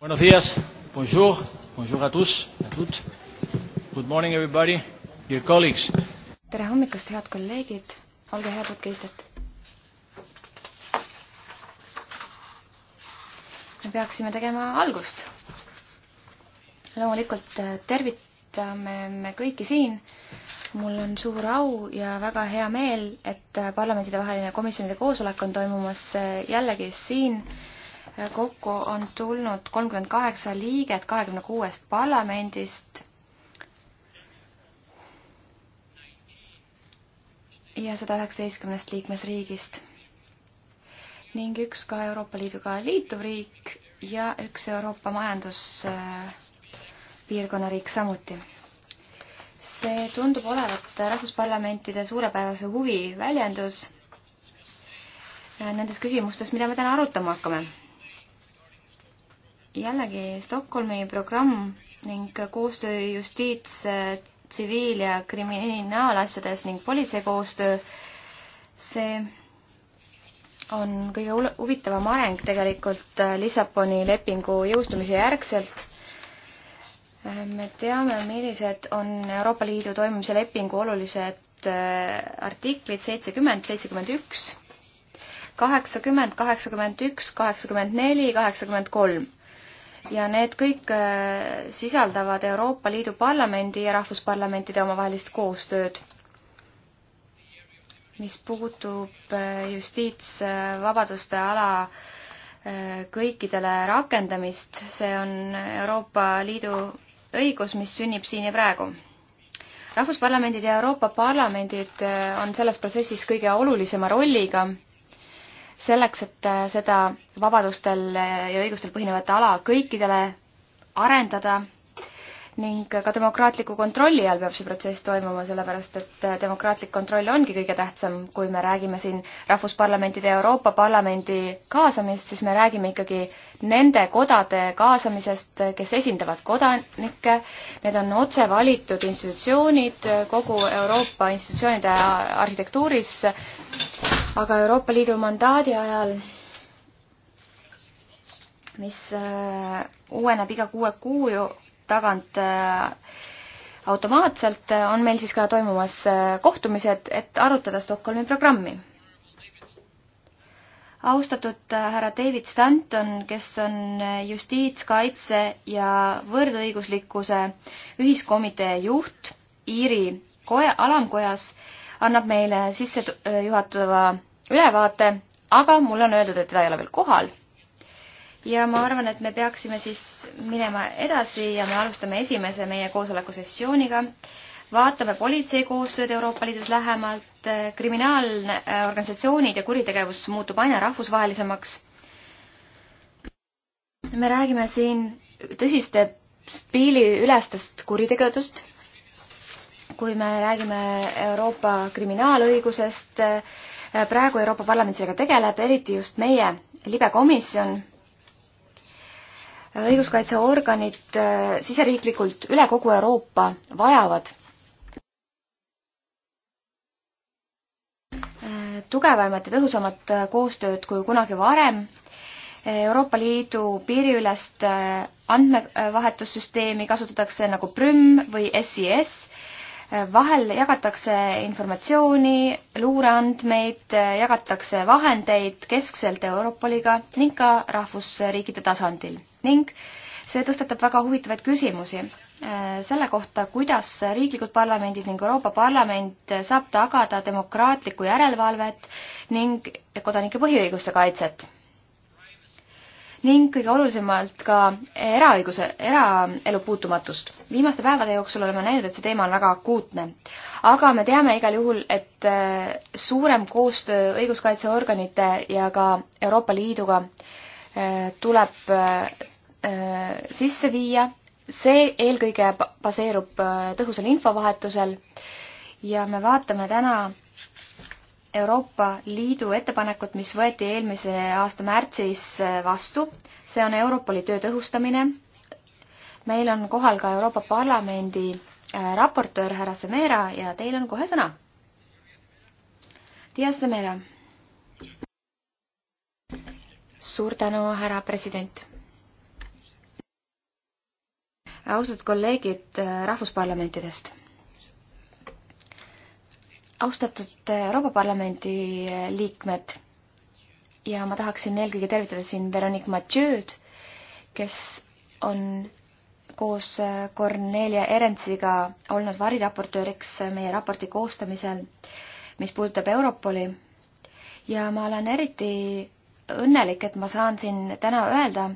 Buenos días, bonjour, bonjour à tous, à toutes. Good morning everybody, dear colleagues. tere hommikust, head kolleegid, olge head, võtke istet. me peaksime tegema algust. loomulikult eh, tervitame me kõiki siin mul on suur au ja väga hea meel, et eh, parlamentidevaheline komisjonide koosolek on toimumas eh, jällegi siin kokku on tulnud kolmkümmend kaheksa liiget kahekümne kuuest parlamendist. ja sada üheksateistkümnest liikmesriigist ning üks ka Euroopa Liiduga liituv riik ja üks Euroopa majanduspiirkonna riik samuti. see tundub olevat rahvusparlamentide suurepärase huvi väljendus nendes küsimustes, mida me täna arutama hakkame jällegi Stockholmi programm ning koostöö justiits, tsiviil- ja kriminaalasjades ning politsei koostöö, see on kõige huvitavam areng tegelikult äh, Lissaboni lepingu jõustumise järgselt. Äh, me teame, millised on Euroopa Liidu toimimise lepingu olulised äh, artiklid seitsekümmend, seitsekümmend üks, kaheksakümmend, kaheksakümmend üks, kaheksakümmend neli, kaheksakümmend kolm ja need kõik äh, sisaldavad Euroopa Liidu Parlamendi ja rahvusparlamentide omavahelist koostööd. mis puutub äh, justiitsvabaduste ala äh, kõikidele rakendamist, see on Euroopa Liidu õigus, mis sünnib siin ja praegu. rahvusparlamendid ja Euroopa Parlamendid on selles protsessis kõige olulisema rolliga selleks, et äh, seda vabadustel ja õigustel põhinevat ala kõikidele arendada ning ka demokraatliku kontrolli all peab see protsess toimuma, sellepärast et äh, demokraatlik kontroll ongi kõige tähtsam, kui me räägime siin Rahvusparlamentide ja Euroopa Parlamendi kaasamist, siis me räägime ikkagi nende kodade kaasamisest, kes esindavad kodanikke, need on otse valitud institutsioonid kogu Euroopa institutsioonide arhitektuuris aga Euroopa Liidu mandaadi ajal, mis äh, uueneb iga kuue kuu tagant äh, automaatselt, äh, on meil siis ka toimumas kohtumised, et arutada Stockholmi programmi austatud härra David Stanton, kes on justiitskaitse ja võrdõiguslikkuse ühiskomitee juht Iiri koja, alamkojas annab meile sissejuhatava ülevaate, aga mulle on öeldud, et teda ei ole veel kohal. ja ma arvan, et me peaksime siis minema edasi ja me alustame esimese meie koosoleku sessiooniga. vaatame politsei koostööd Euroopa Liidus lähemalt, kriminaalorganisatsioonid ja kuritegevus muutub aina rahvusvahelisemaks. me räägime siin tõsiste piiliülestest kuritegevust kui me räägime Euroopa kriminaalõigusest, praegu Euroopa Parlament sellega tegeleb, eriti just meie, libekomisjon, õiguskaitseorganid äh, siseriiklikult üle kogu Euroopa vajavad äh, tugevamat ja tõhusamat äh, koostööd kui kunagi varem Euroopa Liidu piiriülest andmevahetussüsteemi kasutatakse nagu Prüm või SIS vahel jagatakse informatsiooni, luureandmeid, jagatakse vahendeid keskselt Europoliga ning ka rahvusriikide tasandil ning see tõstatab väga huvitavaid küsimusi äh, selle kohta, kuidas riiklikud parlamendid ning Euroopa Parlament saab tagada demokraatlikku järelevalvet ning kodanike põhiõiguste kaitset ning kõige olulisemalt ka eraõiguse, eraelu puutumatust. viimaste päevade jooksul oleme näinud, et see teema on väga akuutne. aga me teame igal juhul, et äh, suurem koostöö õiguskaitseorganite ja ka Euroopa Liiduga äh, tuleb äh, sisse viia, see eelkõige baseerub tõhusal infovahetusel ja me vaatame täna Euroopa Liidu ettepanekut, mis võeti eelmise aasta märtsis vastu. see on Europoli töö tõhustamine. meil on kohal ka Euroopa Parlamendi äh, raportöör härra Semera ja teil on kohe sõna. Dias Semera. suur tänu, härra president. austatud kolleegid äh, rahvusparlamentidest austatud Euroopa Parlamendi liikmed ja ma tahaksin eelkõige tervitada siin Veronique Mathieu'd, kes on koos Kornelia Erentsiga olnud variraportööriks meie raporti koostamisel, mis puudutab Europoli. ja ma olen eriti õnnelik, et ma saan siin täna öelda,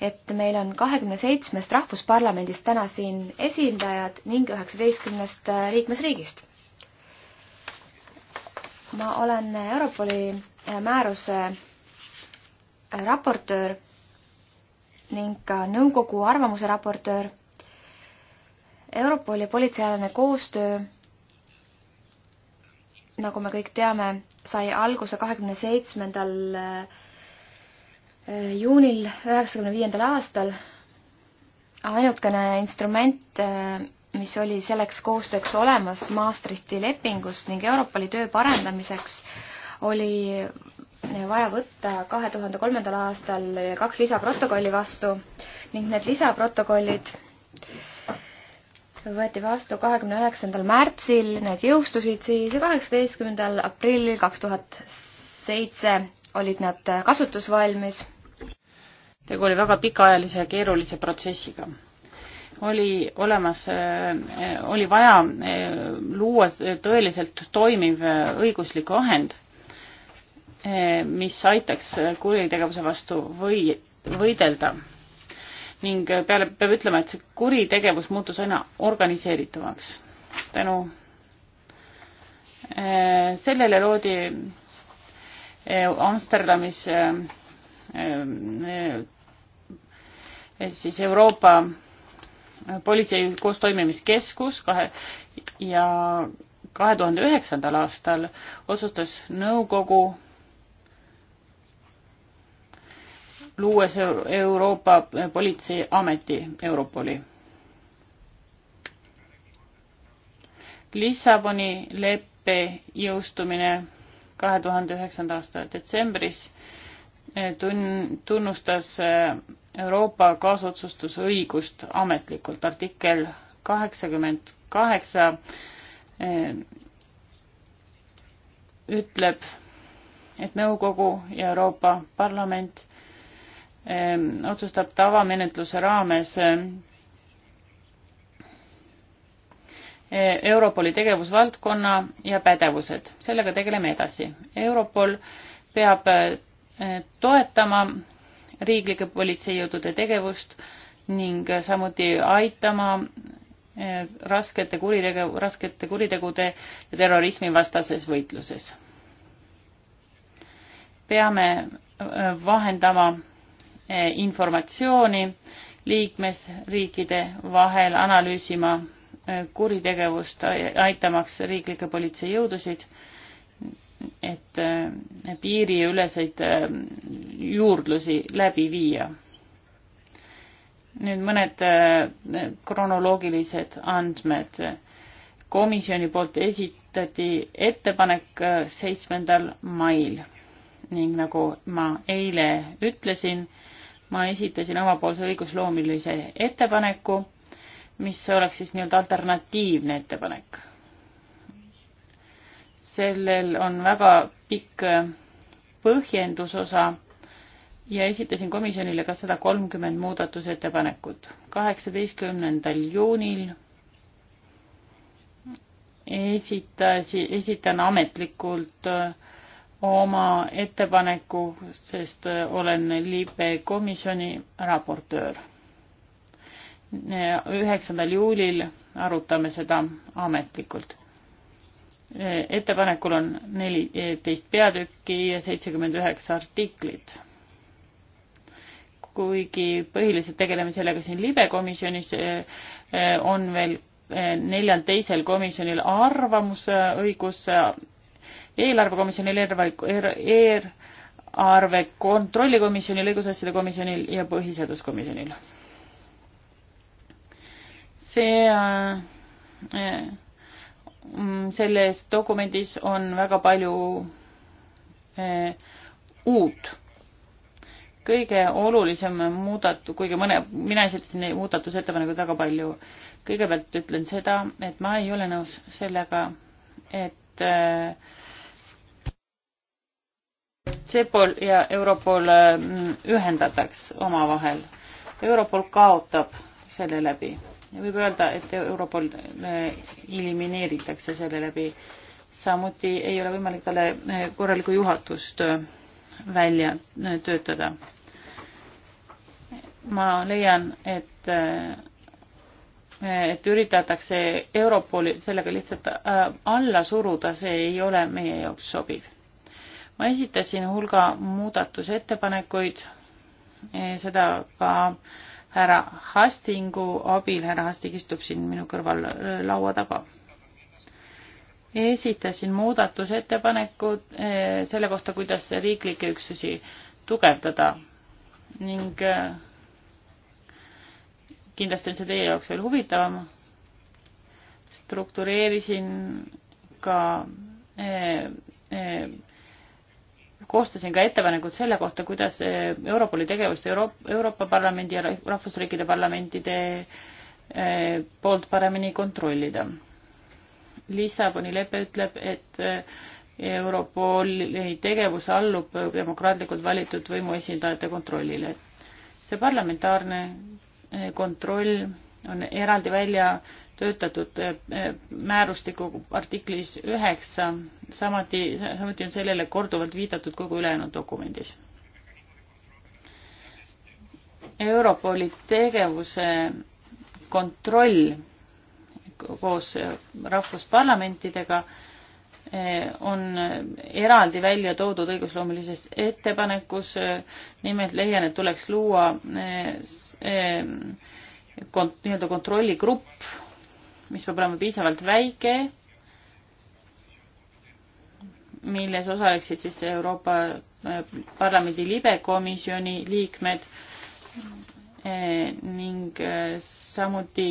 et meil on kahekümne seitsmest rahvusparlamendist täna siin esindajad ning üheksateistkümnest liikmesriigist ma olen Europoli äh, määruse äh, raportöör ning ka nõukogu arvamuse raportöör. Europoli politseialane koostöö, nagu me kõik teame, sai alguse kahekümne seitsmendal äh, juunil üheksakümne viiendal aastal. ainukene instrument, mis oli selleks koostööks olemas Maastrichti lepingust ning Europoli töö parendamiseks, oli vaja võtta kahe tuhande kolmandal aastal kaks lisaprotokolli vastu ning need lisaprotokollid võeti vastu kahekümne üheksandal märtsil, need jõustusid siis ja kaheksateistkümnendal aprillil kaks tuhat seitse olid nad kasutusvalmis. tegu oli väga pikaajalise ja keerulise protsessiga oli olemas, äh, oli vaja äh, luua tõeliselt toimiv äh, õiguslik vahend, mis aitaks kuritegevuse vastu või, võidelda. ning peale, peab ütlema, et see kuritegevus muutus aina organiseeritumaks. tänu sellele loodi Amsterdamis siis Euroopa politsei koostoimimiskeskus kahe ja kahe tuhande üheksandal aastal otsustas nõukogu luues Euroopa Politseiameti Europoli. Lissaboni leppe jõustumine kahe tuhande üheksanda aasta detsembris eh, tun-, tunnustas eh, Euroopa kaasotsustusõigust ametlikult. artikkel kaheksakümmend kaheksa eh, ütleb, et nõukogu ja Euroopa Parlament öö, eh, otsustab tavamenetluse raames eh, Europoli tegevusvaldkonna ja pädevused. sellega tegeleme edasi. Europol peab öö, toetama riiklike politseijõudude tegevust ning samuti aitama eh, raskete kuritegu, raskete kuritegude ja terrorismi vastases võitluses. peame eh, vahendama eh, informatsiooni liikmesriikide vahel, analüüsima kuritegevust, aitamaks riiklikke politseijõudusid et eh, piiriüleseid eh, juurdlusi läbi viia. nüüd mõned eh, kronoloogilised andmed. komisjoni poolt esitati ettepanek seitsmendal mail ning nagu ma eile ütlesin, ma esitasin omapoolse õigusloomilise ettepaneku, mis oleks siis nii-öelda alternatiivne ettepanek sellel on väga pikk äh, põhjendusosa ja esitasin komisjonile ka sada kolmkümmend muudatusettepanekut. kaheksateistkümnendal juunil esitasi, esitan ametlikult äh, oma ettepaneku, sest äh, olen liibe komisjoni raportöör. üheksandal juulil arutame seda ametlikult ettepanekul on neliteist peatükki ja seitsekümmend üheksa artiklit. kuigi põhiliselt tegeleme sellega siin libe komisjonis, eh, eh, on veel eh, neljal teisel komisjonil arvamusõigus, eelarvekomisjonil, er-, eelarve kontrollikomisjonil, õigusasjade komisjonil ja põhiseaduskomisjonil. see äh, Mm, selles dokumendis on väga palju eh, uut. kõige olulisem muudat-, kuigi mõne, mina esitasin neid muudatusettepanekuid väga palju. kõigepealt ütlen seda, et ma ei ole nõus sellega, et eh, CEPOL ja Europol mm, ühendataks omavahel. Europol kaotab selle läbi võib öelda, et Europol äh, elimineeritakse selle läbi. samuti ei ole võimalik talle äh, korralikku juhatust äh, välja töötada. ma leian, et et üritatakse Europoli sellega lihtsalt alla suruda, see ei ole meie jaoks sobiv. ma esitasin hulga muudatusettepanekuid, seda ka äh, härra Hastingu abil, härra Hasting istub siin minu kõrval äh, laua taga. esitasin muudatusettepanekud äh, selle kohta, kuidas riiklikke üksusi tugevdada ning äh, kindlasti on see teie jaoks veel huvitavam. struktureerisin ka koostasin ka ettepanekud selle kohta, kuidas eh, Europoli tegevust Euro Euroopa Parlamendi ja rahvusriikide parlamentide eh, poolt paremini kontrollida. Lissaboni lepe ütleb, et eh, Europoli tegevus allub demokraatlikult valitud võimuesindajate kontrollile. see parlamentaarne kontroll on eraldi välja töötatud äh, äh, määrustiku artiklis üheksa, samuti, samuti on sellele korduvalt viidatud kogu ülejäänud dokumendis. Europoli tegevuse kontroll koos äh, rahvusparlamentidega on eraldi välja toodud õigusloomelises ettepanekus, nimelt leian, et tuleks luua nii-öelda kontrolligrupp mis peab olema piisavalt väike, milles osaleksid siis Euroopa äh, Parlamendi libekomisjoni liikmed äh, ning äh, samuti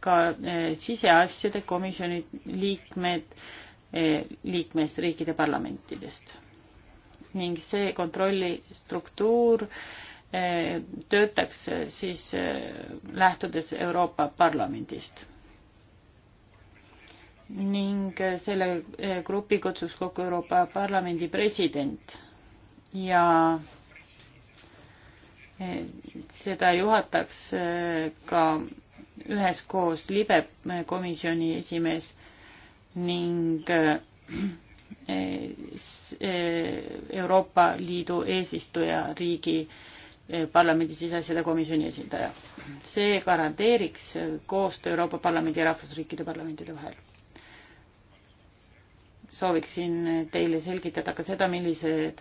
ka siseasjade komisjoni liikmed liikmesriikide parlamentidest. ning see kontrollistruktuur töötaks siis lähtudes Euroopa Parlamendist ning selle eh, grupi kutsus kokku Euroopa Parlamendi president ja eh, seda juhataks eh, ka üheskoos libe komisjoni esimees ning Euroopa Liidu eesistuja riigi parlamendi siseasjade komisjoni esindaja. see garanteeriks koostöö Euroopa Parlamendi ja rahvusriikide parlamentide vahel sooviksin teile selgitada ka seda, millised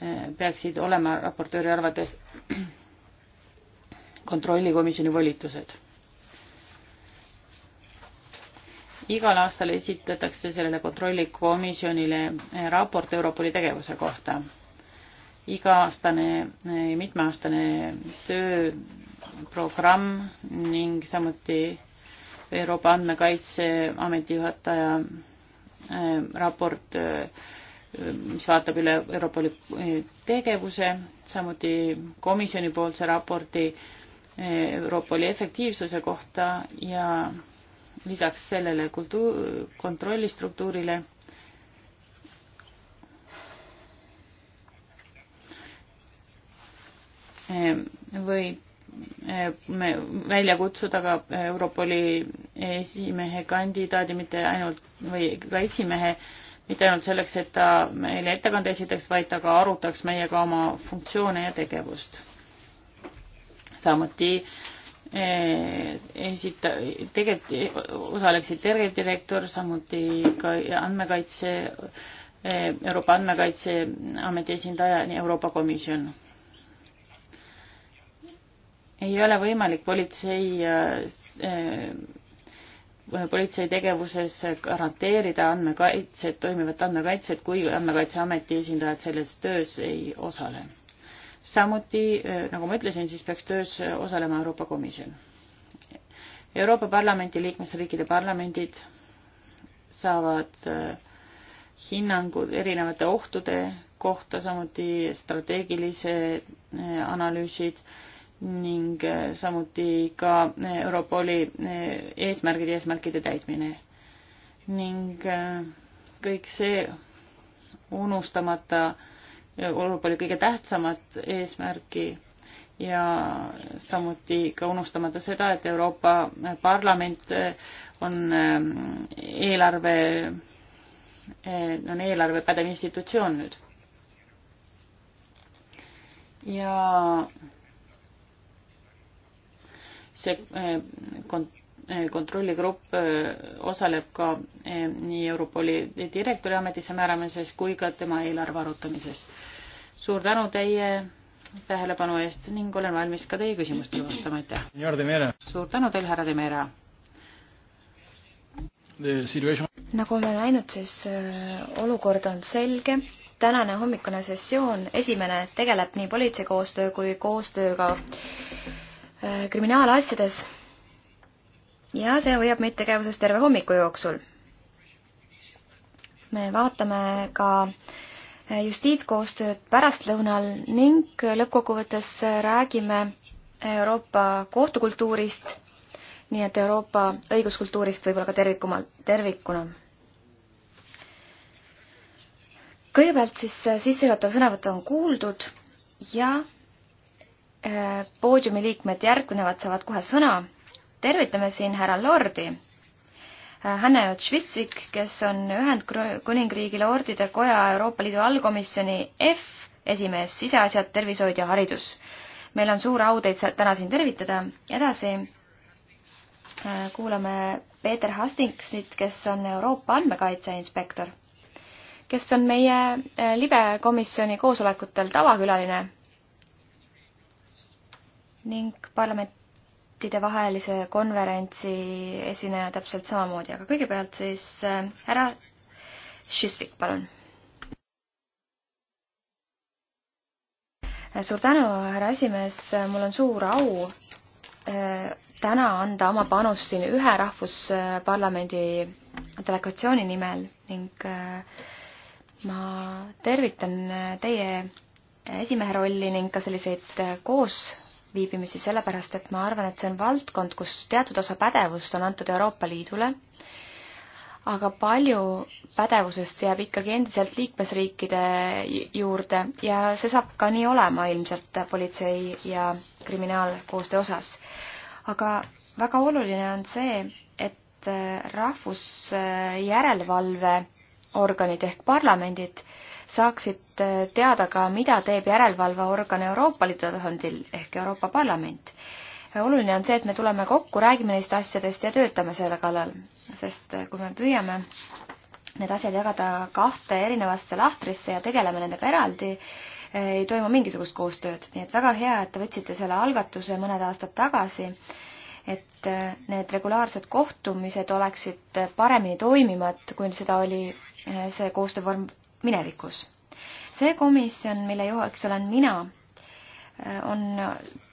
eh, peaksid olema raportööri arvates kontrollikomisjoni volitused. igal aastal esitatakse sellele kontrollikomisjonile eh, raport Europoli tegevuse kohta. iga-aastane, eh, mitmeaastane tööprogramm ning samuti Euroopa Andmekaitseameti juhataja Äh, raport, äh, mis vaatab üle Europoli äh, tegevuse, samuti komisjonipoolse raporti Europoli efektiivsuse kohta ja lisaks sellele kultuur, kontrollistruktuurile võib välja kutsuda ka Europoli esimehe kandidaadi, mitte ainult või ka esimehe, mitte ainult selleks, et ta meile ettekande esitaks, vaid ta ka arutaks meiega oma funktsioone ja tegevust. samuti eh, esita-, tegelikult osaleksid tervedirektor, samuti ka andmekaitse, eh, Euroopa Andmekaitseameti esindaja, Euroopa Komisjon ei ole võimalik politsei, äh, politsei tegevuses garanteerida andmekaitset, toimivat andmekaitset, kui Andmekaitseameti esindajad selles töös ei osale. samuti, äh, nagu ma ütlesin, siis peaks töös osalema Euroopa Komisjon. Euroopa Parlamenti liikmesriikide parlamendid saavad äh, hinnangud erinevate ohtude kohta, samuti strateegilise analüüsid äh, ning äh, samuti ka äh, Europoli äh, eesmärgid ja eesmärkide täitmine. ning kõik see unustamata Europoli kõige tähtsamat eesmärki ja samuti ka unustamata seda, et Euroopa Parlament on eelarve, on eelarvepädev institutsioon nüüd. ja see äh, kont-, äh, kontrolligrupp äh, osaleb ka nii Europoli direktori ametisse määramises kui ka tema eelarve arutamises. suur tänu teie tähelepanu eest ning olen valmis ka teie küsimustele vastama, aitäh. suur tänu teile, härra Demera. nagu me näinud, siis olukord on selge. tänane hommikune sessioon, esimene, tegeleb nii politseikoostöö kui koostööga äh, Äh, kriminaalasjades ja see hoiab meid tegevuses terve hommiku jooksul. me vaatame ka äh, justiitskoostööd pärastlõunal ning lõppkokkuvõttes räägime Euroopa kohtukultuurist, nii et Euroopa õiguskultuurist võib-olla ka tervikumalt, tervikuna. kõigepealt siis äh, sissejuhatav sõnavõtt on kuuldud ja poodiumi liikmed järgnevad saavad kohe sõna. tervitame siin härra Lordi, äh, Hanne Otsvisvik, kes on Ühendkuningriigi Lordide Koja Euroopa Liidu allkomisjoni F esimees, siseasjad, tervishoid ja haridus. meil on suur au teid täna siin tervitada. edasi äh, kuulame Peeter Hastingsit, kes on Euroopa andmekaitse inspektor, kes on meie äh, libekomisjoni koosolekutel tavakülaline ning parlamentide vahelise konverentsi esineja täpselt samamoodi, aga kõigepealt siis härra äh, Šisvik, palun. Äh, suur tänu, härra esimees, mul on suur au äh, täna anda oma panus siin ühe rahvusparlamendi delegatsiooni nimel ning ma tervitan teie esimehe rolli ning ka selliseid koos viibimisi sellepärast, et ma arvan, et see on valdkond, kus teatud osa pädevust on antud Euroopa Liidule, aga palju pädevusest jääb ikkagi endiselt liikmesriikide juurde ja see saab ka nii olema ilmselt politsei ja kriminaalkoostöö osas. aga väga oluline on see, et äh, rahvusjärelevalveorganid ehk parlamendid saaksid äh, teada ka, mida teeb järelevalveorgan Euroopa Liidu tasandil ehk Euroopa Parlament. oluline on see, et me tuleme kokku, räägime neist asjadest ja töötame selle kallal, sest äh, kui me püüame need asjad jagada kahte erinevasse lahtrisse ja tegeleme nendega eraldi, äh, ei toimu mingisugust koostööd, nii et väga hea, et te võtsite selle algatuse mõned aastad tagasi, et need regulaarsed kohtumised oleksid paremini toimivad, kui seda oli see koostöövorm minevikus. see komisjon, mille juhaks olen mina, on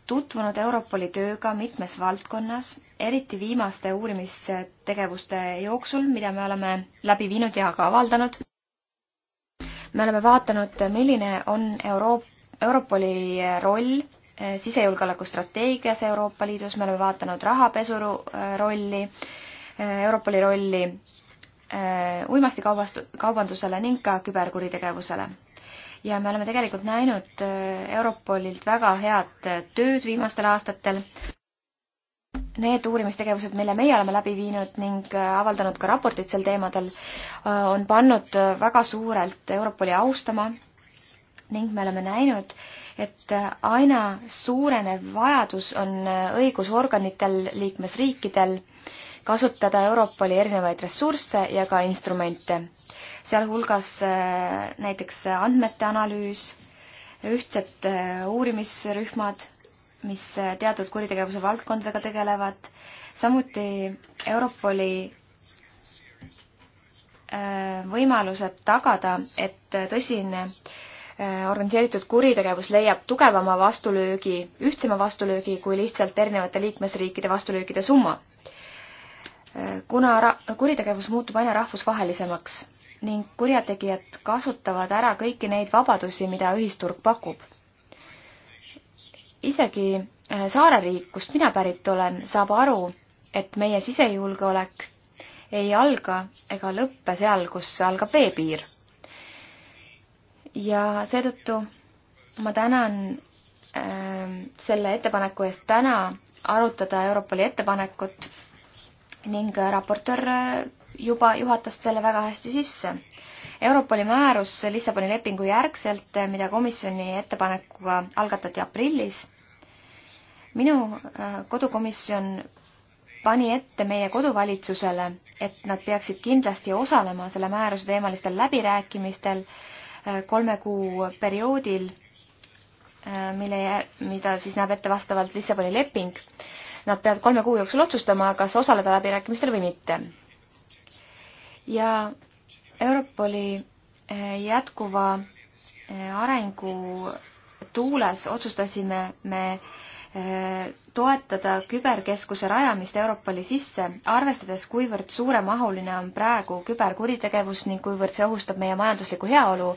tutvunud Europoli tööga mitmes valdkonnas, eriti viimaste uurimistegevuste jooksul, mida me oleme läbi viinud ja ka avaldanud. me oleme vaadanud, milline on Euro-, Europoli roll eh, sisejulgeoleku strateegias Euroopa Liidus, me oleme vaadanud rahapesuru eh, rolli, eh, Europoli rolli Äh, uimastikaubandusele ning ka küberkuritegevusele. ja me oleme tegelikult näinud äh, Europolilt väga head tööd viimastel aastatel. Need uurimistegevused, mille meie oleme läbi viinud ning äh, avaldanud ka raportid sel teemadel, on pannud väga suurelt Europoli austama ning me oleme näinud, et aina suurenev vajadus on õigusorganitel liikmesriikidel äh, kasutada Europoli erinevaid ressursse ja ka instrumente, sealhulgas äh, näiteks andmete analüüs, ühtsed äh, uurimisrühmad, mis äh, teatud kuritegevuse valdkondadega tegelevad, samuti Europoli võimalused tagada, et tõsine organiseeritud kuritegevus leiab tugevama vastulöögi, ühtsema vastulöögi kui lihtsalt erinevate liikmesriikide vastulöökide summa kuna ra-, kuritegevus muutub aina rahvusvahelisemaks ning kurjategijad kasutavad ära kõiki neid vabadusi, mida ühisturg pakub. isegi äh, saareriik, kust mina pärit olen, saab aru, et meie sisejulgeolek ei alga ega lõppe seal, kus algab veepiir. ja seetõttu ma tänan äh, selle ettepaneku eest täna arutada Europoli ettepanekut ning raportöör juba juhatas selle väga hästi sisse. Europoli määrus Lissaboni lepingu järgselt, mida komisjoni ettepanekuga algatati aprillis. minu äh, kodukomisjon pani ette meie koduvalitsusele, et nad peaksid kindlasti osalema selle määruse teemalistel läbirääkimistel äh, kolme kuu perioodil, äh, mille, mida siis näeb ette vastavalt Lissaboni leping Nad peavad kolme kuu jooksul otsustama, kas osaleda läbirääkimistel või mitte. ja Europoli eh, jätkuva eh, arengu tuules otsustasime me eh, toetada küberkeskuse rajamist Europoli sisse, arvestades, kuivõrd suuremahuline on praegu küberkuritegevus ning kuivõrd see ohustab meie majanduslikku heaolu,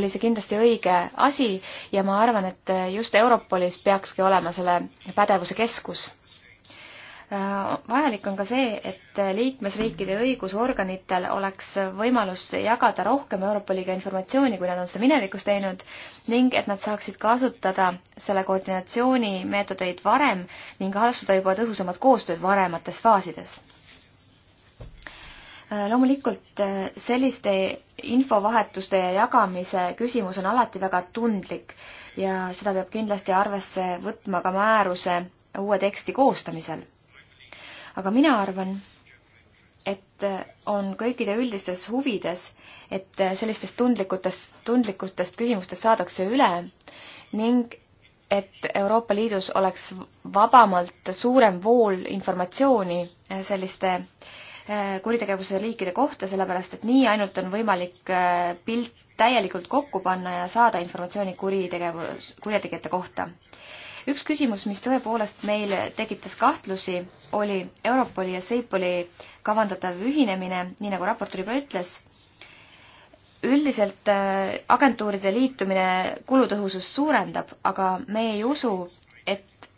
oli see kindlasti õige asi ja ma arvan, et just Europolis peakski olema selle pädevuse keskus. Äh, vajalik on ka see, et liikmesriikide õigusorganitel oleks võimalus jagada rohkem Euroopa Liidu informatsiooni, kui nad on seda minevikus teinud, ning et nad saaksid kasutada selle koordinatsiooni meetodeid varem ning alustada juba tõhusamat koostööd varemates faasides. Äh, loomulikult äh, selliste infovahetuste ja jagamise küsimus on alati väga tundlik ja seda peab kindlasti arvesse võtma ka määruse uue teksti koostamisel aga mina arvan, et on kõikide üldistes huvides, et sellistest tundlikutest, tundlikutest küsimustest saadakse üle ning et Euroopa Liidus oleks vabamalt suurem vool informatsiooni selliste eh, kuritegevuse liikide kohta, sellepärast et nii ainult on võimalik eh, pilt täielikult kokku panna ja saada informatsiooni kuritegevus, kurjategijate kohta üks küsimus, mis tõepoolest meil tekitas kahtlusi, oli Europoli ja Seipoli kavandatav ühinemine, nii nagu raportöör juba ütles. üldiselt äh, agentuuride liitumine kulutõhusust suurendab, aga me ei usu, et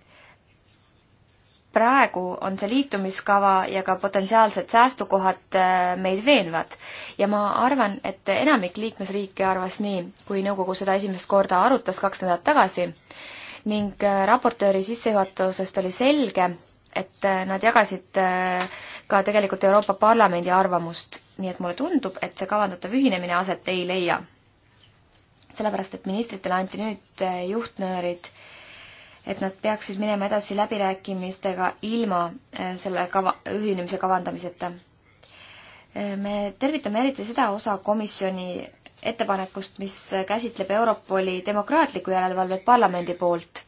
praegu on see liitumiskava ja ka potentsiaalsed säästukohad äh, meid veenvad ja ma arvan, et enamik liikmesriike arvas nii, kui nõukogu seda esimest korda arutas kaks nädalat tagasi ning äh, raportööri sissejuhatusest oli selge, et äh, nad jagasid äh, ka tegelikult Euroopa Parlamendi arvamust, nii et mulle tundub, et see kavandatav ühinemine aset ei leia. sellepärast, et ministritele anti nüüd juhtnöörid, et nad peaksid minema edasi läbirääkimistega ilma selle kava, ühinemise kavandamiseta. me tervitame eriti seda osa komisjoni ettepanekust, mis käsitleb Europoli demokraatlikku järelevalvet parlamendi poolt.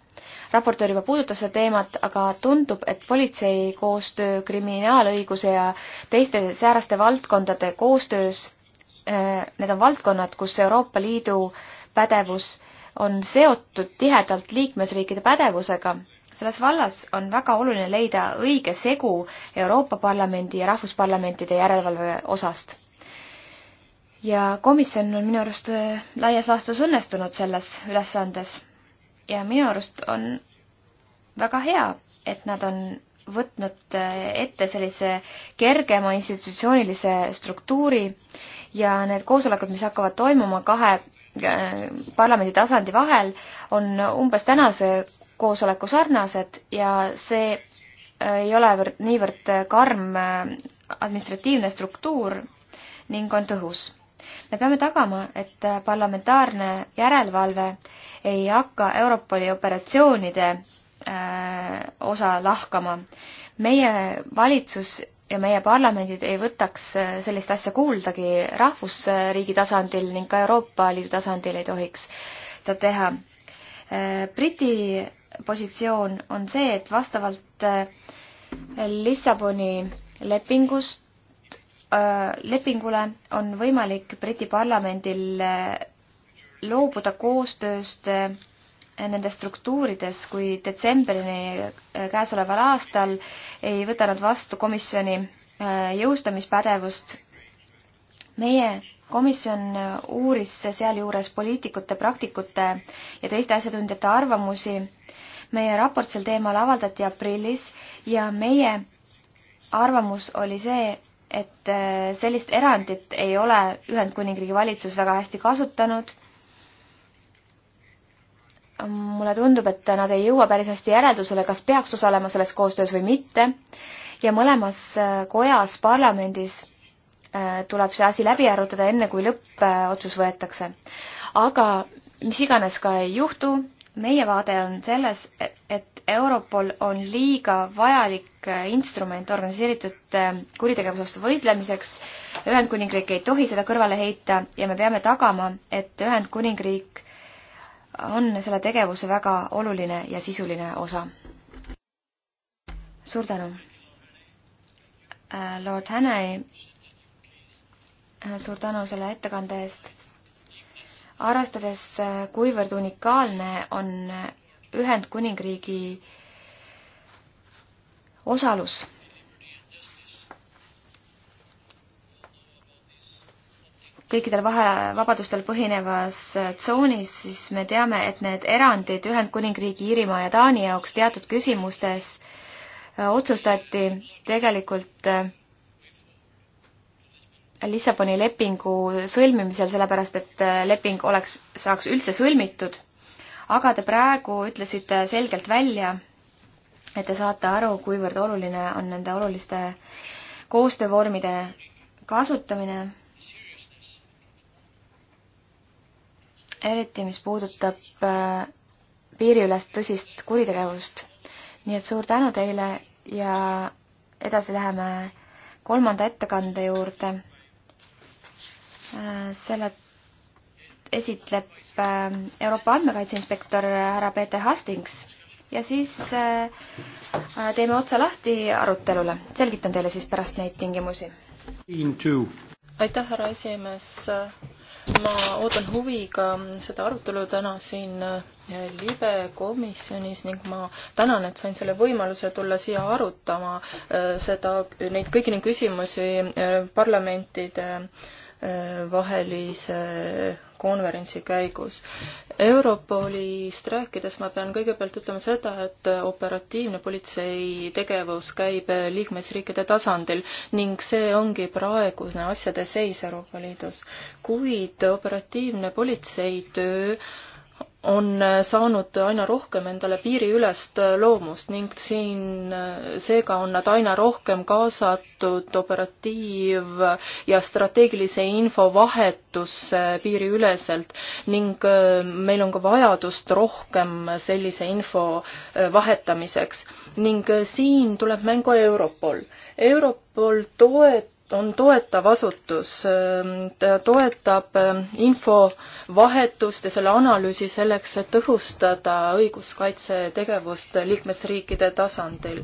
raportöör juba puudutas seda teemat, aga tundub, et politsei koostöö kriminaalõiguse ja teiste sääraste valdkondade koostöös, äh, need on valdkonnad, kus Euroopa Liidu pädevus on seotud tihedalt liikmesriikide pädevusega selles vallas on väga oluline leida õige segu Euroopa Parlamendi ja Rahvusparlamentide järelevalve osast ja komisjon on minu arust äh, laias laastus õnnestunud selles ülesandes. ja minu arust on väga hea, et nad on võtnud äh, ette sellise kergema institutsioonilise struktuuri ja need koosolekud, mis hakkavad toimuma kahe äh, parlamendi tasandi vahel, on umbes tänase koosoleku sarnased ja see ei ole niivõrd karm administratiivne struktuur ning on tõhus me peame tagama, et parlamentaarne järelevalve ei hakka Europoli operatsioonide äh, osa lahkama. meie valitsus ja meie parlamendid ei võtaks äh, sellist asja kuuldagi rahvusriigi tasandil ning ka Euroopa Liidu tasandil ei tohiks seda teha. Äh, Briti positsioon on see, et vastavalt Lissaboni lepingust Äh, lepingule on võimalik Briti parlamendil äh, loobuda koostööst äh, nendes struktuurides, kui detsembrini käesoleval aastal ei võta nad vastu komisjoni jõustamispädevust. meie komisjon uuris sealjuures poliitikute, praktikute ja teiste asjatundjate arvamusi. meie raport sel teemal avaldati aprillis ja meie arvamus oli see, et äh, sellist erandit ei ole Ühendkuningriigi valitsus väga hästi kasutanud. mulle tundub, et nad ei jõua päris hästi järeldusele, kas peaks osalema selles koostöös või mitte ja mõlemas äh, kojas parlamendis äh, tuleb see asi läbi arutada, enne kui lõppotsus võetakse. aga mis iganes ka ei juhtu, meie vaade on selles, et Europol on liiga vajalik instrument organiseeritud äh, kuritegevuse vastu võitlemiseks. Ühendkuningriik ei tohi seda kõrvale heita ja me peame tagama, et Ühendkuningriik on selle tegevuse väga oluline ja sisuline osa. suur tänu. Äh, Lord Hannay, äh, suur tänu selle ettekande eest arvestades, kuivõrd unikaalne on Ühendkuningriigi osalus kõikidel vahe, vabadustel põhinevas tsoonis, siis me teame, et need erandid Ühendkuningriigi, Iirimaa ja Taani jaoks teatud küsimustes otsustati tegelikult äh, Lissaboni lepingu sõlmimisel, sellepärast et äh, leping oleks, saaks üldse sõlmitud. aga te praegu ütlesite selgelt välja, et te saate aru, kuivõrd oluline on nende oluliste koostöövormide kasutamine. eriti, mis puudutab äh, piiriülest tõsist kuritegevust. nii et suur tänu teile ja edasi läheme kolmanda ettekande juurde Äh, selle esitleb äh, Euroopa andmekaitseinspektor härra Peeter Hastings ja siis äh, teeme otsa lahti arutelule. selgitan teile siis pärast neid tingimusi. aitäh, härra esimees. ma ootan huviga seda arutelu täna siin libe komisjonis ning ma tänan, et sain selle võimaluse tulla siia arutama seda, neid kõiki neid küsimusi parlamentide äh, vahelise konverentsi käigus. Europolist rääkides ma pean kõigepealt ütlema seda, et operatiivne politsei tegevus käib liikmesriikide tasandil ning see ongi praegune asjade seis Euroopa Liidus. kuid operatiivne politsei töö on äh, saanud aina rohkem endale piiriülest äh, loomust ning siin äh, seega on nad aina rohkem kaasatud operatiiv- ja strateegilise info vahetusse piiriüleselt ning meil on ka vajadust rohkem sellise info vahetamiseks. ning siin tuleb mängu Europol. Europol toetab on toetav asutus, ähm, ta toetab ähm, infovahetust ja selle analüüsi selleks, et tõhustada õiguskaitsetegevust liikmesriikide tasandil.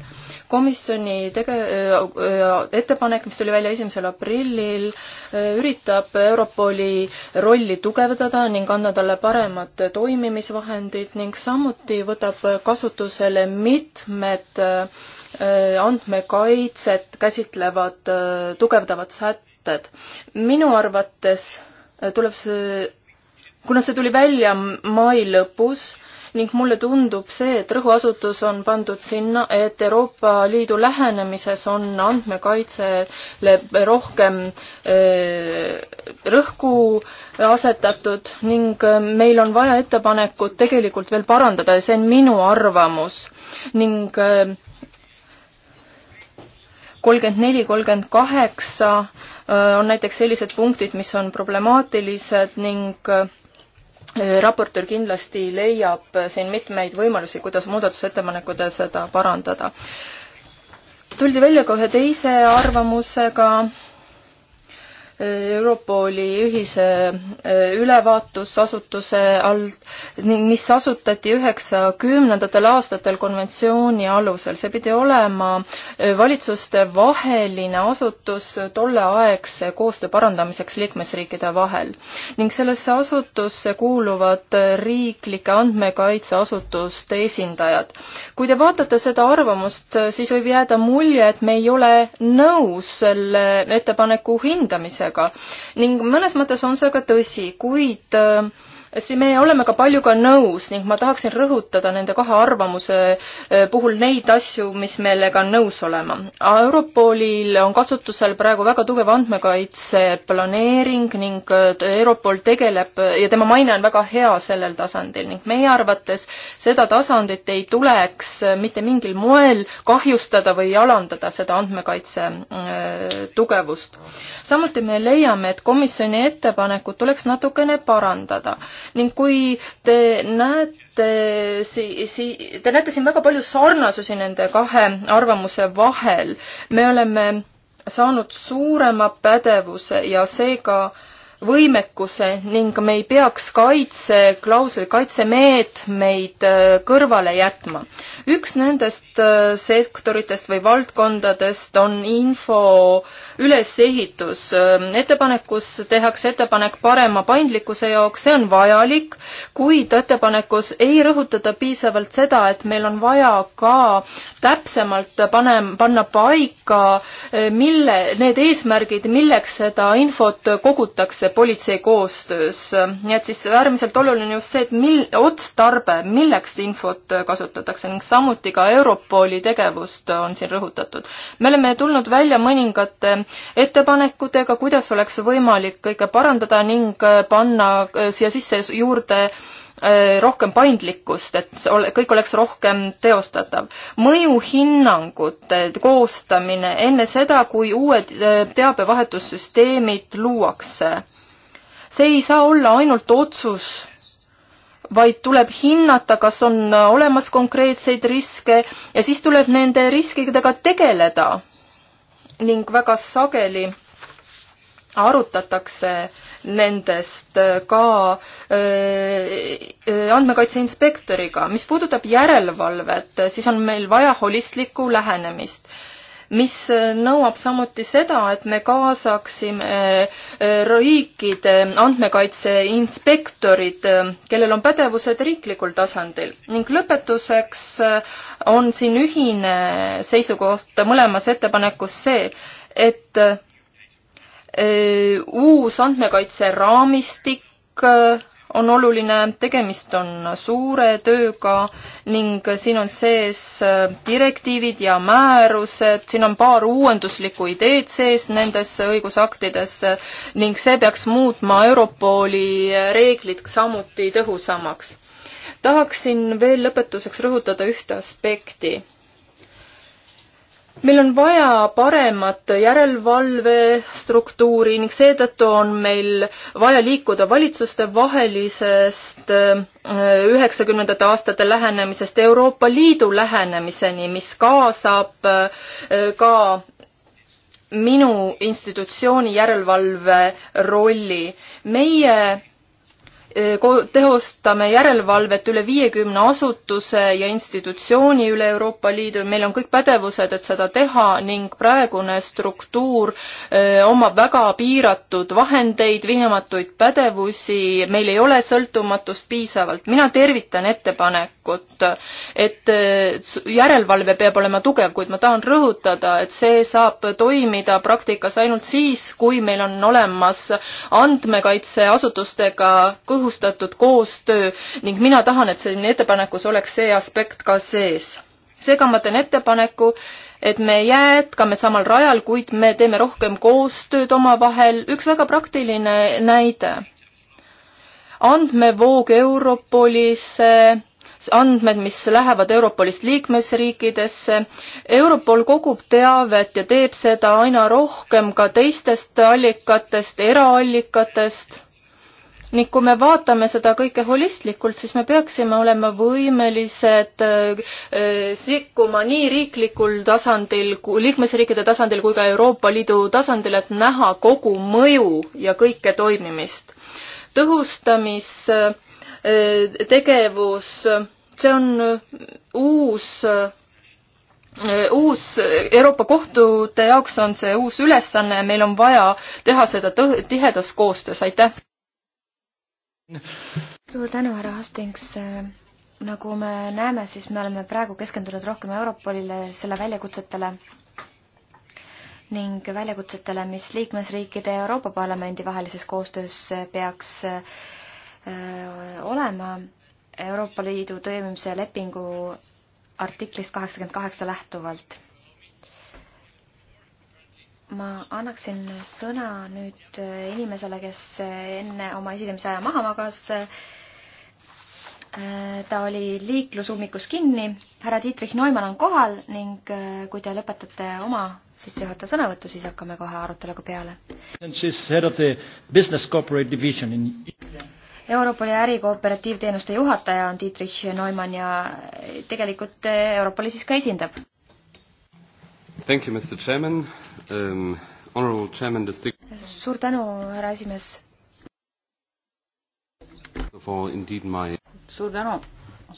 komisjoni tege-, äh, ettepanek, mis tuli välja esimesel aprillil, äh, üritab Europoli rolli tugevdada ning anda talle paremad toimimisvahendid ning samuti võtab kasutusele mitmed äh, Äh, andmekaitset käsitlevad äh, tugevdavad sätted. minu arvates äh, tuleb see, kuna see tuli välja mai lõpus ning mulle tundub see, et rõhuasutus on pandud sinna, et Euroopa Liidu lähenemises on andmekaitsele rohkem rõhku asetatud ning meil on vaja ettepanekut tegelikult veel parandada ja see on minu arvamus ning kolmkümmend neli, kolmkümmend kaheksa äh, on näiteks sellised punktid, mis on problemaatilised ning äh, raportöör kindlasti leiab äh, siin mitmeid võimalusi, kuidas muudatusettepanekuga seda parandada. tuldi välja ka ühe teise arvamusega, Europoli ühise eh, ülevaatusasutuse all ning mis asutati üheksakümnendatel aastatel konventsiooni alusel. see pidi olema eh, valitsuste vaheline asutus tolleaegse koostöö parandamiseks liikmesriikide vahel. ning sellesse asutusse kuuluvad eh, riiklike andmekaitseasutuste esindajad. kui te vaatate seda arvamust, siis võib jääda mulje, et me ei ole nõus selle ettepaneku hindamisega nõudmisega ning mõnes mõttes on see ka tõsi, kuid äh, me oleme ka paljuga nõus ning ma tahaksin rõhutada nende kahe arvamuse e, puhul neid asju, mis meiega on nõus olema. Europolil on kasutusel praegu väga tugev andmekaitse planeering ning e, Europol tegeleb ja tema maine on väga hea sellel tasandil ning meie arvates seda tasandit ei tuleks e, mitte mingil moel kahjustada või alandada, seda andmekaitse tugevust. samuti me leiame, et komisjoni ettepanekut tuleks natukene parandada ning kui te näete si-, si-, te näete siin väga palju sarnasusi nende kahe arvamuse vahel. me oleme saanud suurema pädevuse ja seega äh, võimekuse ning me ei peaks kaitseklausel, kaitsemeetmeid äh, kõrvale jätma. üks nendest äh, sektoritest või valdkondadest on info ülesehitus. Äh, ettepanekus tehakse ettepanek parema paindlikkuse jaoks, see on vajalik, kuid ettepanekus ei rõhutata piisavalt seda, et meil on vaja ka täpsemalt pane, panna paika, mille, need eesmärgid, milleks seda infot kogutakse, politsei koostöös. nii et siis äärmiselt oluline just see, et mil-, otstarbe, milleks infot kasutatakse ning samuti ka Europoli tegevust on siin rõhutatud. me oleme tulnud välja mõningate ettepanekutega, kuidas oleks võimalik kõike parandada ning panna siia sisse juurde äh, rohkem paindlikkust, et kõik oleks rohkem teostatav. mõjuhinnangute koostamine enne seda, kui uued äh, teabevahetussüsteemid luuakse see ei saa olla ainult otsus, vaid tuleb hinnata, kas on olemas konkreetseid riske ja siis tuleb nende riskidega tegeleda. ning väga sageli arutatakse nendest ka äh, äh, andmekaitse inspektoriga. mis puudutab järelevalvet, siis on meil vaja holistlikku lähenemist mis nõuab samuti seda, et me kaasaksime äh, äh, riikide andmekaitseinspektorid, äh, kellel on pädevused riiklikul tasandil. ning lõpetuseks on siin ühine seisukoht mõlemas ettepanekus see, et uus andmekaitse raamistik on oluline, tegemist on suure tööga ning siin on sees äh, direktiivid ja määrused, siin on paar uuenduslikku ideed sees nendes õigusaktides äh, ning see peaks muutma Europoli äh, reeglid samuti tõhusamaks. tahaksin veel lõpetuseks rõhutada ühte aspekti meil on vaja paremat järelevalvestruktuuri ning seetõttu on meil vaja liikuda valitsuste vahelisest äh, üheksakümnendate aastate lähenemisest Euroopa Liidu lähenemiseni, mis kaasab äh, ka minu institutsiooni järelevalve rolli. meie tehostame järelevalvet üle viiekümne asutuse ja institutsiooni üle Euroopa Liidu, meil on kõik pädevused, et seda teha ning praegune struktuur omab väga piiratud vahendeid, vihematuid pädevusi, meil ei ole sõltumatust piisavalt. mina tervitan ettepanekut valikut. et järelevalve peab olema tugev, kuid ma tahan rõhutada, et see saab toimida praktikas ainult siis, kui meil on olemas andmekaitseasutustega kõhustatud koostöö ning mina tahan, et siin ettepanekus oleks see aspekt ka sees. seega ma teen ettepaneku, et me jätkame samal rajal, kuid me teeme rohkem koostööd omavahel. üks väga praktiline näide. andmevoog Europolisse andmed, mis lähevad Europolist liikmesriikidesse. Europol kogub teavet ja teeb seda aina rohkem ka teistest allikatest, eraallikatest. ning kui me vaatame seda kõike holistlikult, siis me peaksime olema võimelised äh, sekkuma nii riiklikul tasandil, liikmesriikide tasandil kui ka Euroopa Liidu tasandil, et näha kogu mõju ja kõike toimimist tõhustamis äh, Äh, tegevus, see on äh, uus, äh, uus, Euroopa kohtute jaoks on see uus ülesanne ja meil on vaja teha seda tõ-, tihedas koostöös, aitäh! suur tänu, härra Hastings! nagu me näeme, siis me oleme praegu keskendunud rohkem Europolile, selle väljakutsetele ning väljakutsetele, mis liikmesriikide ja Euroopa Parlamendi vahelises koostöös peaks olema Euroopa Liidu toimimise lepingu artiklist kaheksakümmend kaheksa lähtuvalt. ma annaksin sõna nüüd inimesele, kes enne oma esinemise aja maha magas. ta oli liiklusummikus kinni, härra Dietrich Neumann on kohal ning kui te lõpetate oma sissejuhatava sõnavõttu, siis hakkame kohe aruteluga peale. Europoli ärikooperatiivteenuste juhataja on Dietrich Neumann ja tegelikult Europoli siis ka esindab. Thank you, Mr Chairman um,. Honorable Chairman distinct... suur tänu, härra esimees. For indeed my suur tänu.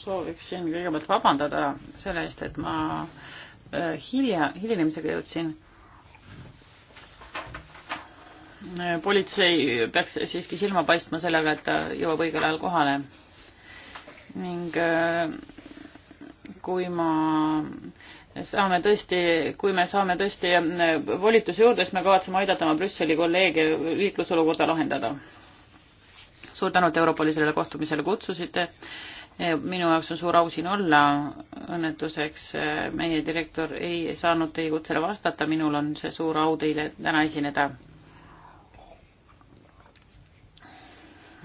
sooviksin kõigepealt vabandada selle eest, et ma äh, hilja, hilinemisega jõudsin politsei peaks siiski silma paistma sellega, et ta jõuab õigel ajal kohale. ning äh, kui ma saame tõesti, kui me saame tõesti äh, volitusi juurde, siis me kavatseme aidata oma Brüsseli kolleege liiklusolukorda lahendada. suur tänu, et Europoli sellele kohtumisele kutsusite. minu jaoks on suur au siin olla. õnnetuseks äh, meie direktor ei saanud teie kutsele vastata, minul on see suur au teile täna esineda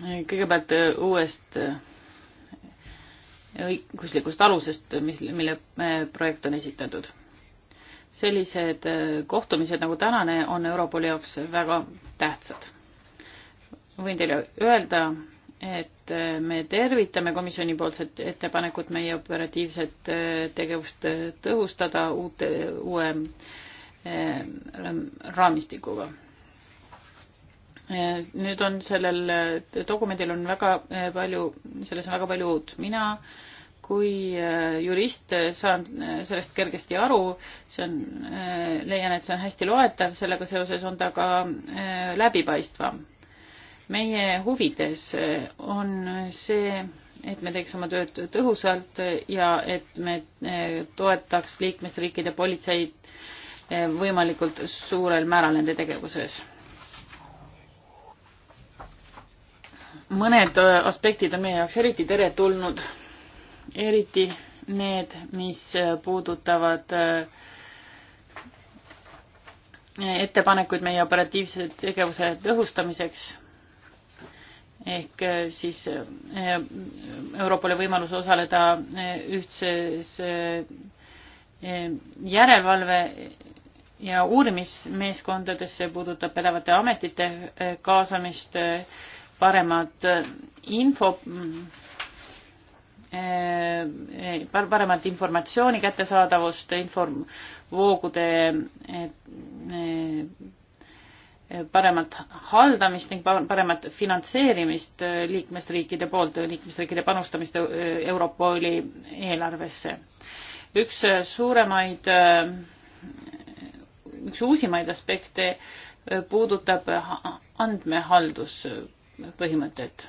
kõigepealt äh, uuest äh, õiguslikust alusest, mille äh, projekt on esitatud. sellised kohtumised nagu tänane on Europoli jaoks väga tähtsad. võin teile öelda, et me tervitame komisjoni poolset ettepanekut meie operatiivset tegevust tõhustada uute, uue raamistikuga Eh, nüüd on sellel eh, dokumendil on väga eh, palju, selles on väga palju uut. mina kui jurist saan sellest kergesti aru, see on, leian, et see on hästi loetav, sellega seoses on ta ka läbipaistvam. meie huvides on see, et me teeks oma tööd tõhusalt ja et me toetaks liikmesriikide politseid võimalikult suurel määral nende tegevuses mõned aspektid on meie jaoks eriti teretulnud, eriti need, mis puudutavad ettepanekuid meie operatiivse tegevuse tõhustamiseks ehk siis Euroopale võimalus osaleda ühtses järelevalve ja uurimismeeskondadesse puudutab pädevate ametite kaasamist paremat äh, info, äh, äh, paremat informatsiooni kättesaadavust, informvoogude paremat haldamist ning paremat finantseerimist liikmesriikide poolt, liikmesriikide panustamist Europoli eelarvesse. üks suuremaid, üks uusimaid aspekte puudutab andmehaldus põhimõtet.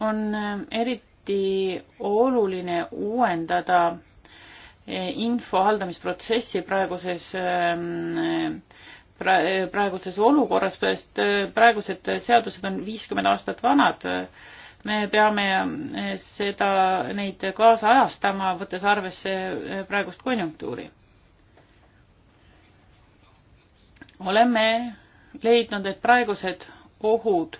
on äh, eriti oluline uuendada äh, info haldamisprotsessi praeguses ähm, praeguses olukorras, sest äh, praegused seadused on viiskümmend aastat vanad. me peame seda, neid kaasajastama, võttes arvesse praegust konjunktuuri. oleme leidnud, et praegused ohud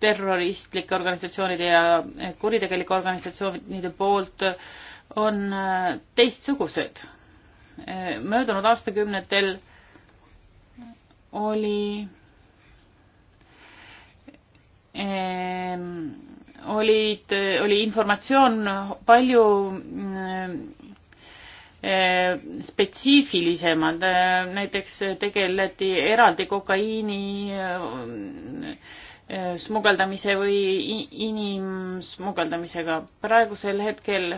terroristlike organisatsioonide ja kuritegelike organisatsioonide poolt on äh, teistsugused. Äh, möödunud aastakümnetel oli ähm, olid, äh, oli informatsioon palju Eh, spetsiifilisemad, eh, näiteks tegeleti eraldi kokaiini eh, smugeldamise või inimsmugeldamisega. praegusel hetkel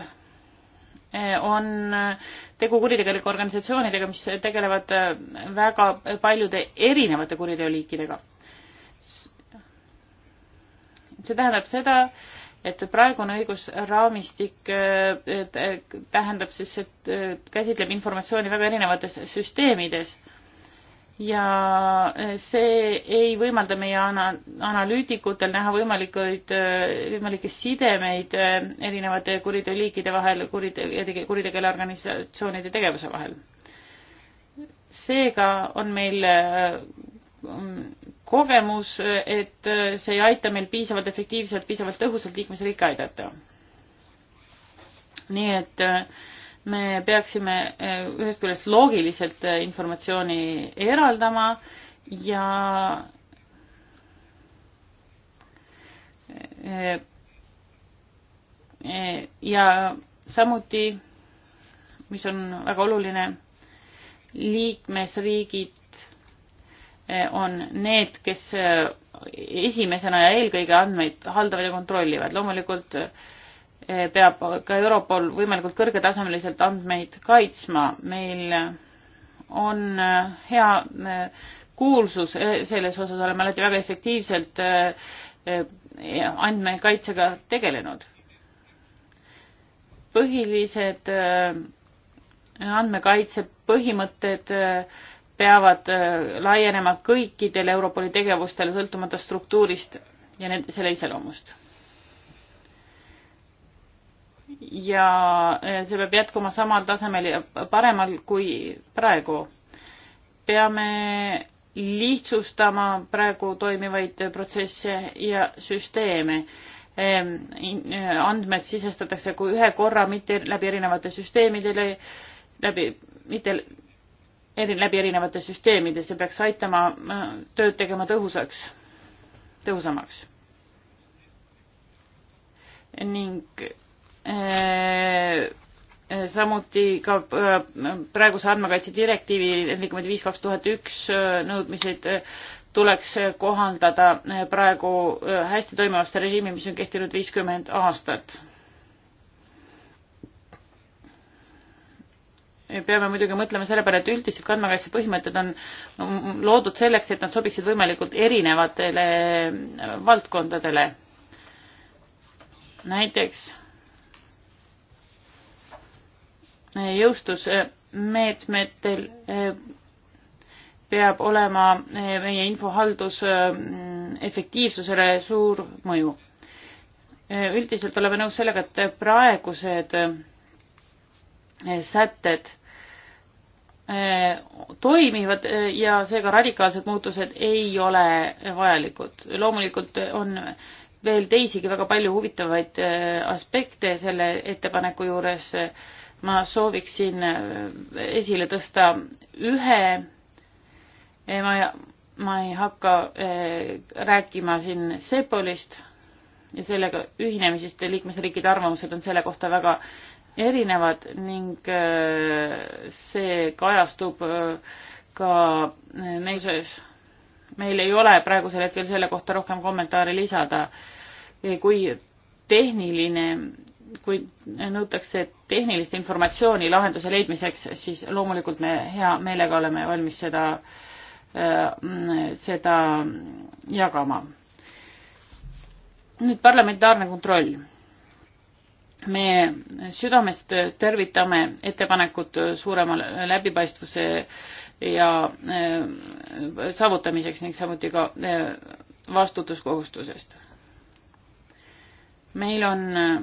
on tegu kuritegelike organisatsioonidega, mis tegelevad väga paljude erinevate kuriteoliikidega. see tähendab seda, et praegune õigusraamistik äh, äh, tähendab siis, et äh, käsitleb informatsiooni väga erinevates süsteemides ja see ei võimalda meie ana-, analüütikutel näha võimalikuid, võimalikke sidemeid erinevate kuriteoliikide vahel, kurite-, kuritegele organisatsioonide tegevuse vahel. seega on meil kogemus, et see ei aita meil piisavalt efektiivselt, piisavalt tõhusalt liikmesriike aidata. nii et äh, me peaksime äh, ühest küljest loogiliselt äh, informatsiooni eraldama ja ja samuti, mis on väga oluline, liikmesriigid on need, kes eh, esimesena ja eelkõige andmeid haldavad ja kontrollivad. loomulikult eh, peab ka Europol võimalikult kõrgetasemeliselt andmeid kaitsma. meil on eh, hea kuulsus selles osas, oleme alati väga efektiivselt andmekaitsega tegelenud. põhilised andmekaitse põhimõtted äh, peavad äh, laienema kõikidele Europoli tegevustele, sõltumata struktuurist ja nende, selle iseloomust. ja äh, see peab jätkuma samal tasemel ja paremal kui praegu. peame lihtsustama praegu toimivaid protsesse ja süsteeme. Ähm, äh, andmed sisestatakse kui ühe korra, mitte läbi erinevate süsteemidele, läbi, mitte eri, läbi erinevate süsteemide, see peaks aitama äh, tööd tegema tõhusaks, tõhusamaks. ning äh, äh, samuti ka äh, praeguse andmekaitse direktiivi nelikümmend viis kaks tuhat üks äh, nõudmised tuleks kohandada praegu hästi toimivasse režiimi, mis on kehtinud viiskümmend aastat peame muidugi mõtlema selle peale, et üldised kandmakaitse põhimõtted on loodud selleks, et nad sobiksid võimalikult erinevatele valdkondadele. näiteks jõustus meetmetel eh, peab olema eh, meie infohaldus eh, efektiivsusele suur mõju. üldiselt oleme nõus sellega, et praegused sätted toimivad eh, ja seega radikaalsed muutused ei ole vajalikud. loomulikult on veel teisigi väga palju huvitavaid eh, aspekte selle ettepaneku juures. ma sooviksin eh, esile tõsta ühe, ma ei, ma ei hakka rääkima siin Sepolist ja sellega ühinemisest ja liikmesriikide arvamused on selle kohta väga äh, erinevad ning äh, see kajastub äh, ka neil äh, sees. meil ei ole praegusel hetkel selle kohta rohkem kommentaare lisada. kui tehniline, kui nõutakse tehnilist informatsiooni lahenduse leidmiseks, siis loomulikult me hea meelega oleme valmis seda, seda jagama. nüüd parlamentaarne kontroll me südamest tervitame ettepanekut suurema läbipaistvuse ja äh, saavutamiseks ning samuti ka äh, vastutuskohustusest. meil on äh,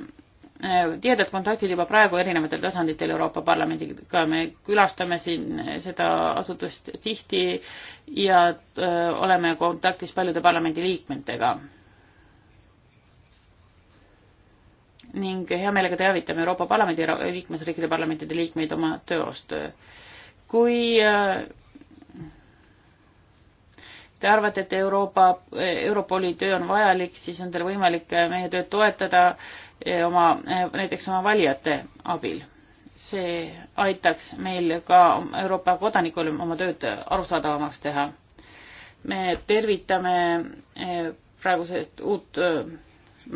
tihedad kontaktid juba praegu erinevatel tasanditel Euroopa Parlamendiga, me külastame siin seda asutust tihti ja oleme kontaktis paljude parlamendiliikmetega ning hea meelega teavitame Euroopa Parlamendi liikmesriikide parlamentide liikmeid oma tööost. kui äh, te arvate, et Euroopa, Europoli töö on vajalik, siis on teil võimalik äh, meie tööd toetada äh, oma, näiteks oma valijate abil. see aitaks meil ka Euroopa kodanikul oma tööd arusaadavamaks teha. me tervitame praegusest uut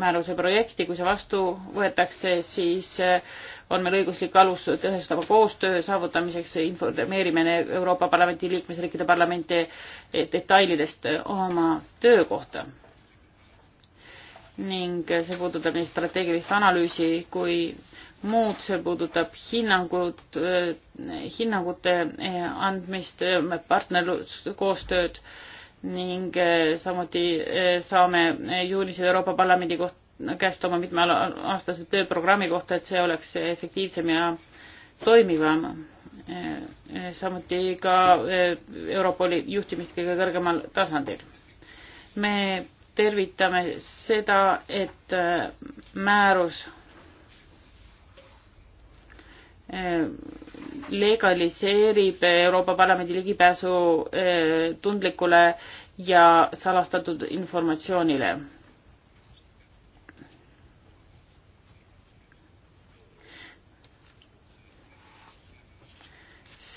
määruse projekti, kui see vastu võetakse, siis eh, on meil õiguslik alus tõhestava koostöö saavutamiseks, informeerime Euroopa Parlamendi liikmesriikide parlamente eh, detailidest eh, oma töö kohta. ning see puudutab nii strateegilist analüüsi kui muud, see puudutab hinnangut, hinnangute andmist, partnerluskoostööd ning eh, samuti eh, saame eh, juunised Euroopa Parlamendi koht-, käest oma mitmeaastase tööprogrammi kohta, et see oleks efektiivsem ja toimivam. samuti ka Europoli juhtimist kõige kõrgemal tasandil. me tervitame seda, et määrus legaliseerib Euroopa Parlamendi ligipääsu eh, tundlikule ja salastatud informatsioonile.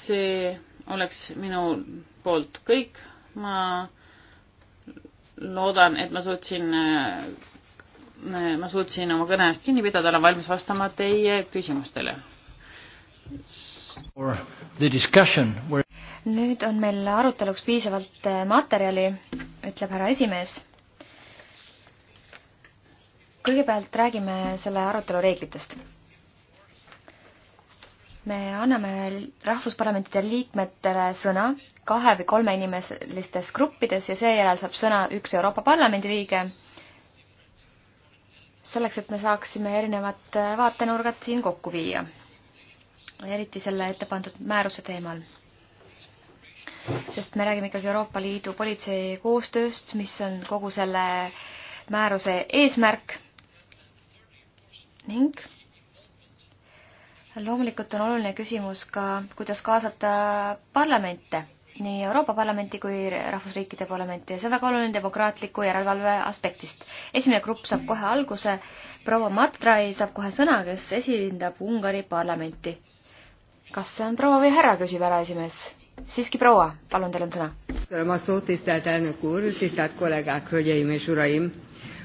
see oleks minu poolt kõik. ma loodan, et ma suutsin, eh, ma suutsin oma kõne eest kinni pidada, olen valmis vastama teie küsimustele nüüd on meil aruteluks piisavalt eh, materjali, ütleb härra esimees. kõigepealt räägime selle arutelu reeglitest. me anname rahvusparlamentide liikmetele sõna kahe või kolme inimestes gruppides ja seejärel saab sõna üks Euroopa Parlamendi liige selleks, et me saaksime erinevad vaatenurgad siin kokku viia eriti selle ette pandud määruse teemal. sest me räägime ikkagi Euroopa Liidu politsei koostööst, mis on kogu selle määruse eesmärk ning loomulikult on oluline küsimus ka, kuidas kaasata parlamente, nii Euroopa Parlamenti kui rahvusriikide parlamenti ja see on väga oluline demokraatliku järelevalve aspektist. esimene grupp saab kohe alguse, proua Matrai saab kohe sõna, kes esindab Ungari parlamenti kas see on proua või härra, küsib äraesimees. siiski proua, palun, teil on sõna. tänan, Massu, tistet elnök úr, tistet kolleegid, hölgyeim ja uraim.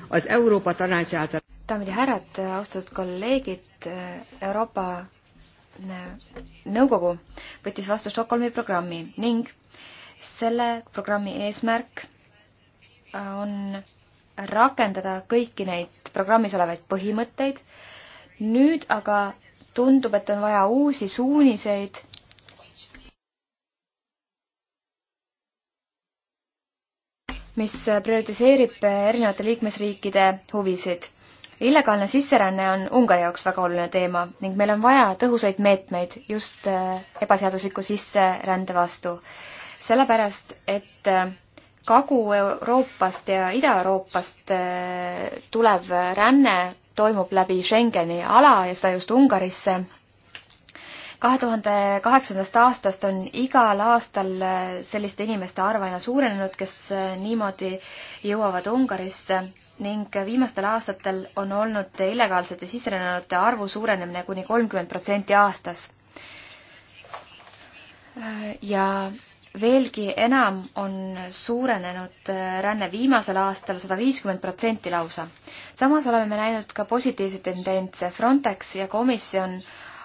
az Euroopa Tanács által daamid ja härrad, austatud kolleegid, Euroopa Nõukogu võttis vastu Stockholmi programmi ning selle programmi eesmärk on rakendada kõiki neid programmis olevaid põhimõtteid. nüüd aga tundub, et on vaja uusi suuniseid. mis prioritiseerib erinevate liikmesriikide huvisid. illegaalne sisseränne on Ungari jaoks väga oluline teema ning meil on vaja tõhusaid meetmeid just äh, ebaseadusliku sisserände vastu. sellepärast, et äh, Kagu-Euroopast ja Ida-Euroopast äh, tulev ränne toimub läbi Schengeni ala ja seda just Ungarisse. kahe tuhande kaheksandast aastast on igal aastal äh, selliste inimeste arv aina suurenenud, kes äh, niimoodi jõuavad Ungarisse ning viimastel aastatel on olnud illegaalsete sisserännanute arvu suurenemine kuni kolmkümmend protsenti aastas. Äh, ja veelgi enam on suurenenud äh, ränne viimasel aastal sada viiskümmend protsenti lausa. samas oleme me näinud ka positiivseid tendentse. Frontex ja komisjon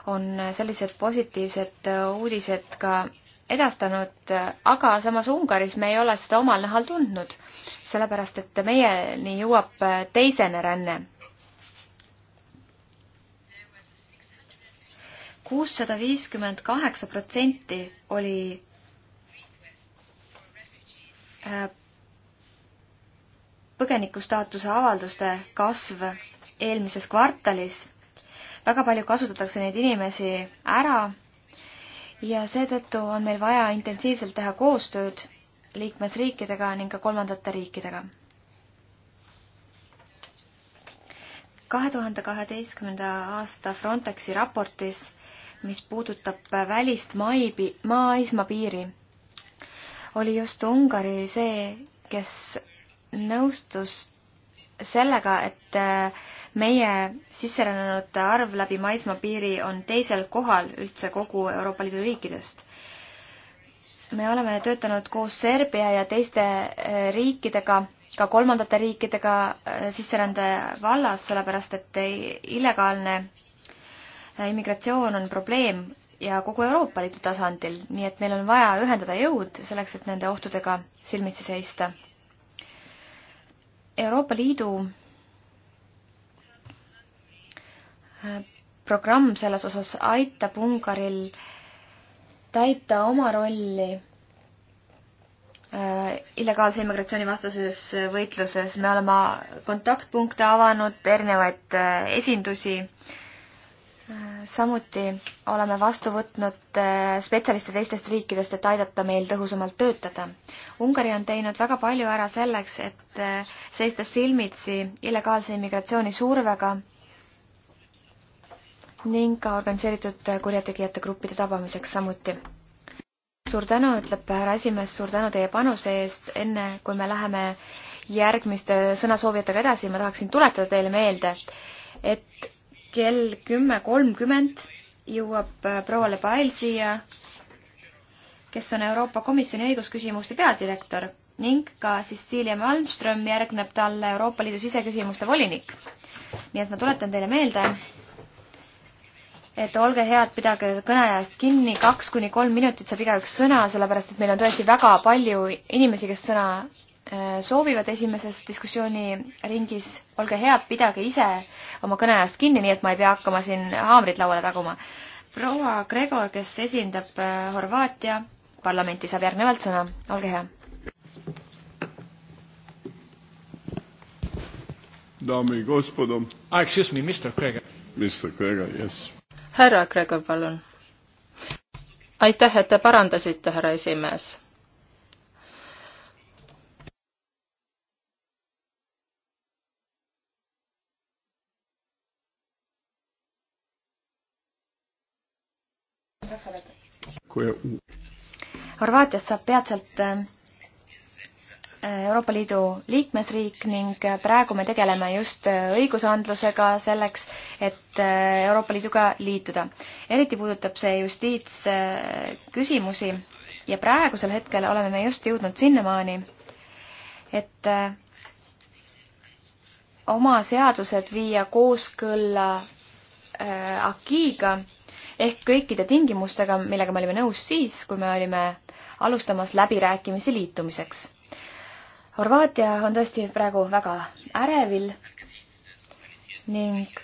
on sellised positiivsed äh, uudised ka edastanud, äh, aga samas Ungaris me ei ole seda omal nahal tundnud, sellepärast et meieni jõuab teisene ränne. kuussada viiskümmend kaheksa protsenti oli põgenikustaatuse avalduste kasv eelmises kvartalis. väga palju kasutatakse neid inimesi ära ja seetõttu on meil vaja intensiivselt teha koostööd liikmesriikidega ning ka kolmandate riikidega. kahe tuhande kaheteistkümnenda aasta Frontexi raportis, mis puudutab välist maipi-, maismaapiiri oli just Ungari see, kes nõustus sellega, et äh, meie sisserännanute arv läbi maismaapiiri on teisel kohal üldse kogu Euroopa Liidu riikidest. me oleme töötanud koos Serbia ja teiste äh, riikidega, ka kolmandate riikidega äh, sisserände vallas, sellepärast et illegaalne immigratsioon on probleem ja kogu Euroopa Liidu tasandil, nii et meil on vaja ühendada jõud selleks, et nende ohtudega silmitsi seista. Euroopa Liidu äh, programm selles osas aitab Ungaril täita oma rolli äh, illegaalse immigratsiooni vastases võitluses. me oleme kontaktpunkte avanud, erinevaid äh, esindusi äh, samuti oleme vastu võtnud eh, spetsialiste teistest riikidest, et aidata meil tõhusamalt töötada. Ungari on teinud väga palju ära selleks, et eh, seista silmitsi illegaalse immigratsiooni survega ning ka organiseeritud kurjategijate gruppide tabamiseks samuti. suur tänu, ütleb härra esimees, suur tänu teie panuse eest, enne kui me läheme järgmiste sõnasoovijatega edasi, ma tahaksin tuletada teile meelde, et kell kümme kolmkümmend jõuab äh, proua Lebail siia, kes on Euroopa Komisjoni õigusküsimuste peadirektor ning ka Cecilia Malmström järgneb talle Euroopa Liidu siseküsimuste volinik. nii et ma tuletan teile meelde, et olge head, pidage kõneajast kinni, kaks kuni kolm minutit saab igaüks sõna, sellepärast et meil on tõesti väga palju inimesi, kes sõna Äh, soovivad esimeses diskussiooniringis, olge head, pidage ise oma kõneajast kinni, nii et ma ei pea hakkama siin haamrit lauale taguma. proua Gregor, kes esindab äh, Horvaatia parlamenti, saab järgnevalt sõna, olge hea. daami ja gospodo ah,. Excuse me, Mr Gregor. Mr Gregor, yes. härra Gregor, palun. aitäh, et te parandasite, härra esimees E Horvaatiast saab peatselt e, e, Euroopa Liidu liikmesriik ning praegu me tegeleme just õigusandlusega selleks, et Euroopa Liiduga liituda. eriti puudutab see justiitsküsimusi ja praegusel hetkel oleme me just jõudnud sinnamaani, et oma seadused viia kooskõlla akiiga äh, ehk kõikide tingimustega, millega me olime nõus siis, kui me olime alustamas läbirääkimisi liitumiseks. Horvaatia on tõesti praegu väga ärevil ning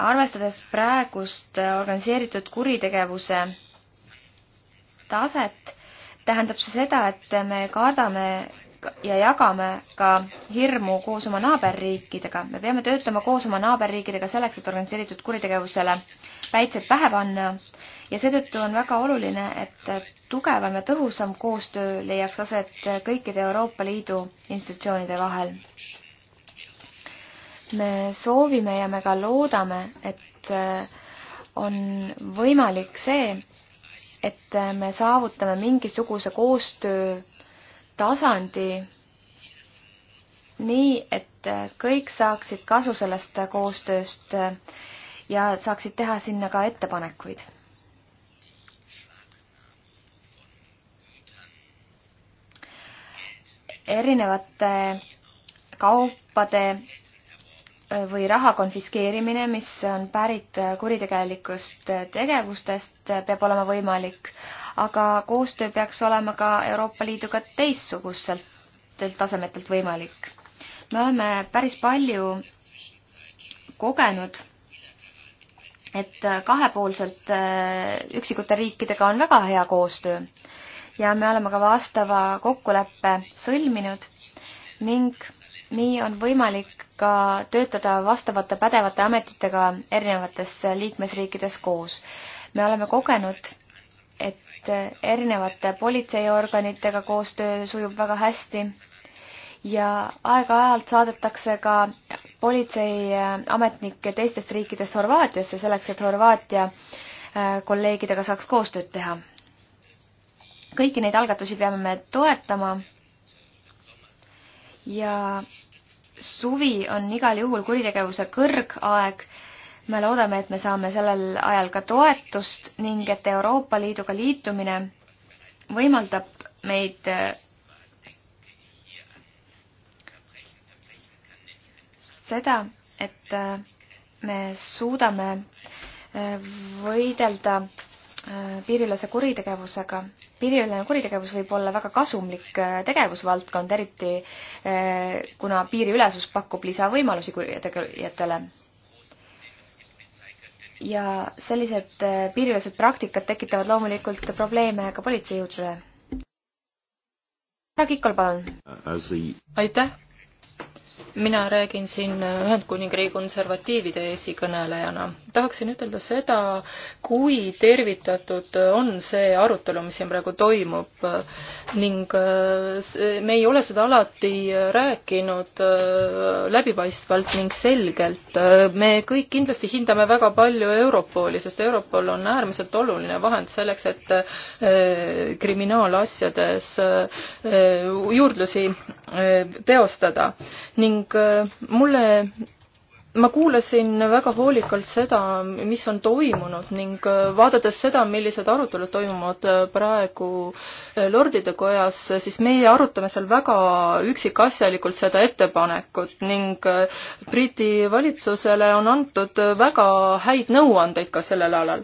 arvestades praegust organiseeritud kuritegevuse taset, tähendab see seda, et me kardame ja jagame ka hirmu koos oma naaberriikidega. me peame töötama koos oma naaberriikidega selleks, et organiseeritud kuritegevusele äh, väitseid pähe panna ja seetõttu on väga oluline, et tugevam ja tõhusam koostöö leiaks aset kõikide Euroopa Liidu institutsioonide vahel. me soovime ja me ka loodame, et on võimalik see, et me saavutame mingisuguse koostöö tasandi nii, et kõik saaksid kasu sellest koostööst ja saaksid teha sinna ka ettepanekuid. erinevate kaupade äh, või raha konfiskeerimine, mis on pärit äh, kuritegelikust äh, tegevustest, peab olema võimalik, aga koostöö peaks olema ka Euroopa Liiduga teistsugustelt tasemetelt võimalik. me oleme päris palju kogenud et äh, kahepoolselt äh, üksikute riikidega on väga hea koostöö ja me oleme ka vastava kokkuleppe sõlminud ning nii on võimalik ka töötada vastavate pädevate ametitega erinevates äh, liikmesriikides koos. me oleme kogenud, et erinevate politseiorganitega koostöö sujub väga hästi ja aeg-ajalt saadetakse ka politseiametnikke äh, teistest riikidest Horvaatiasse, selleks et Horvaatia äh, kolleegidega saaks koostööd teha. kõiki neid algatusi peame me toetama ja suvi on igal juhul kuritegevuse kõrgaeg. me loodame, et me saame sellel ajal ka toetust ning et Euroopa Liiduga liitumine võimaldab meid äh, seda, et äh, me suudame äh, võidelda äh, piiriülese kuritegevusega. piiriülene kuritegevus võib olla väga kasumlik tegevusvaldkond, eriti kuna piiriülesus pakub lisavõimalusi kurjategijatele. ja sellised piiriülesed praktikad tekitavad loomulikult probleeme ka politseijõududele. härra Kikkol, palun. aitäh mina räägin siin Ühendkuningriigi konservatiivide esikõnelejana. tahaksin ütelda seda, kui tervitatud on see arutelu, mis siin praegu toimub ning äh, me ei ole seda alati rääkinud äh, läbipaistvalt ning selgelt. Äh, me kõik kindlasti hindame väga palju Europoli, sest Europol on äärmiselt oluline vahend selleks, et kriminaalasjades juurdlusi teostada ning ning äh, mulle ma kuulasin väga hoolikalt seda, mis on toimunud ning äh, vaadates seda, millised arutelud toimuvad äh, praegu Lordide Kojas, siis meie arutame seal väga üksikasjalikult seda ettepanekut ning Briti valitsusele on antud väga häid nõuandeid ka sellel alal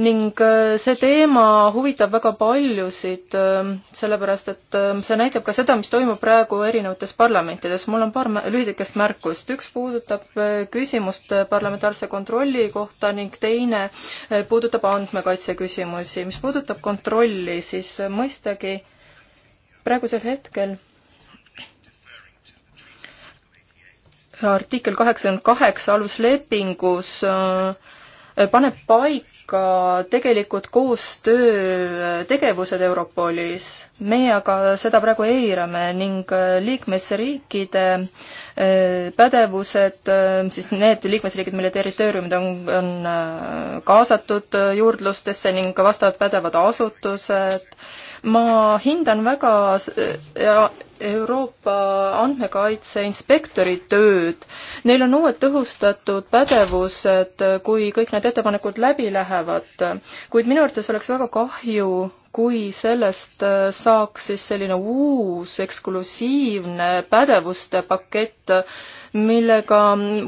ning äh, see teema huvitab väga paljusid, ähm, sellepärast et ähm, see näitab ka seda, mis toimub praegu erinevates parlamentides. mul on paar lühidikest märkust. üks puudutab äh, küsimust äh, parlamentaarse kontrolli kohta ning teine puudutab andmekaitse küsimusi. mis puudutab kontrolli, siis mõistagi praegusel hetkel artikkel kaheksakümmend kaheksa aluslepingus paneb paika ka tegelikud koostöötegevused Europolis. meie aga seda praegu eirame ning äh, liikmesriikide äh, pädevused, äh, siis need liikmesriigid, mille territooriumid on, on kaasatud juurdlustesse ning vastavad pädevad asutused, ma hindan väga äh, Euroopa andmekaitse inspektori tööd. Neil on uued tõhustatud pädevused, kui kõik need ettepanekud läbi lähevad, kuid minu arvates oleks väga kahju, kui sellest äh, saaks siis selline uus eksklusiivne pädevuste pakett millega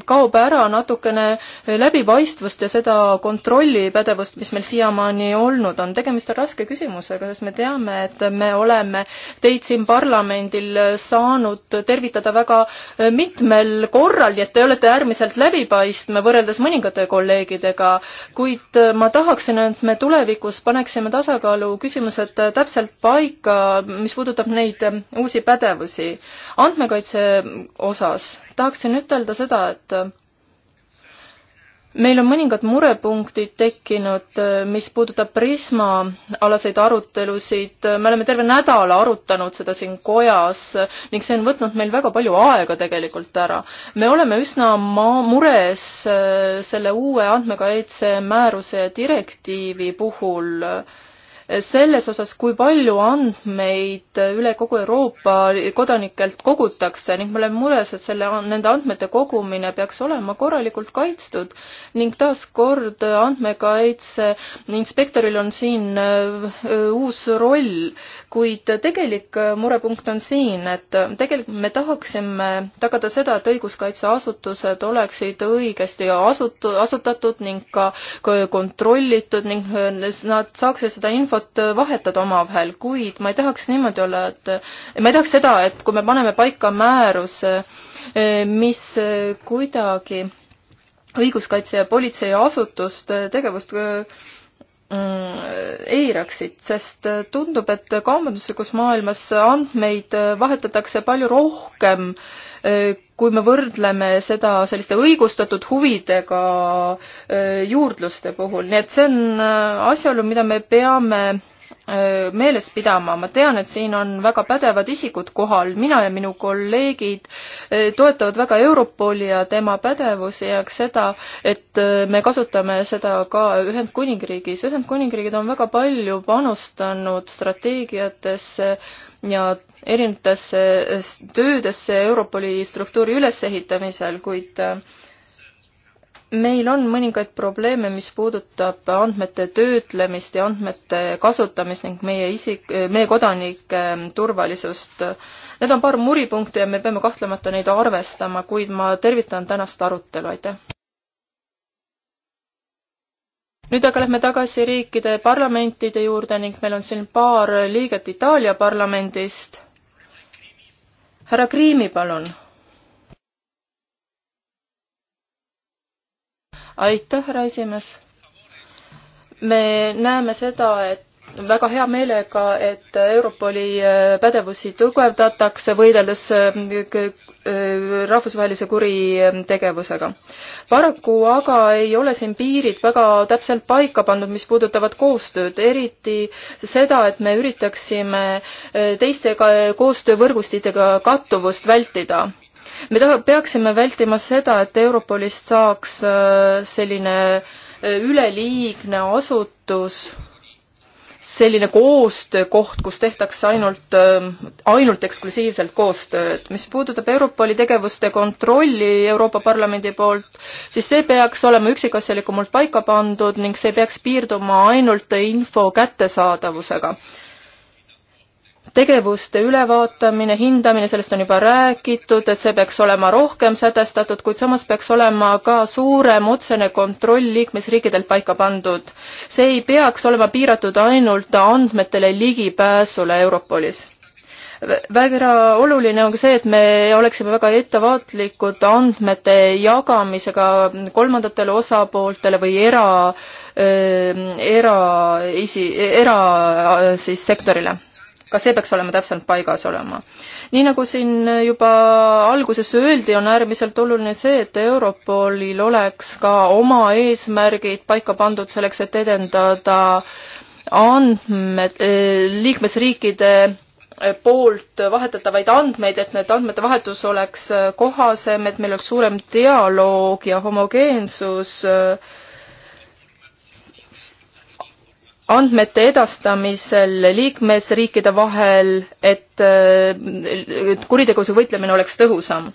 kaob ära natukene läbipaistvust ja seda kontrollipädevust, mis meil siiamaani olnud on. tegemist on raske küsimusega, sest me teame, et me oleme teid siin parlamendil saanud tervitada väga mitmel korral, nii et te olete äärmiselt läbipaistv võrreldes mõningate kolleegidega, kuid ma tahaksin, et me tulevikus paneksime tasakaalu küsimused täpselt paika, mis puudutab neid uusi pädevusi. andmekaitse osas tahaks tahaksin ütelda seda, et äh, meil on mõningad murepunktid tekkinud, äh, mis puudutab Prisma alaseid arutelusid, äh, me oleme terve nädala arutanud seda siin kojas ning see on võtnud meil väga palju aega tegelikult ära. me oleme üsna ma-, mures selle uue andmekaitse määruse direktiivi puhul äh, selles osas, kui palju andmeid üle kogu Euroopa kodanikelt kogutakse ning ma olen mures, et selle, nende andmete kogumine peaks olema korralikult kaitstud ning taaskord andmekaitse inspektoril on siin äh, äh, uus roll, kuid tegelik äh, murepunkt on siin, et tegelikult me tahaksime tagada seda, et õiguskaitseasutused oleksid õigesti asutu-, asutatud ning ka kontrollitud ning nad saaksid seda infot infot äh, vahetada omavahel, kuid ma ei tahaks niimoodi olla, et äh, ma ei tahaks seda, et kui me paneme paika määruse, äh, mis kuidagi õiguskaitse ja politseiasutuste tegevust Äh, eiraksid, sest äh, tundub, et kaubanduslikus maailmas andmeid äh, vahetatakse palju rohkem, kui me võrdleme seda selliste õigustatud huvidega juurdluste puhul, nii et see on asjaolu, mida me peame Äh, meeles pidama, ma tean, et siin on väga pädevad isikud kohal, mina ja minu kolleegid äh, toetavad väga Europoli ja tema pädevusi ja seda, et äh, me kasutame seda ka Ühendkuningriigis. Ühendkuningriigid on väga palju panustanud strateegiatesse ja erinevatesse töödesse Europoli struktuuri ülesehitamisel, kuid äh, meil on mõningaid probleeme, mis puudutab andmete töötlemist ja andmete kasutamist ning meie isik, meie kodanike ähm, turvalisust. Need on paar muripunkti ja me peame kahtlemata neid arvestama, kuid ma tervitan tänast arutelu, aitäh! nüüd aga lähme tagasi riikide parlamentide juurde ning meil on siin paar liiget Itaalia parlamendist. härra Kriimi, palun aitäh, härra esimees. me näeme seda, et väga hea meelega, et Europoli äh, pädevusi tugevdatakse, võideldes äh, äh, rahvusvahelise kuritegevusega. paraku aga ei ole siin piirid väga täpselt paika pandud, mis puudutavad koostööd, eriti seda, et me üritaksime teiste koostöövõrgustitega kattuvust vältida me taha-, peaksime vältima seda, et Europolist saaks äh, selline äh, üleliigne asutus, selline koostöökoht, kus tehtakse ainult, äh, ainult eksklusiivselt koostööd. mis puudutab Europoli tegevuste kontrolli Euroopa Parlamendi poolt, siis see peaks olema üksikasjalikumalt paika pandud ning see peaks piirduma ainult info kättesaadavusega tegevuste ülevaatamine, hindamine, sellest on juba räägitud, et see peaks olema rohkem sätestatud, kuid samas peaks olema ka suurem otsene kontroll liikmesriikidelt paika pandud. see ei peaks olema piiratud ainult andmetele ligipääsule Europolis. väga oluline on ka see, et me oleksime väga ettevaatlikud andmete jagamisega kolmandatele osapooltele või era, era, era siis sektorile ka see peaks olema täpselt paigas olema. nii nagu siin juba alguses öeldi, on äärmiselt oluline see, et Europolil oleks ka oma eesmärgid paika pandud selleks, et edendada andmed, eh, liikmesriikide eh, poolt vahetatavaid andmeid, et need andmete vahetus oleks eh, kohasem, et meil oleks suurem dialoog ja homogeensus äh, andmete edastamisel liikmesriikide vahel, et, et kuritegevuse võitlemine oleks tõhusam.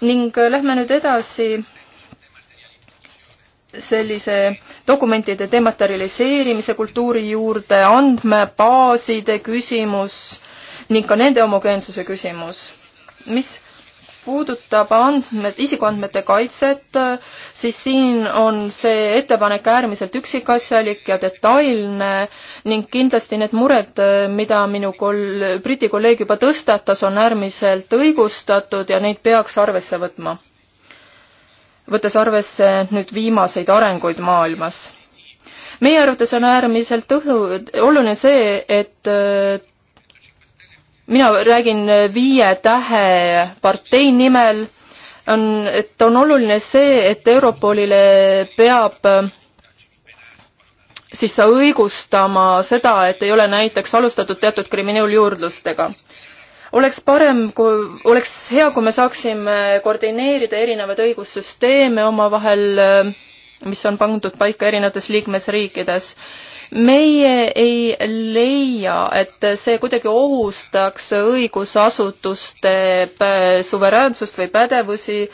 ning äh, lähme nüüd edasi sellise dokumentide dematerialiseerimise kultuuri juurde, andmebaaside küsimus ning ka nende homogeensuse küsimus. mis puudutab andmed, isikuandmete kaitset, siis siin on see ettepanek äärmiselt üksikasjalik ja detailne ning kindlasti need mured, mida minu kol-, Briti kolleeg juba tõstatas, on äärmiselt õigustatud ja neid peaks arvesse võtma. võttes arvesse nüüd viimaseid arenguid maailmas meie arvates on äärmiselt õhu, oluline see, et mina räägin viie tähe partei nimel, on, et on oluline see, et Europolile peab siis sa õigustama seda, et ei ole näiteks alustatud teatud kriminaaljuurdlustega. oleks parem, kui, oleks hea, kui me saaksime koordineerida erinevaid õigussüsteeme omavahel, mis on pandud paika erinevates liikmesriikides meie ei leia, et see kuidagi ohustaks õigusasutuste äh, suveräänsust või pädevusi,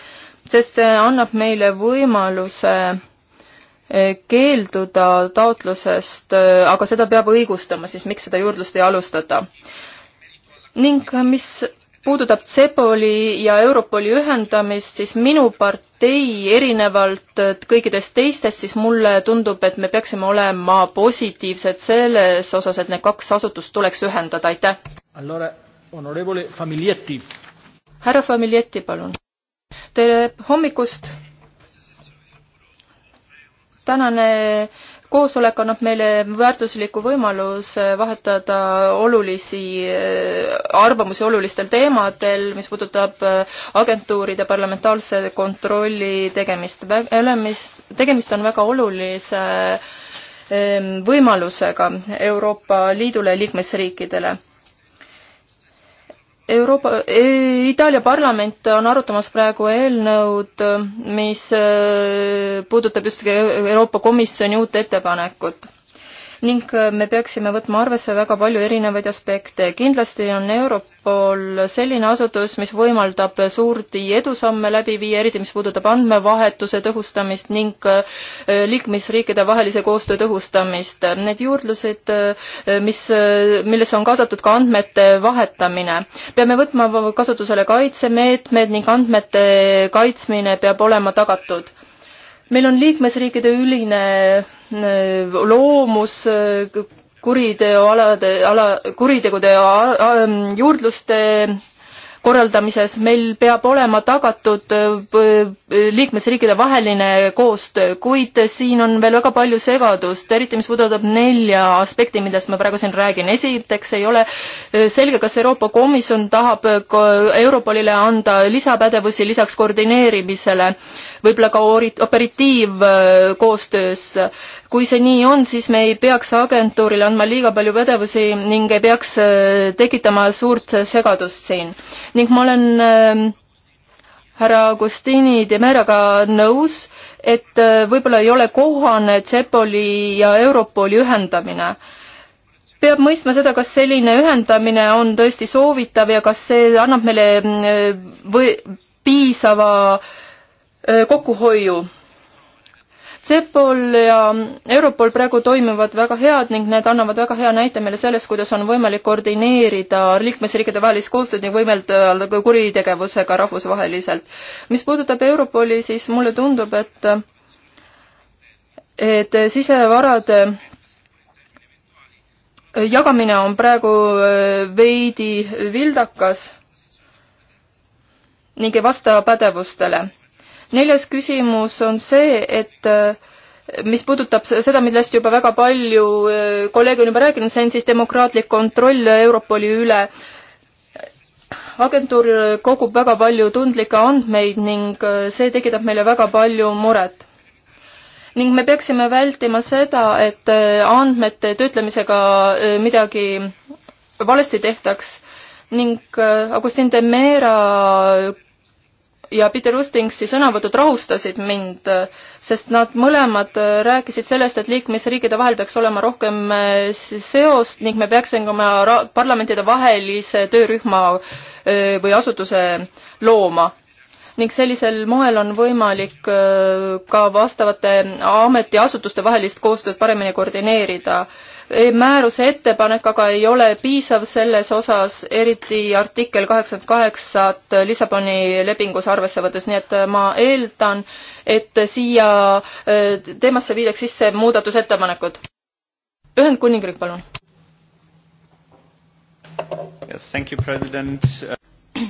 sest see annab meile võimaluse äh, keelduda taotlusest, äh, aga seda peab õigustama siis, miks seda juurdlust ei alustata. ning mis puudutab CEPOL-i ja Europoli ühendamist, siis minu partei erinevalt kõikidest teistest, siis mulle tundub, et me peaksime olema positiivsed selles osas, et need kaks asutust tuleks ühendada, aitäh. härra Familietti, palun. tere hommikust. tänane äh, koosolek annab meile väärtusliku võimaluse vahetada olulisi äh, arvamusi olulistel teemadel, mis puudutab äh, agentuuride parlamentaarse kontrolli tegemist. tegemist on väga olulise äh, võimalusega Euroopa Liidule ja liikmesriikidele Euroopa, e, Itaalia parlament on arutamas praegu eelnõud, mis e, puudutab just Euroopa Komisjoni uut ettepanekut ning äh, me peaksime võtma arvesse väga palju erinevaid aspekte. kindlasti on Europol selline asutus, mis võimaldab suurti edusamme läbi viia, eriti mis puudutab andmevahetuse tõhustamist ning äh, liikmesriikide vahelise koostöö tõhustamist. Need juurdlused, äh, mis, millesse on kaasatud ka andmete vahetamine. peame võtma kasutusele kaitsemeetmed ning andmete kaitsmine peab olema tagatud meil on liikmesriikide üline loomus, kuriteoalade, ala, kuritegude juurdluste korraldamises meil peab olema tagatud äh, liikmesriikide vaheline koostöö, kuid siin on veel väga palju segadust, eriti mis puudutab nelja aspekti, millest ma praegu siin räägin. esiteks ei ole äh, selge, kas Euroopa Komisjon tahab Europolile anda lisapädevusi lisaks koordineerimisele võib-olla ka operatiivkoostöös. kui see nii on, siis me ei peaks agentuurile andma liiga palju pädevusi ning ei peaks äh, tekitama suurt segadust siin. ning ma olen ähm, härra Agustini Demeraga nõus, et äh, võib-olla ei ole kohane Tsepoli ja Europoli ühendamine peab mõistma seda, kas selline ühendamine on tõesti soovitav ja kas see annab meile äh, või piisava äh, kokkuhoiu. CEPOL ja Europol praegu toimivad väga head ning need annavad väga hea näite meile sellest, kuidas on võimalik koordineerida liikmesriikide vahelist koostööd ning võimeldada kuritegevusega rahvusvaheliselt. mis puudutab Europoli, siis mulle tundub, et et sisevarade jagamine on praegu veidi vildakas ning ei vasta pädevustele neljas küsimus on see, et äh, mis puudutab seda, millest juba väga palju äh, kolleege on juba rääkinud, see on siis demokraatlik kontroll Europoli üle. agentuur kogub väga palju tundlikke andmeid ning äh, see tekitab meile väga palju muret ning me peaksime vältima seda, et andmete töötlemisega midagi valesti tehtaks ning Agustin de Meera ja Peter Ustingsi sõnavõtud rahustasid mind, sest nad mõlemad äh, rääkisid sellest, et liikmesriikide vahel peaks olema rohkem äh, seost ning me peaksime oma parlamentidevahelise töörühma äh, või asutuse looma ning sellisel moel on võimalik ka vastavate ametiasutuste vahelist koostööd paremini koordineerida määruse ettepanek aga ei ole piisav selles osas, eriti artikkel kaheksakümmend kaheksat Lissaboni lepingus arvesse võttes, nii et äh, ma eeldan, et siia äh, teemasse viidaks sisse muudatusettepanekud. Ühendkuningriik, palun. Yes, thank you, president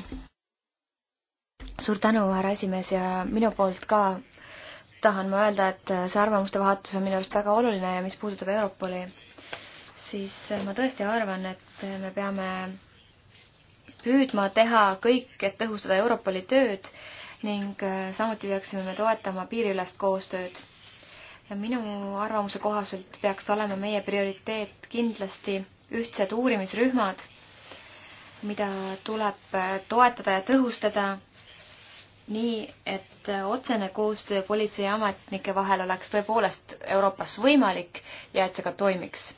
suur tänu, härra esimees ja minu poolt ka tahan ma öelda, et see arvamuste vahetus on minu arust väga oluline ja mis puudutab Europoli, siis ma tõesti arvan, et me peame püüdma teha kõik, et tõhustada Europoli tööd ning äh, samuti peaksime me toetama piiriülest koostööd. ja minu arvamuse kohaselt peaks olema meie prioriteet kindlasti ühtsed uurimisrühmad, mida tuleb äh, toetada ja tõhustada nii, et äh, otsene koostöö politseiametnike vahel oleks tõepoolest Euroopas võimalik ja et see ka toimiks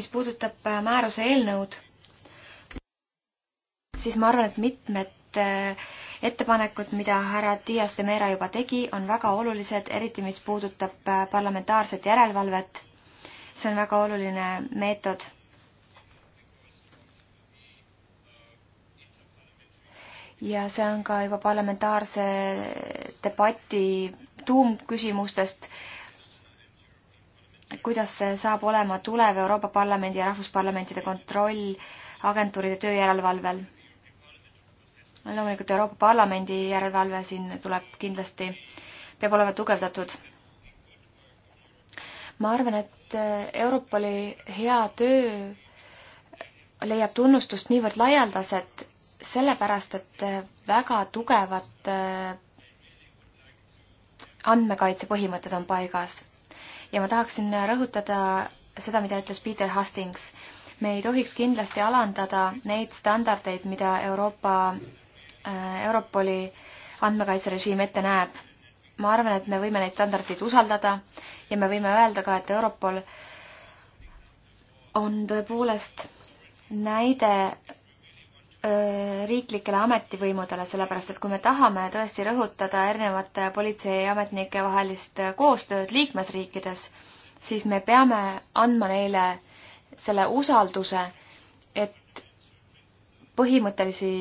mis puudutab äh, määruse eelnõud, siis ma arvan, et mitmed äh, ettepanekud, mida härra Dias de Mera juba tegi, on väga olulised, eriti mis puudutab äh, parlamentaarset järelevalvet. see on väga oluline meetod ja see on ka juba parlamentaarse debati tuumküsimustest, kuidas saab olema tulev Euroopa Parlamendi ja Rahvusparlamentide kontroll agentuuride töö järelevalvel? loomulikult Euroopa Parlamendi järelevalve siin tuleb kindlasti, peab olema tugevdatud. ma arvan, et eh, Europoli hea töö leiab tunnustust niivõrd laialdaselt, sellepärast et eh, väga tugevad eh, andmekaitse põhimõtted on paigas ja ma tahaksin rõhutada seda, mida ütles Peter Hastings. me ei tohiks kindlasti alandada neid standardeid, mida Euroopa, äh, Europoli andmekaitserežiim ette näeb. ma arvan, et me võime neid standardeid usaldada ja me võime öelda ka, et Europol on tõepoolest näide Äh, riiklikele ametivõimudele, sellepärast et kui me tahame tõesti rõhutada erinevate politseiametnike vahelist äh, koostööd liikmesriikides, siis me peame andma neile selle usalduse, et põhimõttelisi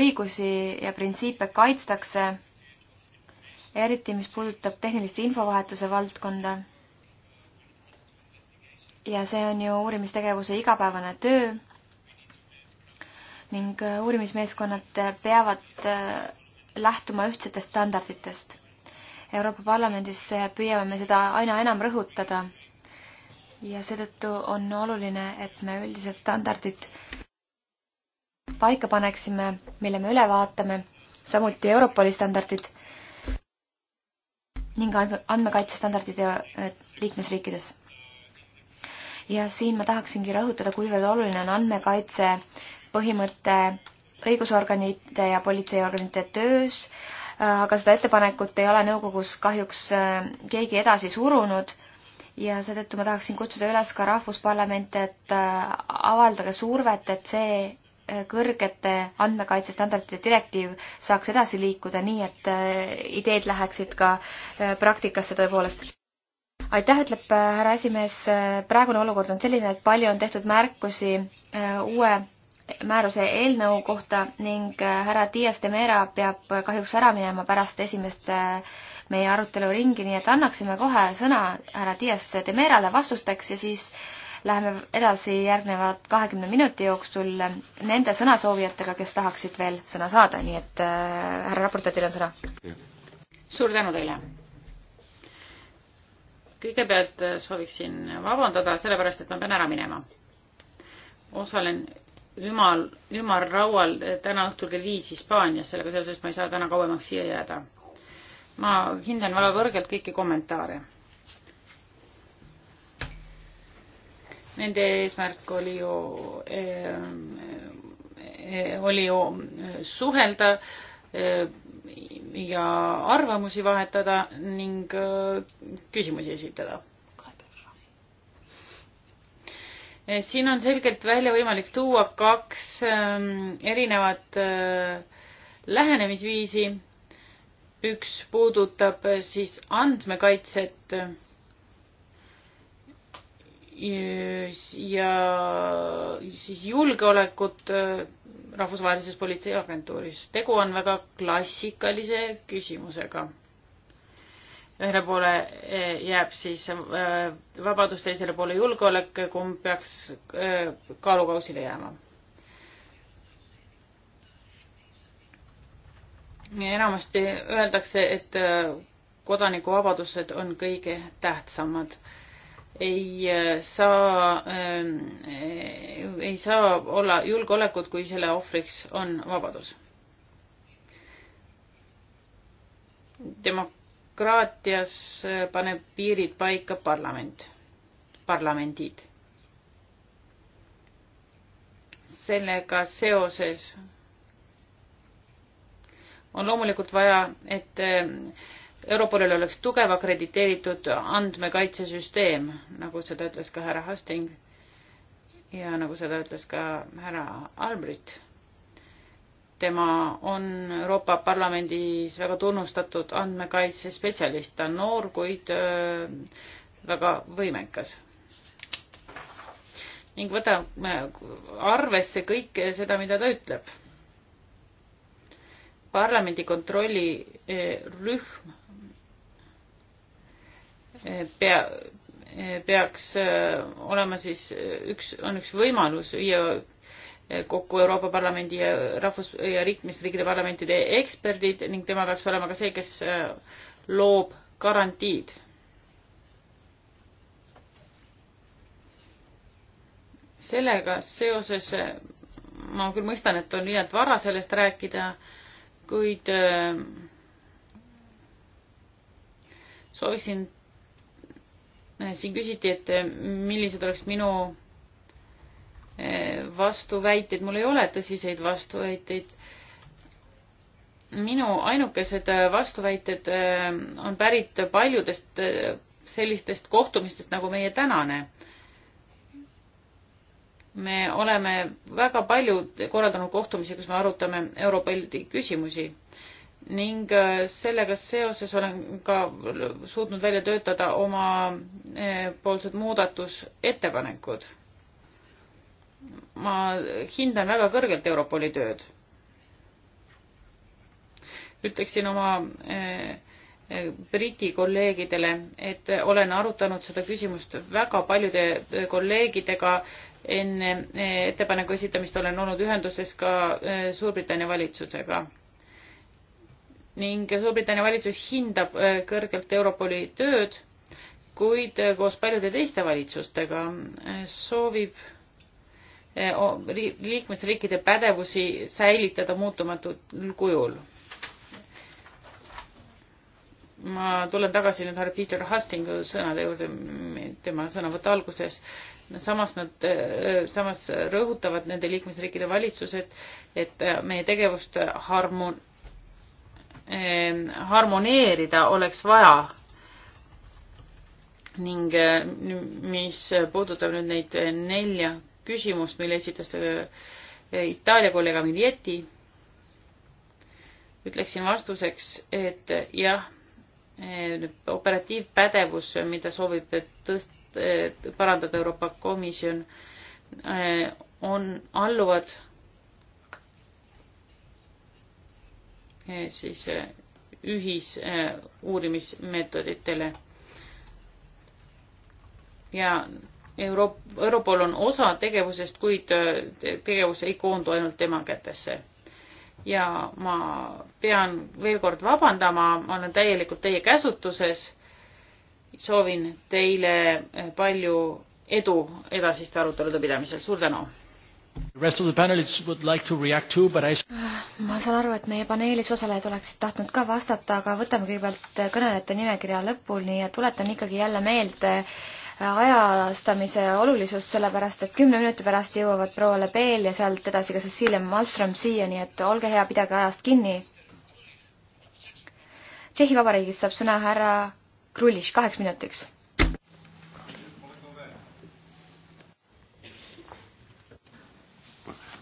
õigusi ja printsiipe kaitstakse, eriti mis puudutab tehnilist infovahetuse valdkonda. ja see on ju uurimistegevuse igapäevane töö ning äh, uurimismeeskonnad äh, peavad äh, lähtuma ühtsetest standarditest. Euroopa Parlamendis püüame me seda aina enam rõhutada ja seetõttu on oluline, et me üldised standardid paika paneksime, mille me üle vaatame, samuti Europoli standardid ning andmekaitsestandardid liikmesriikides. ja siin ma tahaksingi rõhutada, kuivõrd oluline on andmekaitse põhimõte õigusorganite ja politseiorganite töös, äh, aga seda ettepanekut ei ole nõukogus kahjuks äh, keegi edasi surunud ja seetõttu ma tahaksin kutsuda üles ka Rahvusparlamente, et äh, avaldage survet, et see kõrgete andmekaitsestandardite direktiiv saaks edasi liikuda nii, et ideed läheksid ka praktikasse tõepoolest aitäh, ütleb härra esimees. praegune olukord on selline, et palju on tehtud märkusi uue määruse eelnõu kohta ning äh, härra Dias de Mera peab kahjuks ära minema pärast esimest äh, meie aruteluringi, nii et annaksime kohe sõna härra Dias de Merale vastusteks ja siis läheme edasi järgnevad kahekümne minuti jooksul nende sõnasoovijatega, kes tahaksid veel sõna saada, nii et äh, härra raportöör, teil on sõna. suur tänu teile! kõigepealt sooviksin vabandada, sellepärast et ma pean ära minema. osalen ümal, ümarraual eh, täna õhtul kell viis Hispaanias, sellega seoses ma ei saa täna kauemaks siia jääda. ma hindan väga kõrgelt kõiki kommentaare. Nende eesmärk oli ju eh,, eh oli ju eh, suhelda eh, ja arvamusi vahetada ning eh, küsimusi esitada Eh, siin on selgelt välja võimalik tuua kaks ehm, erinevat eh, lähenemisviisi. üks puudutab eh, siis andmekaitset ja siis julgeolekut rahvusvahelises politseiagentuuris. tegu on väga klassikalise küsimusega ühele poole e, jääb siis e, vabadus, teisele poole julgeolek, kumb peaks e, kaalukausile jääma? enamasti öeldakse, et kodanikuvabadused on kõige tähtsamad. ei saa, ei saa olla julgeolekut, kui selle ohvriks on vabadus. demo-, demokraatias äh, paneb piirid paika parlament, parlamendid. sellega seoses on loomulikult vaja, et äh, Europolil oleks tugev akrediteeritud andmekaitsesüsteem, nagu seda ütles ka härra Hasting ja nagu seda ütles ka härra Albrecht tema on Euroopa Parlamendis väga tunnustatud andmekaitsespetsialist, ta on noor, kuid äh, väga võimekas. ning võtame arvesse kõike seda, mida ta ütleb. parlamendi kontrollirühm äh, äh, pea, peaks olema siis üks, on üks võimalus viia Eh, kokku Euroopa Parlamendi ja rahvus- ja liikmesriikide parlamentide eksperdid ning tema peaks olema ka see, kes eh, loob garantiid. sellega seoses eh, ma küll mõistan, et on liialt vara sellest rääkida, kuid sooviksin, siin küsiti, et millised oleks minu vastuväiteid, mul ei ole tõsiseid vastuväiteid. minu ainukesed äh, vastuväited äh, on pärit paljudest äh, sellistest kohtumistest nagu meie tänane. me oleme väga palju korraldanud kohtumisi, kus me arutame Euroopa Liidu küsimusi ning sellega seoses olen ka suutnud välja töötada oma poolsed muudatusettepanekud ma hindan väga kõrgelt Europoli tööd. ütleksin oma eh, eh, Briti kolleegidele, et olen arutanud seda küsimust väga paljude kolleegidega, enne eh, ettepaneku esitamist olen olnud ühenduses ka Suurbritannia valitsusega. ning Suurbritannia valitsus hindab kõrgelt Europoli tööd, kuid koos paljude teiste valitsustega soovib Eh, liikmesriikide pädevusi säilitada muutumatul kujul. ma tulen tagasi nüüd härra Peter Hastingu sõnade juurde, tema sõnavõtu alguses. samas nad, eh, samas rõhutavad nende liikmesriikide valitsused, et eh, meie tegevust harmon-, harmoneerida oleks vaja ning mis puudutab nüüd neid nelja küsimust, mille esitas äh, Itaalia kolleeg Amilieti. ütleksin vastuseks, et jah, äh, operatiivpädevus, mida soovib tõst-, äh, parandada Euroopa Komisjon, on, alluvad siis ühisuurimismeetoditele ja Euroop-, Europol on osa tegevusest, kuid äh, tegevus ei koondu ainult tema kätesse. ja ma pean veel kord vabandama, ma olen täielikult teie käsutuses. soovin teile äh, palju edu edasiste arutelude pidamisel, suur tänu! Like to to, I... Ah, ma saan aru, et meie paneelis osalejad oleksid tahtnud ka vastata, aga võtame kõigepealt kõnelejate nimekirja lõpuni ja tuletan ikkagi jälle meelde, ajastamise olulisust, sellepärast et kümne minuti pärast jõuavad proua Lebel ja sealt edasi ka Cecilia Malmström siia, nii et olge hea, pidage ajast kinni. Tšehhi Vabariigist saab sõna härra Kruliš kaheks minutiks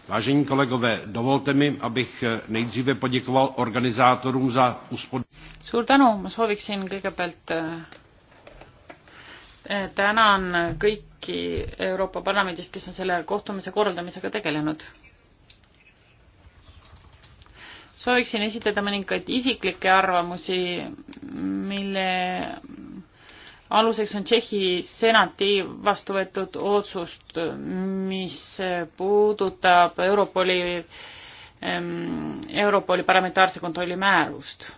Vážení kolegové, dovolte mi, abych eh, nejdříve poděkoval organizátorům za uspořádání. Suur tänu, ma sooviksin kõigepealt eh, Eh, tänan kõiki Euroopa Parlamendist, kes on selle kohtumise korraldamisega tegelenud. sooviksin esitada mõningaid isiklikke arvamusi, mille aluseks on Tšehhi senati vastu võetud otsust, mis puudutab Europoli, Europoli parlamentaarse kontrolli määrust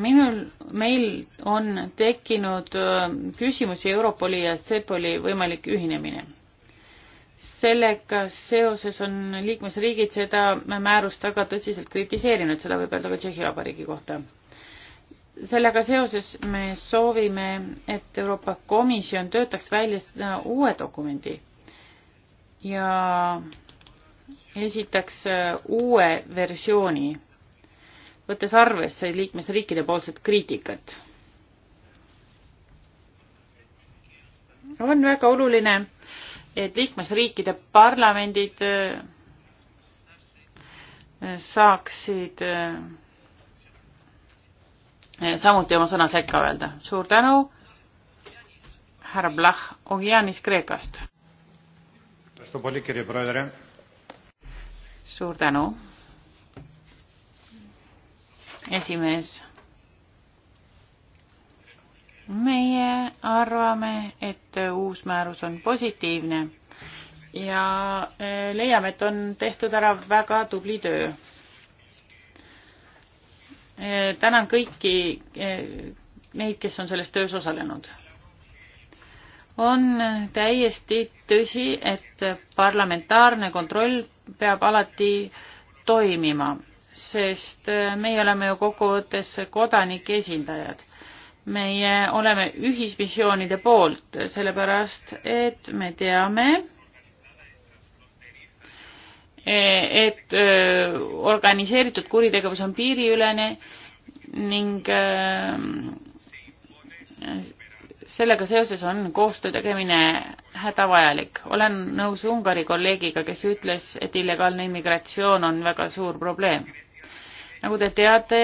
minul, meil on tekkinud äh, küsimusi Europoli ja CEPOLi võimalik ühinemine. sellega seoses on liikmesriigid seda määrust väga tõsiselt kritiseerinud, seda võib öelda ka Tšehhi Vabariigi kohta. sellega seoses me soovime, et Euroopa Komisjon töötaks välja uue dokumendi ja esitaks äh, uue versiooni võttes arvesse liikmesriikide poolset kriitikat. on väga oluline, et liikmesriikide parlamendid äh, saaksid äh, samuti oma sõna sekka öelda. suur tänu, härra Blah Ogianis Kreekast. suur tänu esimees. meie arvame, et uus määrus on positiivne ja e, leiame, et on tehtud ära väga tubli töö. E, tänan kõiki e, neid, kes on selles töös osalenud on täiesti tõsi, et parlamentaarne kontroll peab alati toimima sest äh, meie oleme ju kokkuvõttes kodanike esindajad. meie oleme ühisvisioonide poolt, sellepärast et me teame, e, et äh, organiseeritud kuritegevus on piiriülene ning äh, sellega seoses on koostöö tegemine hädavajalik. olen nõus Ungari kolleegiga, kes ütles, et illegaalne immigratsioon on väga suur probleem. nagu te teate,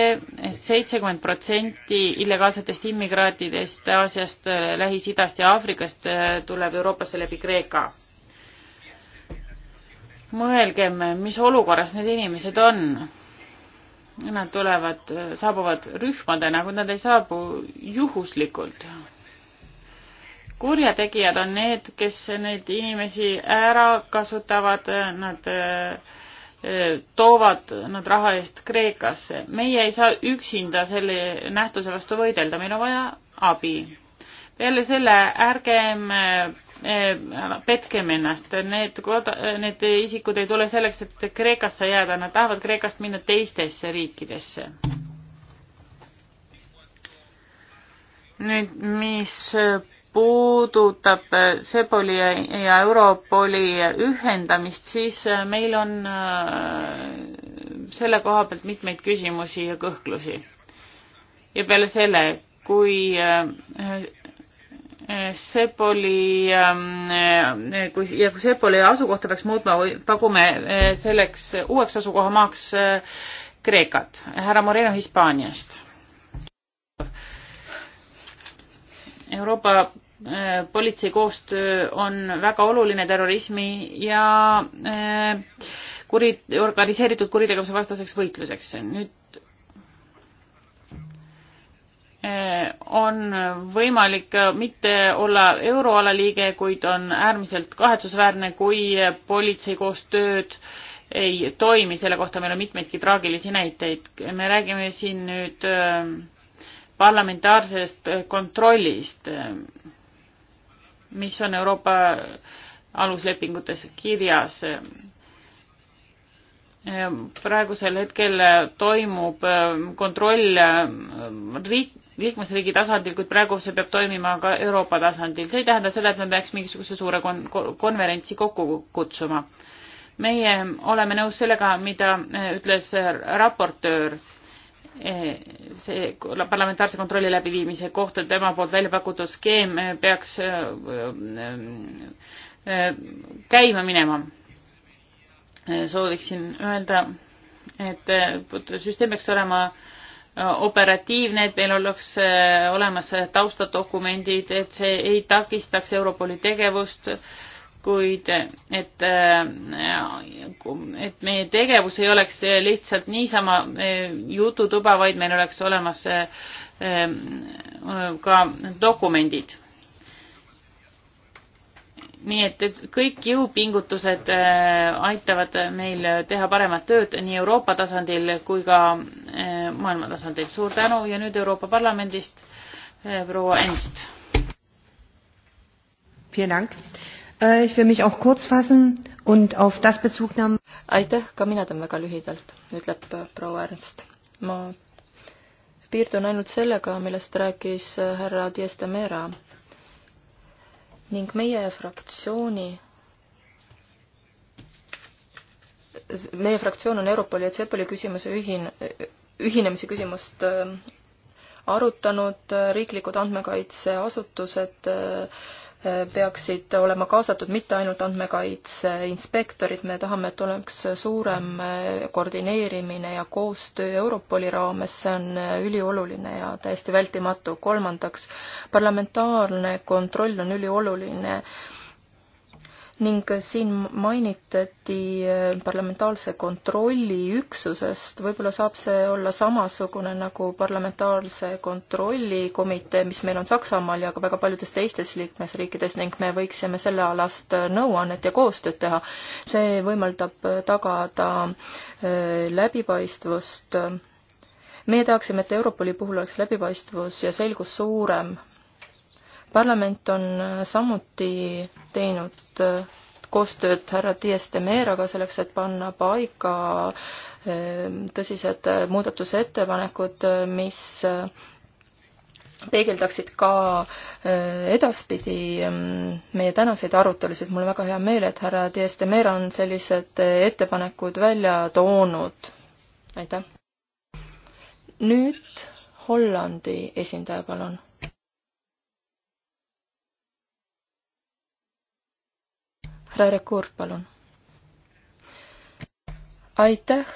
seitsekümmend protsenti illegaalsetest immigraatidest Aasiast, Lähis-Idast ja Aafrikast äh, tuleb Euroopasse läbi Kreeka. mõelgem, mis olukorras need inimesed on Nad tulevad, saabuvad rühmadena, kuid nad ei saabu juhuslikult kurjategijad on need, kes neid inimesi ära kasutavad, nad eh, eh, toovad nad raha eest Kreekasse. meie ei saa üksinda selle nähtuse vastu võidelda, meil on vaja abi. peale selle ärgem eh, petkem ennast, need kod-, need isikud ei tule selleks, et Kreekasse jääda, nad tahavad Kreekast minna teistesse riikidesse. nüüd, mis puudutab Seboli ja Europoli ühendamist, siis meil on äh, selle koha pealt mitmeid küsimusi ja kõhklusi. ja peale selle, kui äh, äh, Sepoli, kui, ja kui Sepoli asukohta peaks muutma, pakume selleks uueks asukohamaaks Kreekat, härra Moreno Hispaaniast. Euroopa Äh, politsei koostöö on väga oluline terrorismi ja äh, kuri, organiseeritud kuritegevuse vastaseks võitluseks. nüüd äh, on võimalik mitte olla euroala liige, kuid on äärmiselt kahetsusväärne, kui politsei koostööd ei toimi, selle kohta meil on mitmeidki traagilisi näiteid. me räägime siin nüüd parlamentaarsest kontrollist mis on Euroopa aluslepingutes kirjas. praegusel hetkel toimub ähm, kontroll ähm, riik, liikmesriigi tasandil, kuid praegu see peab toimima ka Euroopa tasandil. see ei tähenda seda, et me peaks mingisuguse suure kon-, konverentsi kokku kutsuma. meie oleme nõus sellega, mida äh, ütles raportöör see parlamentaarse kontrolli läbiviimise kohta tema poolt välja pakutud skeem eh, peaks eh, eh, käima minema. sooviksin öelda, et süsteem peaks olema operatiivne, et meil oleks olemas taustadokumendid, et see ei takistaks Europoli tegevust äh, kuid et, et meie tegevus ei oleks lihtsalt niisama jututuba, vaid meil oleks olemas ehm, ka dokumendid. nii et, et kõik jõupingutused ehm, aitavad meil teha paremat tööd nii Euroopa tasandil kui ka ehm, maailma tasandil. suur tänu ja nüüd Euroopa Parlamendist proua Enst. Vielen Dank Äh, ich will mich auch kurz fassen und auf das Bezug nehmen. aitäh, ka mina teen väga lühidalt, ütleb äh, proua Ernst. ma piirdun ainult sellega, millest rääkis äh, härra Diestemera ning meie fraktsiooni meie fraktsioon on Europoli ja CEPOLi küsimuse ühin-, ühinemise küsimust arutanud, riiklikud andmekaitseasutused äh, peaksid olema kaasatud mitte ainult andmekaitseinspektorid, me tahame, et oleks suurem koordineerimine ja koostöö Europoli raames, see on ülioluline ja täiesti vältimatu. kolmandaks, parlamentaarne kontroll on ülioluline ning siin mainitati äh, parlamentaarse kontrolli üksusest, võib-olla saab see olla samasugune nagu parlamentaarse kontrolli komitee, mis meil on Saksamaal ja ka väga paljudes teistes liikmesriikides ning me võiksime sellealast äh, nõuannet ja koostööd teha. see võimaldab äh, tagada läbipaistvust meie tahaksime, et Europoli puhul oleks läbipaistvus ja selgus suurem parlament on äh, samuti teinud äh, koostööd härra Dias de Meeraga selleks, et panna paika äh, tõsised muudatusettepanekud, mis peegeldaksid ka edaspidi ähm, meie tänaseid arutelusid. mul on väga hea meel, et härra Dias de Meera on sellised ettepanekud välja toonud. aitäh. nüüd Hollandi esindaja, palun Raire Kurb, palun. aitäh.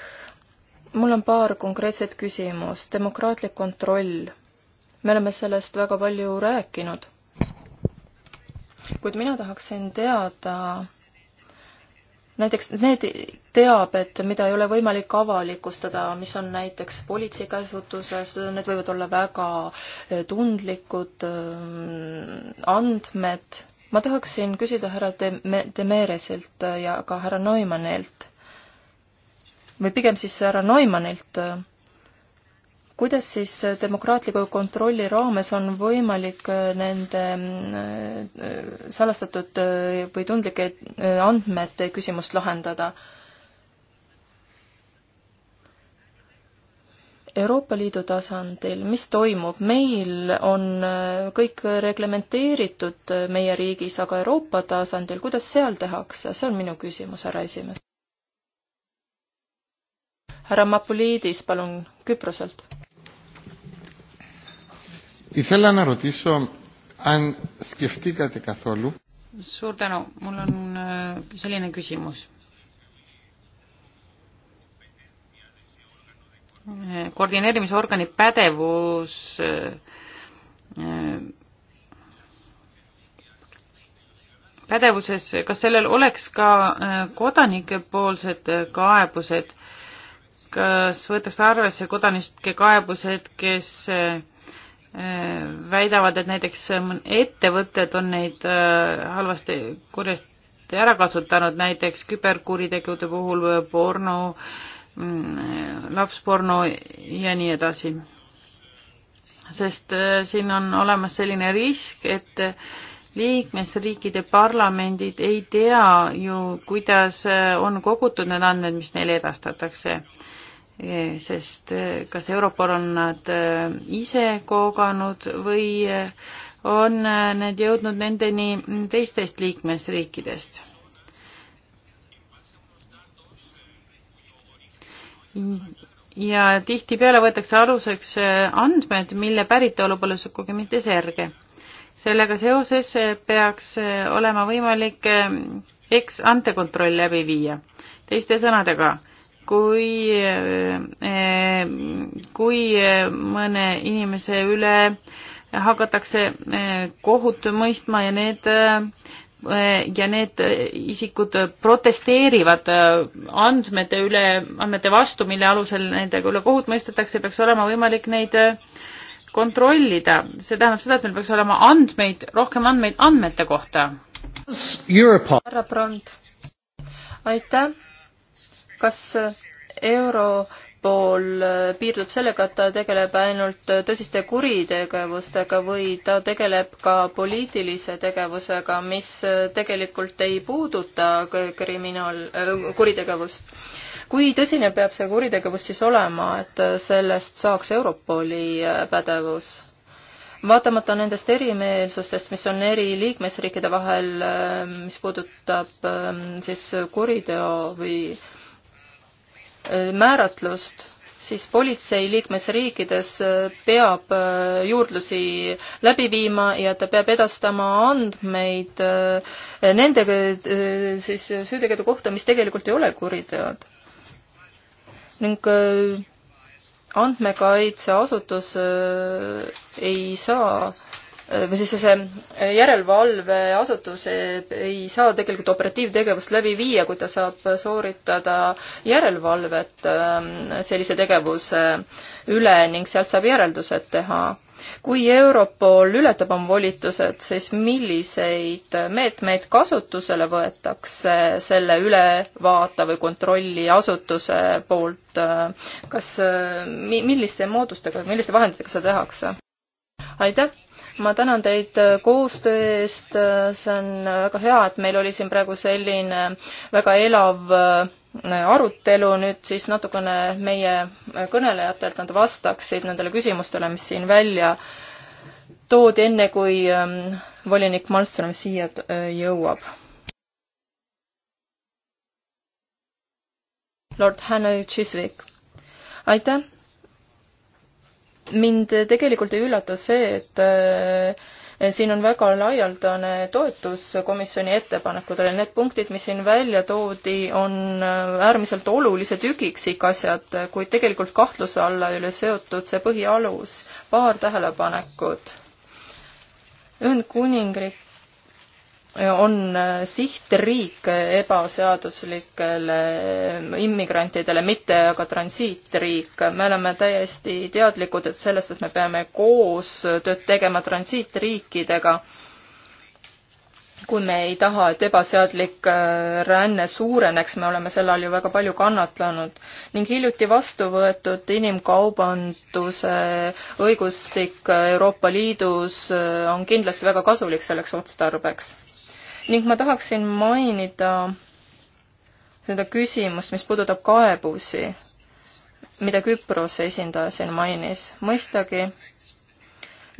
mul on paar konkreetset küsimust. demokraatlik kontroll. me oleme sellest väga palju rääkinud. kuid mina tahaksin teada näiteks need teabed, mida ei ole võimalik avalikustada, mis on näiteks politsei käsutuses, need võivad olla väga tundlikud mm, andmed ma tahaksin küsida härra Demeresilt ja ka härra Neumannilt või pigem siis härra Neumannilt, kuidas siis demokraatliku kontrolli raames on võimalik nende äh, salastatud või tundlike andmete küsimust lahendada? Euroopa Liidu tasandil, mis toimub, meil on äh, kõik reglementeeritud äh, meie riigis, aga Euroopa tasandil, kuidas seal tehakse, see on minu küsimus, härra esimees. härra Mapuliidis, palun, Küproselt. suur tänu, mul on äh, selline küsimus koordineerimisorgani pädevus pädevuses, kas sellel oleks ka äh, kodanikepoolsed äh, kaebused, kas võetakse arvesse kodanike kaebused, kes äh, väidavad, et näiteks ettevõtted on neid halvasti, kurjasti ära kasutanud, näiteks küberkuritegude puhul porno Mm, lapsporno ja nii edasi. sest äh, siin on olemas selline risk, et äh, liikmesriikide parlamendid ei tea ju, kuidas äh, on kogutud need andmed, mis neile edastatakse. sest kas Europol on nad ise koganud või on need jõudnud nendeni teistest liikmesriikidest ja tihtipeale võetakse aluseks eh, andmed, mille päritolu pole sugugi mitte selge. sellega seoses eh, peaks eh, olema võimalik eks antekontroll läbi viia. teiste sõnadega, kui, kui mõne inimese üle hakatakse kohut mõistma ja need Eh, ja need eh, isikud protesteerivad eh, andmete üle, andmete vastu, mille alusel nendega üle kohut mõistetakse, peaks olema võimalik neid kontrollida. see tähendab seda, et meil peaks olema andmeid, rohkem andmeid andmete kohta. härra Brand, aitäh. kas euro pool äh, piirdub sellega, et ta tegeleb ainult tõsiste kuritegevustega või ta tegeleb ka poliitilise tegevusega, mis äh, tegelikult ei puuduta kriminaal, äh, kuritegevust. kui tõsine peab see kuritegevus siis olema, et sellest saaks Europoli pädevus? vaatamata nendest erimeelsustest, mis on eri liikmesriikide vahel, mis puudutab ähm, siis kuriteo või Äh, määratlust, siis politsei liikmesriikides äh, peab äh, juurdlusi läbi viima ja ta peab edastama andmeid nende siis süütegude kohta, mis tegelikult ei ole kuriteod. ning andmekaitseasutus ei saa või siis see järelevalveasutus ei saa tegelikult operatiivtegevust läbi viia, kui ta saab sooritada järelevalvet ähm, sellise tegevuse üle ning sealt saab järeldused teha. kui Europol ületab oma volitused, siis milliseid meetmeid kasutusele võetakse selle ülevaata või kontrolliasutuse poolt, äh, kas, äh, milliste moodustega, milliste vahenditega seda tehakse? aitäh! ma tänan teid äh, koostöö eest, äh, see on äh, väga hea, et meil oli siin praegu selline väga elav arutelu, nüüd siis natukene meie kõnelejatelt nad vastaksid nendele küsimustele, mis siin välja toodi, enne kui ähm, volinik Malmström siia jõuab. Lord Hannah Chiswick, aitäh mind tegelikult ei üllata see, et äh, siin on väga laialdane toetus komisjoni ettepanekutele, need punktid, mis siin välja toodi, on äh, äärmiselt olulised üksikasjad, kuid tegelikult kahtluse alla ei ole seotud see põhialus. paar tähelepanekut. Ühendkuningriik on äh, sihtriik ebaseaduslikele immigrantidele, mitte aga transiitriik. me oleme täiesti teadlikud et sellest, et me peame koostööd tegema transiitriikidega kui me ei taha, et ebaseadlik äh, ränne suureneks, me oleme selle all ju väga palju kannatanud ning hiljuti vastu võetud inimkaubanduse õigustik äh, Euroopa Liidus äh, on kindlasti väga kasulik selleks otstarbeks. ning ma tahaksin mainida seda küsimust, mis puudutab kaebusi, mida Küprose esindaja siin mainis. mõistagi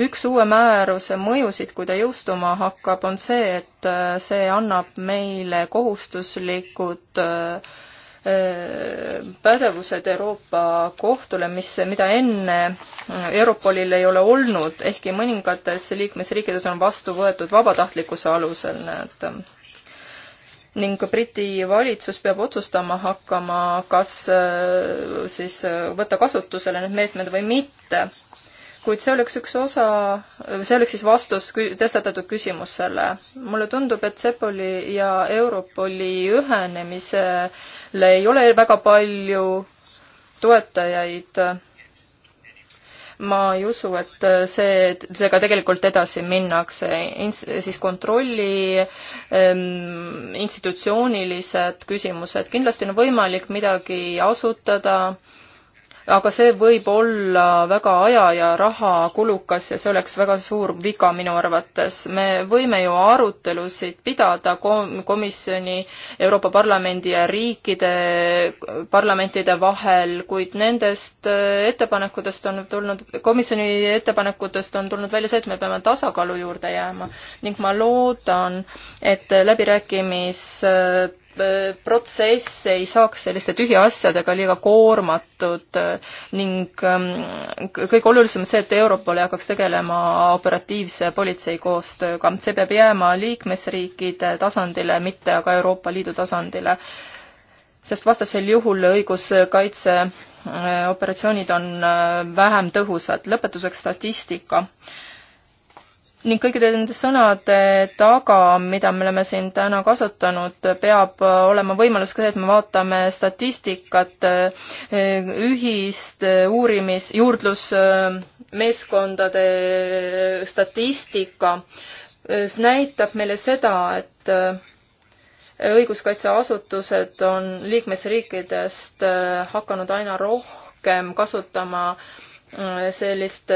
üks uue määruse mõjusid, kui ta jõustuma hakkab, on see, et äh, see annab meile kohustuslikud äh, äh, pädevused Euroopa kohtule, mis, mida enne Europolil ei ole olnud, ehkki mõningates liikmesriikides on vastu võetud vabatahtlikkuse alusel, näed. ning Briti valitsus peab otsustama hakkama, kas siis võtta kasutusele need meetmed või mitte kuid see oleks üks osa, see oleks siis vastus tõstatatud küsimusele. mulle tundub, et Sepoli ja Europoli ühenemisele ei ole väga palju toetajaid. ma ei usu, et see, sellega tegelikult edasi minnakse, siis kontrolli ehm, institutsioonilised küsimused, kindlasti on võimalik midagi asutada aga see võib olla väga aja ja rahakulukas ja see oleks väga suur viga minu arvates. me võime ju arutelusid pidada kom-, komisjoni, Euroopa Parlamendi ja riikide parlamentide vahel, kuid nendest äh, ettepanekutest on tulnud, komisjoni ettepanekutest on tulnud välja see, et me peame tasakaalu juurde jääma ning ma loodan, et läbirääkimis äh, protsess ei saaks selliste tühiasjadega liiga koormatud äh, ning ähm, kõige olulisem on see, et Europol ei hakkaks tegelema operatiivse politsei koostööga. see peab jääma liikmesriikide tasandile, mitte aga Euroopa Liidu tasandile. sest vastasel juhul õiguskaitse äh, operatsioonid on äh, vähem tõhusad. lõpetuseks statistika ning kõikide nende sõnade taga, mida me oleme siin täna kasutanud, peab olema võimalus ka see, et me vaatame statistikat, ühist uurimis, juurdlusmeeskondade statistika, näitab meile seda, et õiguskaitseasutused on liikmesriikidest hakanud aina rohkem kasutama sellist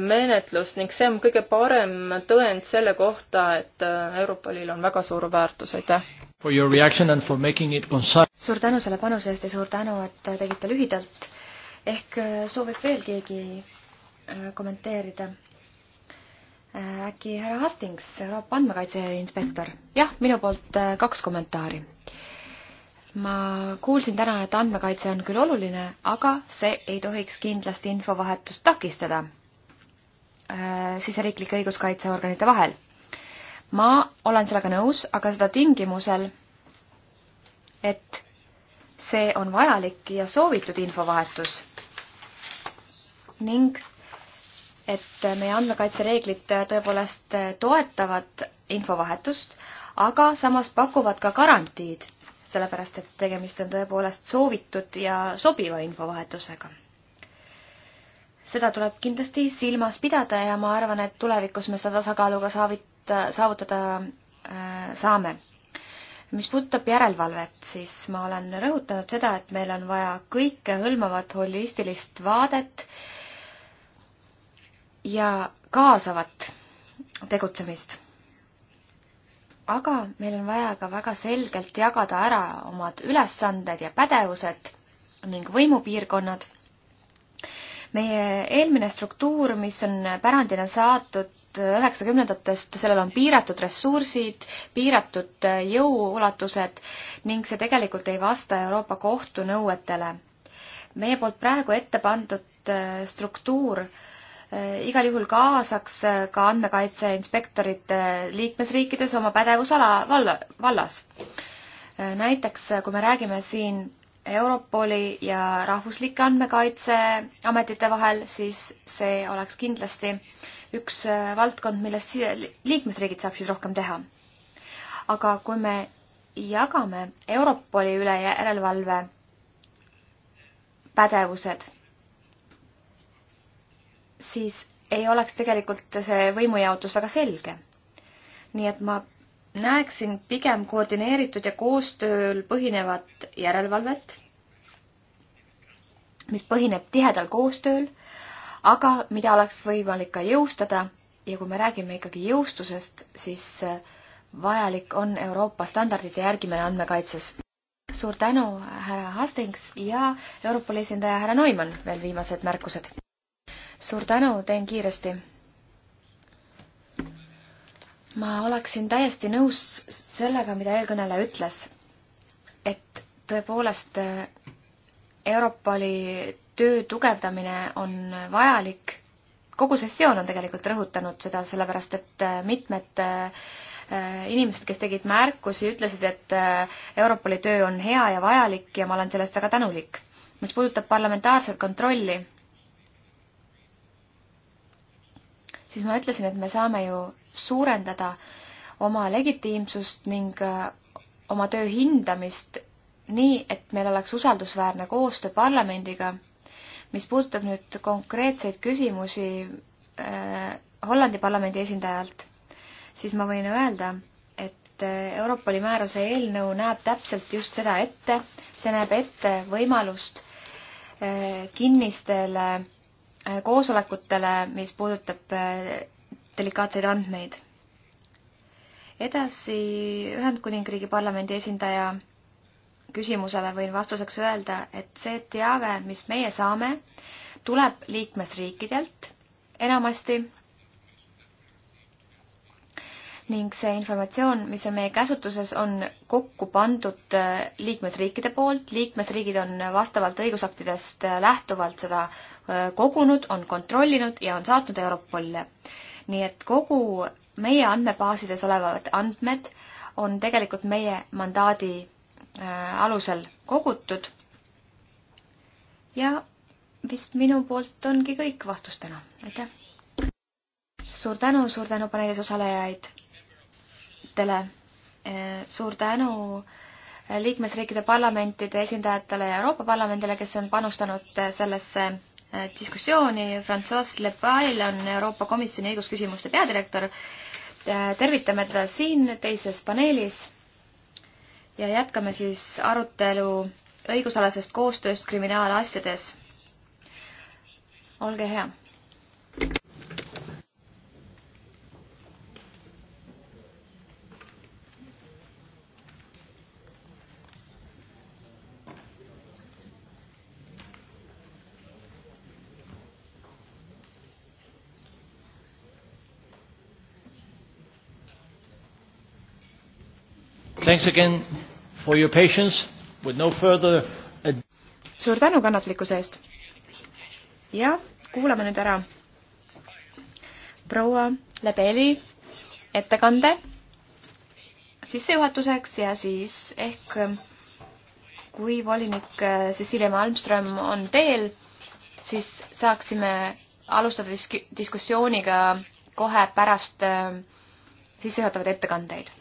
menetlust ning see on kõige parem tõend selle kohta, et äh, Europolil on väga suur väärtus, aitäh! suur tänu selle panuse eest ja suur tänu, et tegite lühidalt. ehk äh, soovib veel keegi äh, kommenteerida? äkki härra Hastings, Euroopa andmekaitse inspektor? jah, minu poolt kaks kommentaari. ma kuulsin täna, et andmekaitse on küll oluline, aga see ei tohiks kindlasti infovahetust takistada Äh, siseriiklike õiguskaitseorganite vahel. ma olen sellega nõus, aga seda tingimusel, et see on vajalik ja soovitud infovahetus ning et meie andmekaitsereeglid tõepoolest toetavad infovahetust, aga samas pakuvad ka garantiid, sellepärast et tegemist on tõepoolest soovitud ja sobiva infovahetusega seda tuleb kindlasti silmas pidada ja ma arvan, et tulevikus me seda tasakaalu ka saavit-, saavutada äh, saame. mis puudutab järelevalvet, siis ma olen rõhutanud seda, et meil on vaja kõikehõlmavat holistilist vaadet ja kaasavat tegutsemist. aga meil on vaja ka väga selgelt jagada ära omad ülesanded ja pädevused ning võimupiirkonnad meie eelmine struktuur, mis on pärandina saatud üheksakümnendatest, sellel on piiratud ressursid, piiratud jõuulatused ning see tegelikult ei vasta Euroopa Kohtu nõuetele. meie poolt praegu ette pandud äh, struktuur äh, igal juhul kaasaks äh, ka andmekaitse inspektorid liikmesriikides oma pädevusala valla, vallas. näiteks kui me räägime siin Europoli ja rahvuslike andmekaitseametite vahel, siis see oleks kindlasti üks äh, valdkond, milles liikmesriigid saaksid rohkem teha. aga kui me jagame Europoli üle järelevalve pädevused, siis ei oleks tegelikult see võimujaotus väga selge. nii et ma näeksin pigem koordineeritud ja koostööl põhinevat järelevalvet, mis põhineb tihedal koostööl, aga mida oleks võimalik ka jõustada ja kui me räägime ikkagi jõustusest, siis eh, vajalik on Euroopa standardite järgimine andmekaitses. suur tänu, härra Hastings ja Europoli esindaja härra Neumann, veel viimased märkused. suur tänu, teen kiiresti ma oleksin täiesti nõus sellega, mida eelkõneleja ütles, et tõepoolest eh, Europoli töö tugevdamine on vajalik. kogu sessioon on tegelikult rõhutanud seda, sellepärast et eh, mitmed eh, inimesed, kes tegid märkusi, ütlesid, et Europoli töö on hea ja vajalik ja ma olen sellest väga tänulik. mis puudutab parlamentaarset kontrolli, siis ma ütlesin, et me saame ju suurendada oma legitiimsust ning äh, oma töö hindamist nii, et meil oleks usaldusväärne koostöö parlamendiga. mis puudutab nüüd konkreetseid küsimusi äh, Hollandi parlamendi esindajalt, siis ma võin öelda, et äh, Europoli määruse eelnõu näeb täpselt just seda ette, see näeb ette võimalust äh, kinnistele äh, koosolekutele, mis puudutab äh, delikaatseid andmeid. edasi Ühendkuningriigi parlamendi esindaja küsimusele võin vastuseks öelda, et see teave, mis meie saame, tuleb liikmesriikidelt enamasti ning see informatsioon, mis on meie käsutuses, on kokku pandud liikmesriikide poolt, liikmesriigid on vastavalt õigusaktidest lähtuvalt seda kogunud, on kontrollinud ja on saatnud Europolile nii et kogu meie andmebaasides olevad andmed on tegelikult meie mandaadi äh, alusel kogutud. ja vist minu poolt ongi kõik vastustena, aitäh. suur tänu, suur tänu paneelis osalejaid teile. Äh, suur tänu äh, liikmesriikide parlamentide esindajatele ja Euroopa Parlamendile, kes on panustanud sellesse Äh, diskussiooni. Francois Lepail on Euroopa Komisjoni õigusküsimuste peadirektor. Äh, tervitame teda siin teises paneelis ja jätkame siis arutelu õigusalasest koostööst kriminaalasjades. olge hea. Thanks again for your patience with no further suur tänu kannatlikkuse eest. ja kuulame nüüd ära proua Lebeli ettekande sissejuhatuseks ja siis ehk kui volinik äh, Cecilia Malmström on teel, siis saaksime alustada disk-, diskussiooniga kohe pärast äh, sissejuhatavaid ettekandeid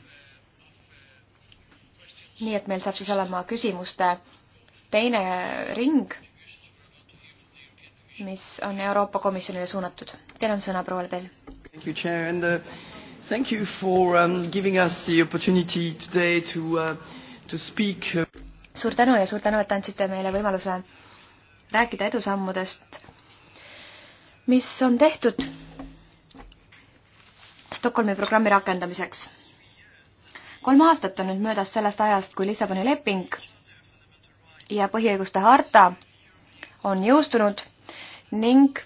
nii et meil saab siis olema küsimuste teine ring, mis on Euroopa Komisjonile suunatud. Teil on sõna, proua Lebel. Thank you, Chair, and uh, thank you for um, giving us the opportunity today to uh,, to speak. suur tänu ja suur tänu, et andsite meile võimaluse rääkida edusammudest, mis on tehtud Stockholmi programmi rakendamiseks kolm aastat on nüüd möödas sellest ajast, kui Lissaboni leping ja põhiõiguste harta on jõustunud ning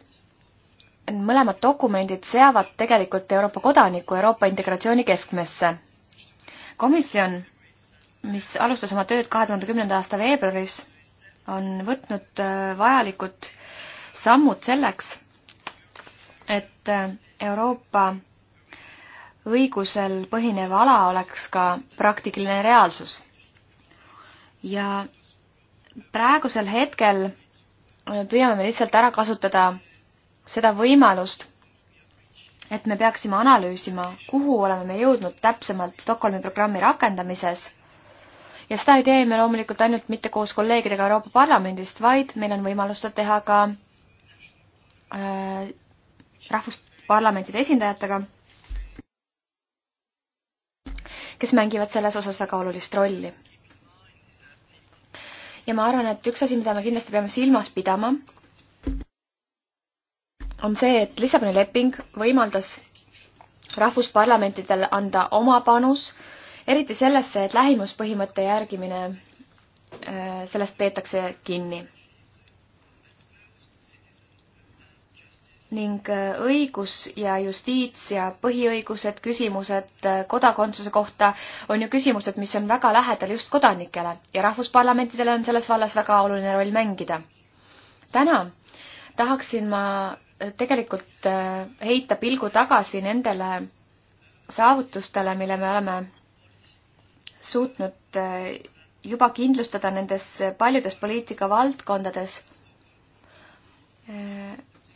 mõlemad dokumendid seavad tegelikult Euroopa kodaniku Euroopa integratsiooni keskmesse. komisjon, mis alustas oma tööd kahe tuhande kümnenda aasta veebruaris, on võtnud äh, vajalikud sammud selleks, et äh, Euroopa õigusel põhinev ala oleks ka praktiline reaalsus. ja praegusel hetkel püüame me lihtsalt ära kasutada seda võimalust, et me peaksime analüüsima, kuhu oleme me jõudnud täpsemalt Stockholmi programmi rakendamises ja seda ei tee me loomulikult ainult mitte koos kolleegidega Euroopa Parlamendist, vaid meil on võimalus seda teha ka äh, rahvusparlamentide esindajatega kes mängivad selles osas väga olulist rolli. ja ma arvan, et üks asi, mida me kindlasti peame silmas pidama, on see, et Lissaboni leping võimaldas rahvusparlamentidel anda oma panus, eriti sellesse, et lähimuspõhimõtte järgimine, äh, sellest peetakse kinni ning äh, õigus ja justiits ja põhiõigused, küsimused äh, kodakondsuse kohta on ju küsimused, mis on väga lähedal just kodanikele ja rahvusparlamentidele on selles vallas väga oluline roll mängida. täna tahaksin ma äh, tegelikult heita pilgu tagasi nendele saavutustele, mille me oleme suutnud juba kindlustada nendes paljudes poliitikavaldkondades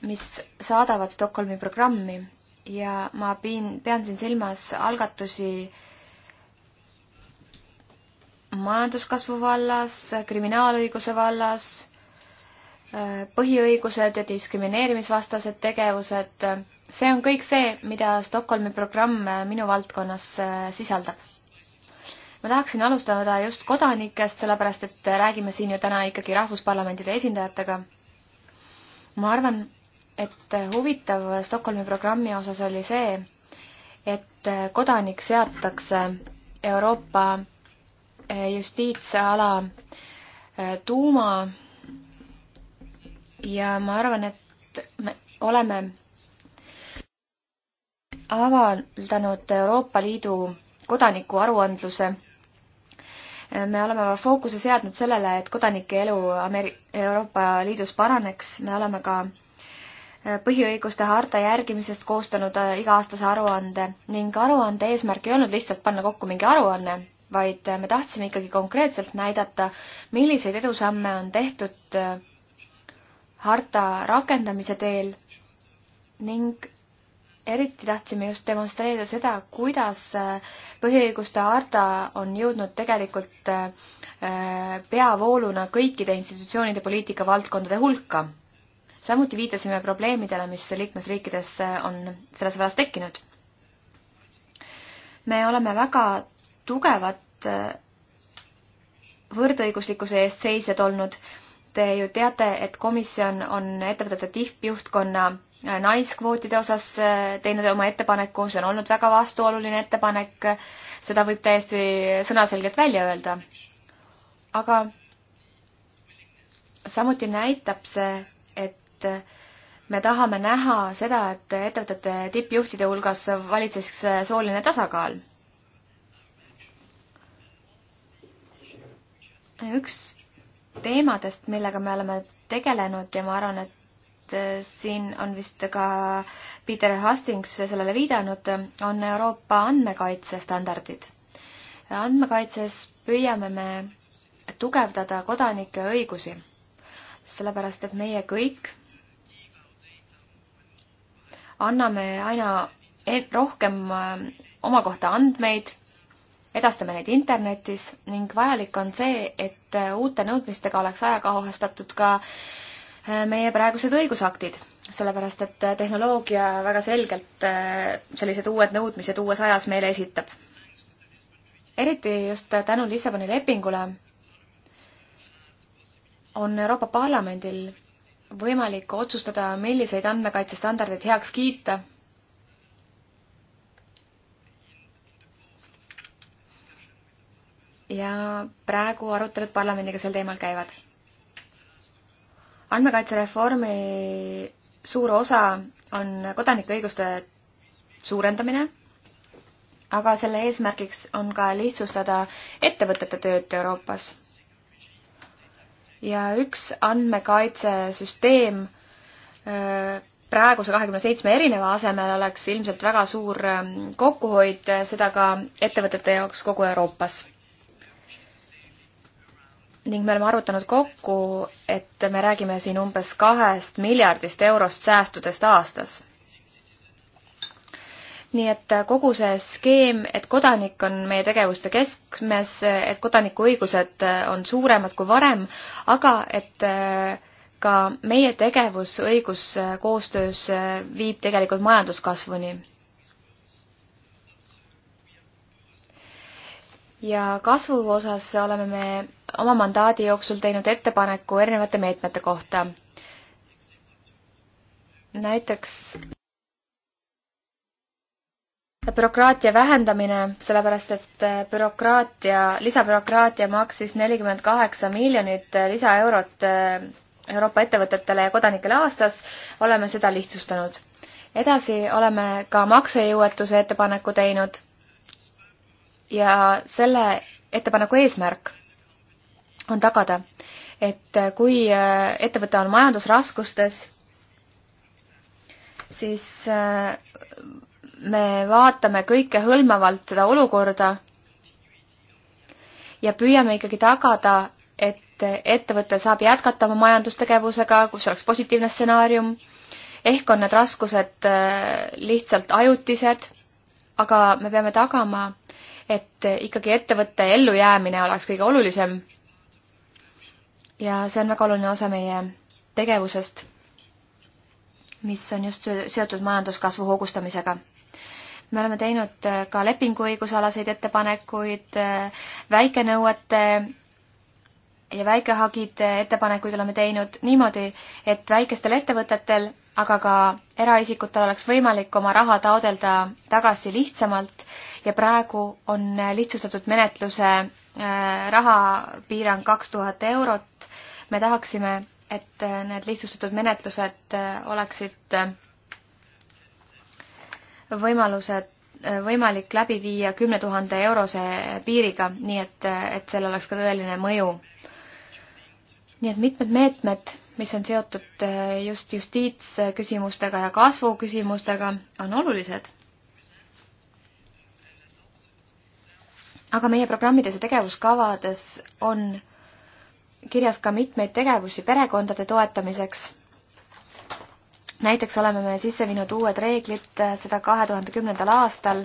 mis saadavad Stockholmi programmi ja ma piin, pean siin silmas algatusi majanduskasvu vallas, kriminaalõiguse vallas, põhiõigused ja diskrimineerimisvastased tegevused. see on kõik see, mida Stockholmi programm minu valdkonnas äh, sisaldab. ma tahaksin alustada just kodanikest, sellepärast et räägime siin ju täna ikkagi rahvusparlamentide esindajatega. ma arvan, et huvitav Stockholmi programmi osas oli see, et kodanik seatakse Euroopa justiitsala eh, tuuma ja ma arvan, et me oleme avaldanud Euroopa Liidu kodaniku aruandluse. Eh, me oleme fookuse seadnud sellele, et kodanike elu Ameri-, Euroopa Liidus paraneks, me oleme ka põhiõiguste harta järgimisest koostanud äh, iga-aastase aruande ning aruande eesmärk ei olnud lihtsalt panna kokku mingi aruanne, vaid äh, me tahtsime ikkagi konkreetselt näidata, milliseid edusamme on tehtud äh, harta rakendamise teel ning eriti tahtsime just demonstreerida seda, kuidas põhiõiguste harta on jõudnud tegelikult peavooluna kõikide institutsioonide poliitikavaldkondade hulka samuti viitasime probleemidele, mis liikmesriikides eh, on selles vallas tekkinud. me oleme väga tugevad eh, võrdõiguslikkuse eest seisjad olnud. Te ju teate, et komisjon on ettevõtete tippjuhtkonna eh, naiskvootide osas teinud oma ettepaneku, see on olnud väga vastuoluline ettepanek, seda võib täiesti sõnaselgelt välja öelda. aga samuti näitab see et me tahame näha seda, et ettevõtete tippjuhtide hulgas valitseks sooline tasakaal. üks teemadest, millega me oleme tegelenud ja ma arvan, et siin on vist ka Peter Hastings sellele viidanud, on Euroopa andmekaitsestandardid. andmekaitses püüame me tugevdada kodanike õigusi, sellepärast et meie kõik anname aina e-, rohkem äh, oma kohta andmeid, edastame neid internetis ning vajalik on see, et äh, uute nõudmistega oleks ajakohastatud ka äh, meie praegused õigusaktid, sellepärast et tehnoloogia väga selgelt sellised uued nõudmised uues ajas meile esitab. eriti just tänu Lissaboni lepingule on Euroopa Parlamendil võimalik otsustada, milliseid andmekaitsestandardeid heaks kiita. ja praegu arutelud parlamendiga sel teemal käivad. andmekaitsereformi suur osa on kodanikuõiguste suurendamine, aga selle eesmärgiks on ka lihtsustada ettevõtete tööd Euroopas ja üks andmekaitsesüsteem praeguse kahekümne seitsme erineva asemel oleks ilmselt väga suur kokkuhoid, seda ka ettevõtete jaoks kogu Euroopas. ning me oleme arvutanud kokku, et me räägime siin umbes kahest miljardist eurost säästudest aastas nii et äh, kogu see skeem, et kodanik on meie tegevuste keskmes, et kodaniku õigused äh, on suuremad kui varem, aga et äh, ka meie tegevus õiguskoostöös viib tegelikult majanduskasvuni. ja kasvu osas oleme me oma mandaadi jooksul teinud ettepaneku erinevate meetmete kohta. näiteks bürokraatia vähendamine, sellepärast et äh, bürokraatia, lisabürokraatia maksis nelikümmend kaheksa miljonit äh, lisaeurot äh, Euroopa ettevõtetele ja kodanikele aastas, oleme seda lihtsustanud. edasi oleme ka maksejõuetuse ettepaneku teinud ja selle ettepaneku eesmärk on tagada, et kui ettevõte on majandusraskustes, siis me vaatame kõikehõlmavalt seda olukorda ja püüame ikkagi tagada, et ettevõte saab jätkata oma majandustegevusega, kus oleks positiivne stsenaarium. ehk on need raskused äh, lihtsalt ajutised, aga me peame tagama, et ikkagi ettevõtte ellujäämine oleks kõige olulisem. ja see on väga oluline osa meie tegevusest, mis on just seotud majanduskasvu hoogustamisega me oleme teinud äh, ka lepinguõigusalaseid ettepanekuid, äh, väikenõuete ja väikehagide ettepanekuid oleme teinud niimoodi, et väikestel ettevõtetel, aga ka eraisikutel oleks võimalik oma raha taodelda tagasi lihtsamalt ja praegu on lihtsustatud menetluse äh, rahapiirang kaks tuhat eurot. me tahaksime, et need lihtsustatud menetlused oleksid võimalused, võimalik läbi viia kümne tuhande eurose piiriga, nii et, et seal oleks ka tõeline mõju. nii et mitmed meetmed, mis on seotud eh, just justiitsküsimustega ja kasvuküsimustega, on olulised. aga meie programmides ja tegevuskavades on kirjas ka mitmeid tegevusi perekondade toetamiseks näiteks oleme me sisse viinud uued reeglid, äh, seda kahe tuhande kümnendal aastal,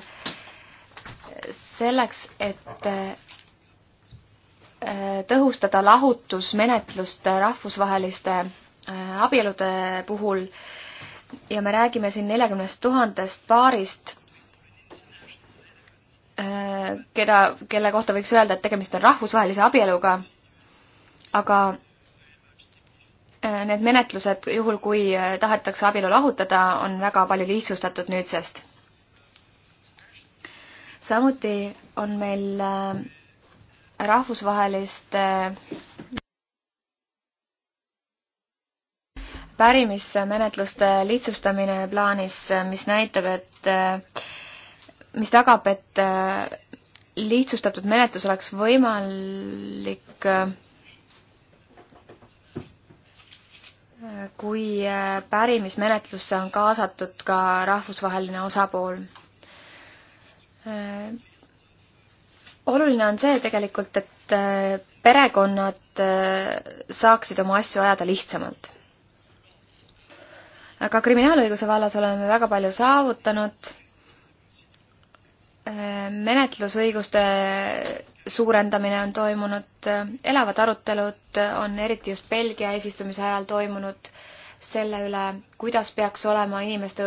selleks, et äh, tõhustada lahutusmenetlust rahvusvaheliste äh, abielude puhul ja me räägime siin neljakümnest tuhandest paarist, keda, kelle kohta võiks öelda, et tegemist on rahvusvahelise abieluga, aga Äh, need menetlused, juhul kui äh, tahetakse abielu lahutada, on väga palju lihtsustatud nüüdsest. samuti on meil äh, rahvusvaheliste pärimismenetluste lihtsustamine plaanis, mis näitab, et, mis tagab, et lihtsustatud menetlus oleks võimalik kui äh, pärimismenetlusse on kaasatud ka rahvusvaheline osapool. Äh, oluline on see tegelikult, et äh, perekonnad saaksid oma asju ajada lihtsamalt. ka kriminaalõiguse vallas oleme väga palju saavutanud menetlusõiguste suurendamine on toimunud, elavad arutelud on eriti just Belgia eesistumise ajal toimunud selle üle, kuidas peaks olema inimeste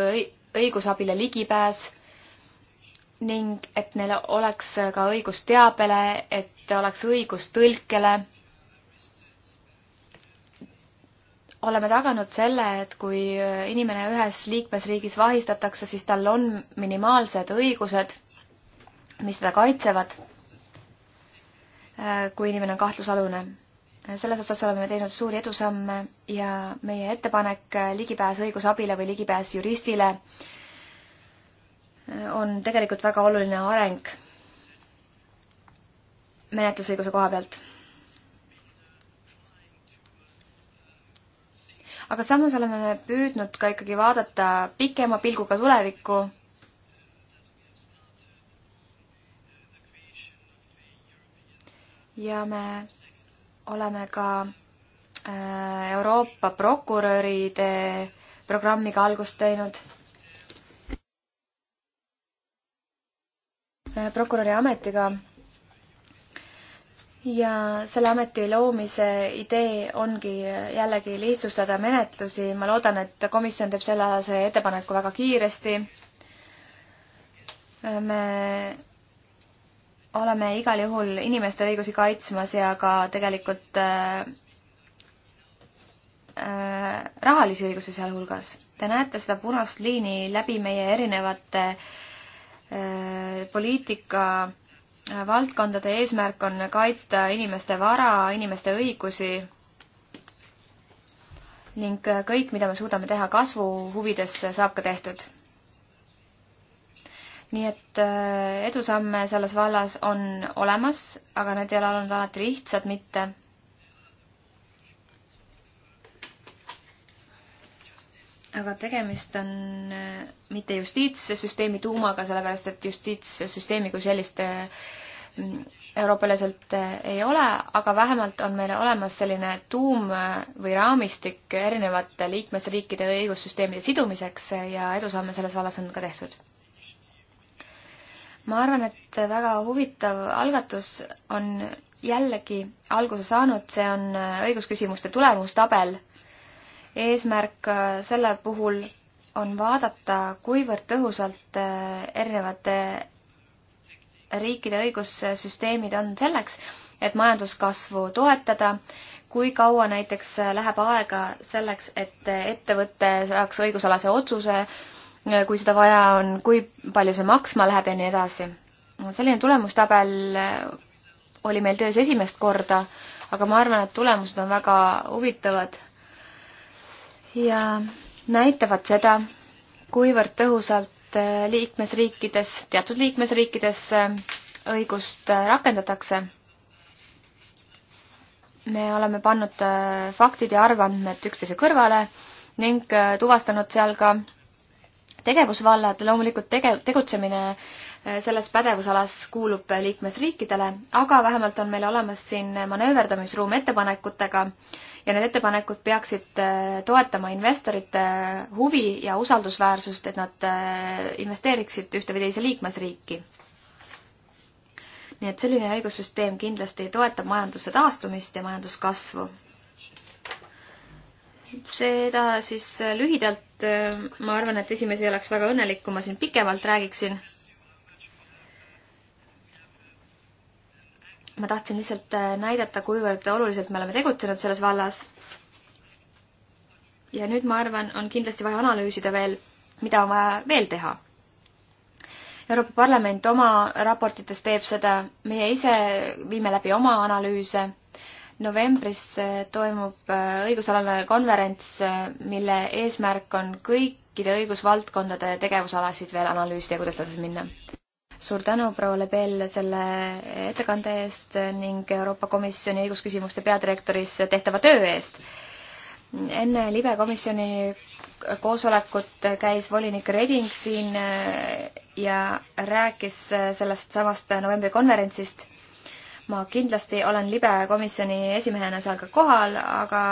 õigusabile ligipääs ning et neil oleks ka õigus teabele, et oleks õigus tõlkele. oleme taganud selle, et kui inimene ühes liikmesriigis vahistatakse, siis tal on minimaalsed õigused mis teda kaitsevad, äh, kui inimene on kahtlusalune. selles osas oleme teinud suuri edusamme ja meie ettepanek äh, ligipääs õigusabile või ligipääs juristile äh, on tegelikult väga oluline areng menetlusõiguse koha pealt. aga samas oleme püüdnud ka ikkagi vaadata pikema pilguga tulevikku ja me oleme ka äh, Euroopa prokuröride programmiga algust teinud. Äh, prokuröri ametiga. ja selle ameti loomise idee ongi jällegi lihtsustada menetlusi, ma loodan, et komisjon teeb sellealase ettepaneku väga kiiresti. Äh, me oleme igal juhul inimeste õigusi kaitsmas ja ka tegelikult äh, äh, rahalisi õigusi sealhulgas. Te näete seda punast liini läbi meie erinevate äh, poliitika äh, valdkondade eesmärk on kaitsta inimeste vara, inimeste õigusi ning äh, kõik, mida me suudame teha kasvu huvides, saab ka tehtud nii et äh, edusamme selles vallas on olemas, aga need ei ole olnud alati lihtsad mitte. aga tegemist on äh, mitte justiitssüsteemi tuumaga, sellepärast et justiitssüsteemi kui sellist äh, euroopaliselt ei ole, aga vähemalt on meil olemas selline tuum või raamistik erinevate liikmesriikide õigussüsteemide sidumiseks ja edusamme selles vallas on ka tehtud ma arvan, et väga huvitav algatus on jällegi alguse saanud, see on õigusküsimuste tulemustabel. eesmärk selle puhul on vaadata, kuivõrd tõhusalt erinevate riikide õigussüsteemid on selleks, et majanduskasvu toetada, kui kaua näiteks läheb aega selleks, et ettevõte saaks õigusalase otsuse äh, kui seda vaja on, kui palju see maksma läheb ja nii edasi. selline tulemustabel oli meil töös esimest korda, aga ma arvan, et tulemused on väga huvitavad ja näitavad seda, kuivõrd tõhusalt liikmesriikides, teatud liikmesriikides õigust rakendatakse. me oleme pannud faktid ja arvandmed üksteise kõrvale ning tuvastanud seal ka tegevusvallad, loomulikult tege-, tegutsemine äh, selles pädevusalas kuulub liikmesriikidele, aga vähemalt on meil olemas siin manööverdamisruum ettepanekutega ja need ettepanekud peaksid äh, toetama investorite äh, huvi ja usaldusväärsust, et nad investeeriksid ühte või teise liikmesriiki. nii et selline õigussüsteem kindlasti toetab majanduse taastumist ja majanduskasvu seda siis äh, lühidalt, äh, ma arvan, et esimees ei oleks väga õnnelik, kui ma siin pikemalt räägiksin. ma tahtsin lihtsalt äh, näidata, kuivõrd oluliselt me oleme tegutsenud selles vallas. ja nüüd ma arvan, on kindlasti vaja analüüsida veel, mida on vaja veel teha. Euroopa Parlament oma raportites teeb seda, meie ise viime läbi oma analüüse novembris äh, toimub äh, õigusalane konverents, äh, mille eesmärk on kõikide õigusvaldkondade tegevusalasid veel analüüsida ja kuidas edasi minna. suur tänu, proua Lebel, selle ettekande eest ning Euroopa Komisjoni õigusküsimuste peadirektoris tehtava töö eest. enne libe komisjoni koosolekut käis volinik Reding siin ja rääkis sellest samast novembri konverentsist ma kindlasti olen libe komisjoni esimehena seal ka kohal, aga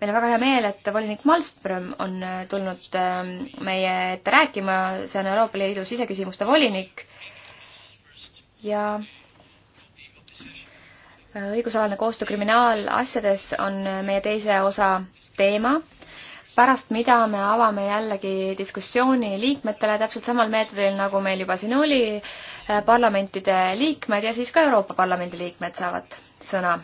meil on väga hea meel, et volinik Malmström on äh, tulnud ähm, meie ette rääkima, see on Euroopa Liidu siseküsimuste volinik ja äh, õigusalane koostöö kriminaalasjades on äh, meie teise osa teema pärast mida me avame jällegi diskussiooni liikmetele täpselt samal meetodil, nagu meil juba siin oli, äh, parlamentide liikmed ja siis ka Euroopa Parlamendi liikmed saavad sõna,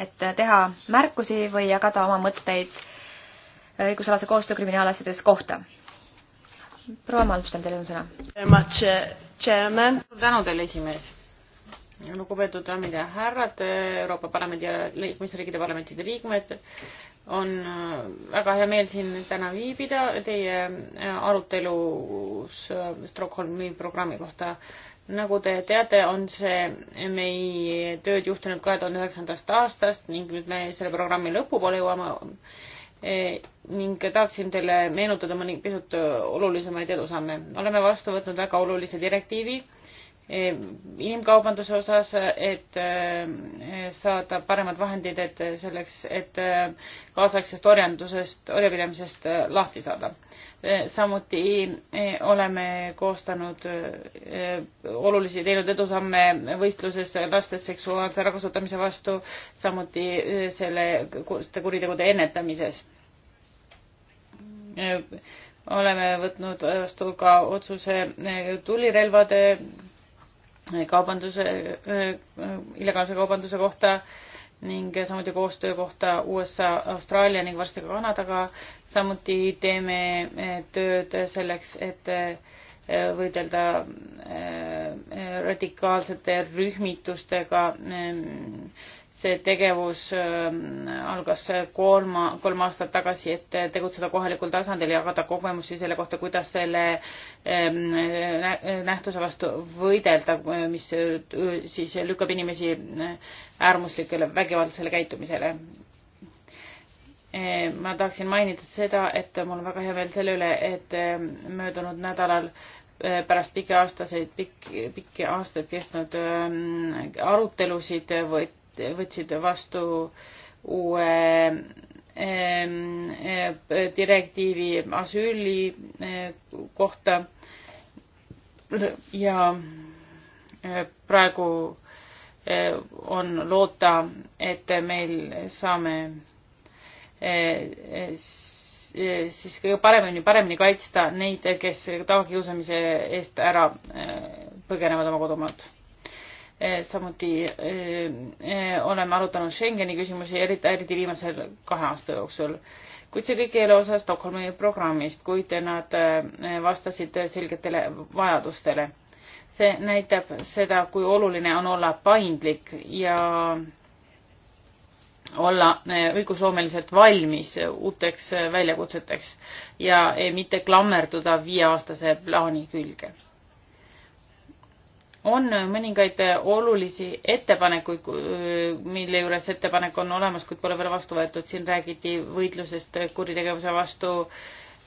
et äh, teha märkusi või jagada oma mõtteid õigusalase koostöö kriminaalasjades kohta. proua Malmström, teil on sõna. Äh, suur tänu teile, esimees lugupeetud daamid ja härrad, Euroopa Parlamendi ja liikmesriikide parlamentide liikmed, on äh, väga hea meel siin täna viibida teie äh, arutelus äh, Stockholmi programmi kohta. nagu te teate, on see meie tööd juhtunud kahe tuhande üheksandast aastast ning nüüd me selle programmi lõpupoole jõuame e, ning tahaksin teile meenutada mõni pisut olulisemaid edusamme. oleme vastu võtnud väga olulise direktiivi Ehm, inimkaubanduse osas, et eh, saada paremad vahendid, et selleks, et eh, kaasaegsest orjandusest, orjapidamisest eh, lahti saada. samuti oleme koostanud olulisi, teinud edusamme võistluses laste seksuaalse ärakasutamise vastu, samuti selle kuritegude ennetamises oleme võtnud vastu ka otsuse tulirelvade kaubanduse, illegaalse kaubanduse kohta ning samuti koostöö kohta USA, Austraalia ning varsti ka Kanadaga. samuti teeme eh, tööd selleks, et eh, võidelda eh, radikaalsete rühmitustega, see tegevus äh, algas kolma, kolm aastat tagasi, et tegutseda kohalikul tasandil, jagada kogemusi selle kohta, kuidas selle ähm, nähtuse vastu võidelda, mis äh, siis lükkab inimesi äh, äärmuslikele vägivaldsele käitumisele. ma tahaksin mainida seda, et mul on väga hea meel selle üle, et möödunud nädalal pärast pikki aastaseid, pikki, pikki aastaid kestnud ähm, arutelusid võeti võtsid vastu uue direktiivi asüüli e, kohta ja e, praegu e, on loota, et meil saame siis kõige paremini, paremini kaitsta neid, kes tavakiusamise eest ära põgenevad oma kodumaalt Eh, samuti eh, eh, oleme arutanud Schengeni küsimusi, eriti, eriti viimase kahe aasta jooksul. kuid see kõik ei ole osa Stockholmi programmist, kuid nad vastasid selgetele vajadustele. see näitab seda, kui oluline on olla paindlik ja olla õigusloomeliselt valmis uuteks väljakutseteks ja mitte klammerduda viieaastase plaani külge on mõningaid olulisi ettepanekuid, mille juures ettepanek on olemas, kuid pole veel vastu võetud, siin räägiti võitlusest kuritegevuse vastu,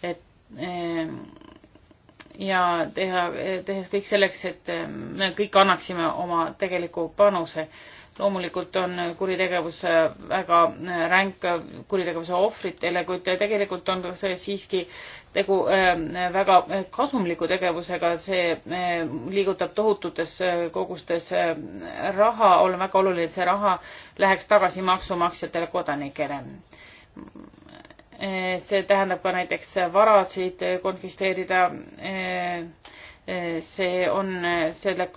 et ehm, ja teha, tehes kõik selleks, et me kõik annaksime oma tegeliku panuse loomulikult on kuritegevus väga ränk kuritegevuse ohvritele, kuid tegelikult on see siiski tegu ähm, väga kasumliku tegevusega, see äh, liigutab tohututes äh, kogustes äh, raha, on väga oluline, et see raha läheks tagasi maksumaksjatele kodanikele. see tähendab ka näiteks varasid konfiskeerida see on selle,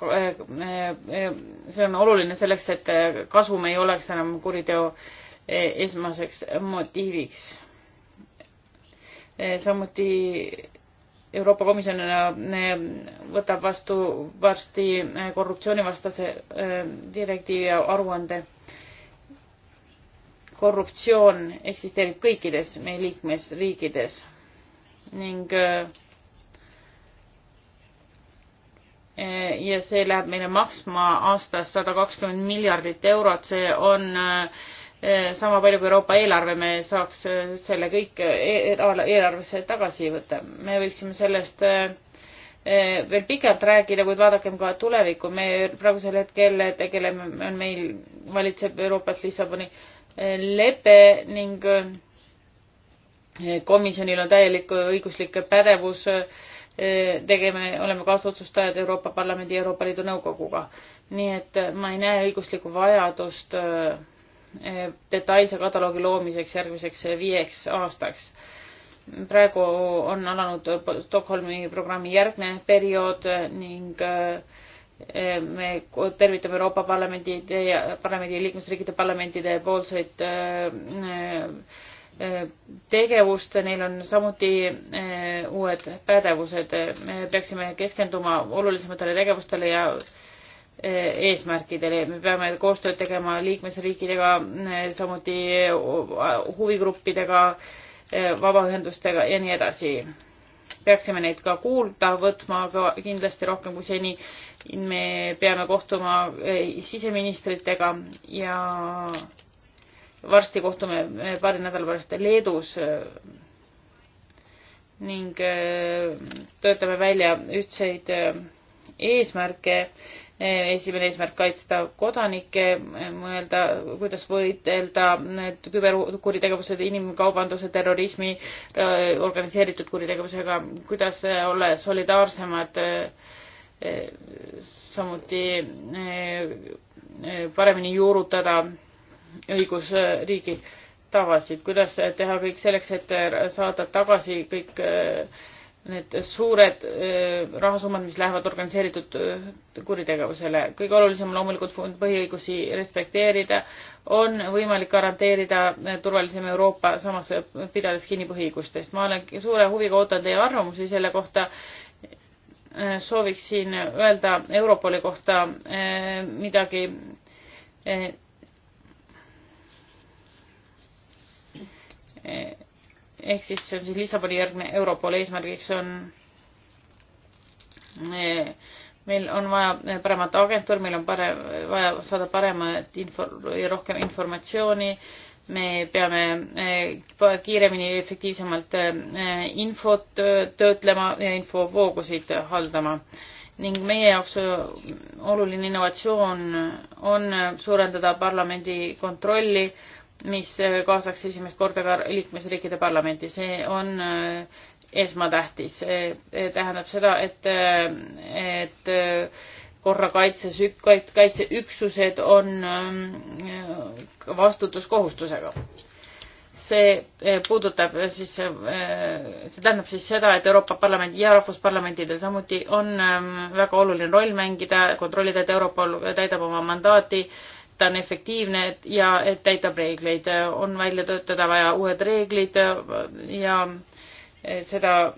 see on oluline selleks, et kasum ei oleks enam kuriteo esmaseks motiiviks. samuti Euroopa Komisjon võtab vastu varsti korruptsioonivastase e, direktiivi aruande. korruptsioon eksisteerib kõikides meie liikmesriikides ning äh, Eh, ja see läheb meile maksma aastas sada kakskümmend miljardit eurot, see on eh, sama palju kui Euroopa eelarve, me saaks eh, selle kõik eelarvesse tagasi võtta. me võiksime sellest veel pikalt rääkida, kuid vaadakem ka tulevikku. me praegusel hetkel tegeleme, on meil, valitseb Euroopas Lissaboni lepe ning komisjonil on täielik õiguslik pädevus äh, tegeme, oleme kaasotsustajad Euroopa Parlamendi ja Euroopa Liidu Nõukoguga. nii et äh, ma ei näe õiguslikku vajadust äh, äh, detailse kataloogi loomiseks järgmiseks viieks aastaks. praegu on alanud Stockholmi programmi järgne periood ning me tervitame Euroopa Parlamendi, parlamendi liikmesriikide parlamentide poolseid äh, tegevust, neil on samuti eh, uued pädevused. me peaksime keskenduma olulisematele tegevustele ja eh, eesmärkidele. me peame koostööd tegema liikmesriikidega, eh, samuti huvigruppidega, vabaühendustega ja nii edasi. peaksime neid ka kuulda võtma, aga kindlasti rohkem kui seni. me peame kohtuma siseministritega ja varsti kohtume paari nädala pärast Leedus äh, ning äh, töötame välja ühtseid äh, eesmärke. esimene eesmärk kaitsta kodanikke, mõelda, kuidas võidelda need küberkuritegevused, inimkaubanduse, terrorismi, organiseeritud kuritegevusega, kuidas olla solidaarsemad, samuti paremini juurutada õigusriigi tavasid, kuidas teha kõik selleks, et saada tagasi kõik äh, need suured äh, rahasummad, mis lähevad organiseeritud äh, kuritegevusele. kõige olulisem loomulikult põhiõigusi respekteerida, on võimalik garanteerida turvalisem Euroopa, samas pidades kinni põhiõigustest. ma olen suure huviga ootan teie arvamusi selle kohta. sooviksin öelda Europoli kohta midagi ehk siis see on siis Lissaboni järgne Europoli eesmärgiks on, eh, meil on vaja paremat agentuuri, meil on parem, vaja saada paremat info, rohkem informatsiooni, me peame eh, kiiremini ja efektiivsemalt eh, infot töötlema ja infovoogusid haldama ning meie jaoks oluline innovatsioon on suurendada parlamendi kontrolli mis äh, kaasaks esimest korda ka liikmesriikide parlamenti. see on äh, esmatähtis. tähendab seda, et, äh, et korrakaitses, kaitseüksused on vastutuskohustusega. see puudutab siis, see tähendab siis seda, et Euroopa Parlamendi ja rahvusparlamentidel samuti on ähm, väga oluline roll mängida, kontrollida, et Europol täidab oma mandaati ta on efektiivne ja et täidab reegleid. on välja töötada vaja uued reeglid ja eh, seda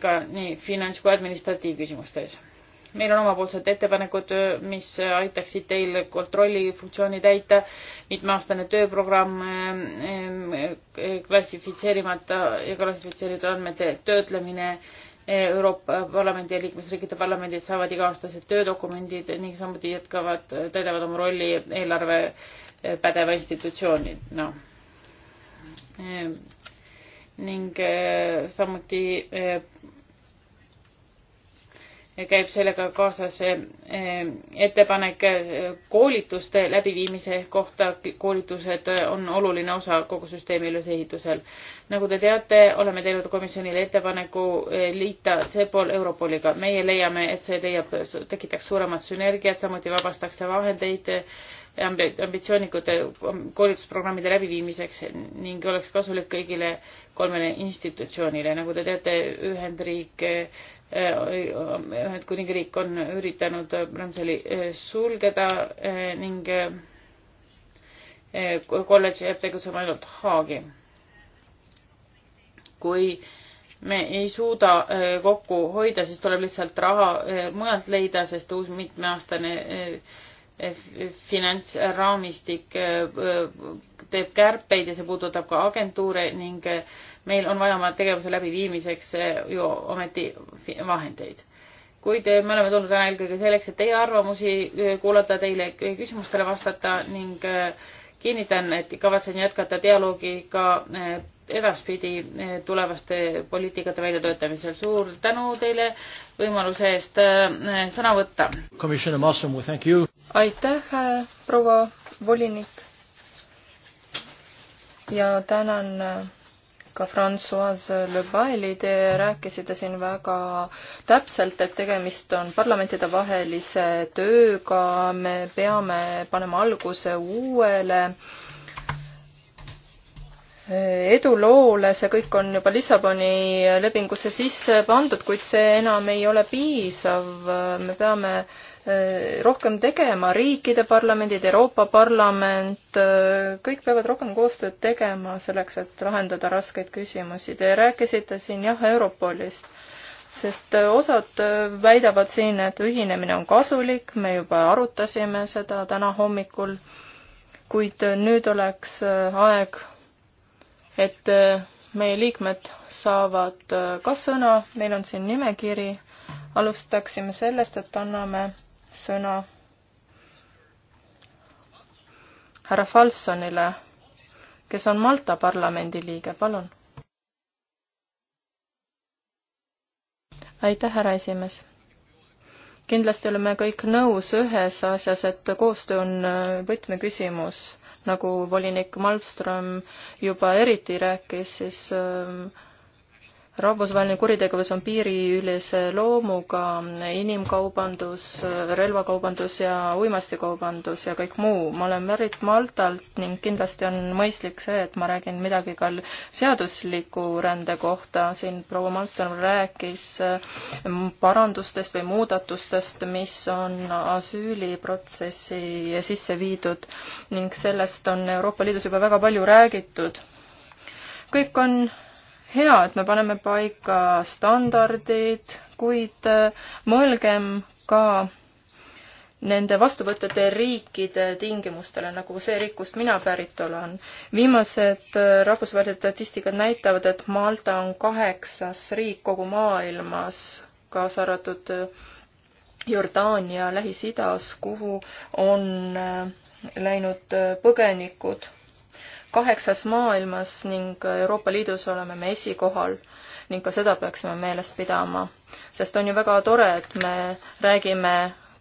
ka nii finants kui administratiivküsimustes. meil on omapoolsed ettepanekud, mis aitaksid teil kontrollifunktsiooni täita, mitmeaastane tööprogramm, eh, eh, klassifitseerimata ja klassifitseeritud andmete töötlemine Euroopa Parlamendi ja liikmesriikide parlamendid saavad iga-aastased töödokumendid ning samuti jätkavad, täidavad oma rolli eelarve eh, pädeva institutsioonina no. Eh, e. ning e samuti e käib sellega kaasas eh, eh, ettepanek eh, koolituste läbiviimise kohta. koolitused on oluline osa kogu süsteemi ülesehitusel. nagu te teate, oleme teinud komisjonile ettepaneku liita CEPOL Europoliga. meie leiame, et see leiab, tekitaks suuremat sünergiat, samuti vabastatakse vahendeid ambitsioonikute um, koolitusprogrammide läbiviimiseks ning oleks kasulik kõigile kolmele institutsioonile. nagu te teate, Ühendriik, eh, Ühendkuningriik on üritanud eh, Ramsali eh, sulgeda ning kolledž jääb tegutsema ainult Haagi. kui me ei suuda kokku hoida, siis tuleb lihtsalt raha mujalt leida, sest uus mitmeaastane finantsraamistik äh, äh, teeb kärpeid ja see puudutab ka agentuure ning äh, meil on vaja oma tegevuse läbiviimiseks ju ometi vahendeid. kuid me oleme tulnud täna eelkõige selleks, et teie arvamusi kuulata, teile küsimustele vastata ning kinnitan, et kavatsen jätkata dialoogi ka edaspidi eh, tulevaste poliitikate väljatöötamisel. suur tänu teile võimaluse eest eh, sõna võtta. aitäh, eh, proua volinik. ja tänan ka Françoise Lebaili, te rääkisite siin väga täpselt, et tegemist on parlamentidevahelise tööga, me peame panema alguse uuele äh, Äh, eduloole, see kõik on juba Lissaboni lepingusse sisse pandud, kuid see enam ei ole piisav, me peame äh, rohkem tegema, riikide parlamendid, Euroopa Parlament, äh, kõik peavad rohkem koostööd tegema selleks, et lahendada raskeid küsimusi. Te rääkisite siin jah, Europolist, sest osad väidavad siin, et ühinemine on kasulik, me juba arutasime seda täna hommikul, kuid nüüd oleks aeg et äh, meie liikmed saavad äh, ka sõna, meil on siin nimekiri. alustaksime sellest, et anname sõna härra Falsonile, kes on Malta parlamendi liige, palun. aitäh, härra esimees kindlasti oleme kõik nõus ühes asjas, et koostöö on äh, võtmeküsimus nagu volinik Malmström juba eriti rääkis, siis ähm, rahvusvaheline kuritegevus on piiriülise loomuga, inimkaubandus, relvakaubandus ja uimastikaubandus ja kõik muu. ma olen pärit Maltalt ning kindlasti on mõistlik see, et ma räägin midagi ka seadusliku rände kohta. siin proua Malmström rääkis äh, parandustest või muudatustest, mis on asüüliprotsessi sisse viidud ning sellest on Euroopa Liidus juba väga palju räägitud. kõik on hea, et me paneme paika standardid, kuid äh, mõelgem ka nende vastuvõtete riikide tingimustele, nagu see riik, kust mina pärit olen. viimased äh, rahvusvahelised statistikad näitavad, et Malta on kaheksas riik kogu maailmas, kaasa arvatud äh, Jordaania Lähis-Idas, kuhu on läinud põgenikud kaheksas maailmas ning Euroopa Liidus oleme me esikohal ning ka seda peaksime meeles pidama, sest on ju väga tore, et me räägime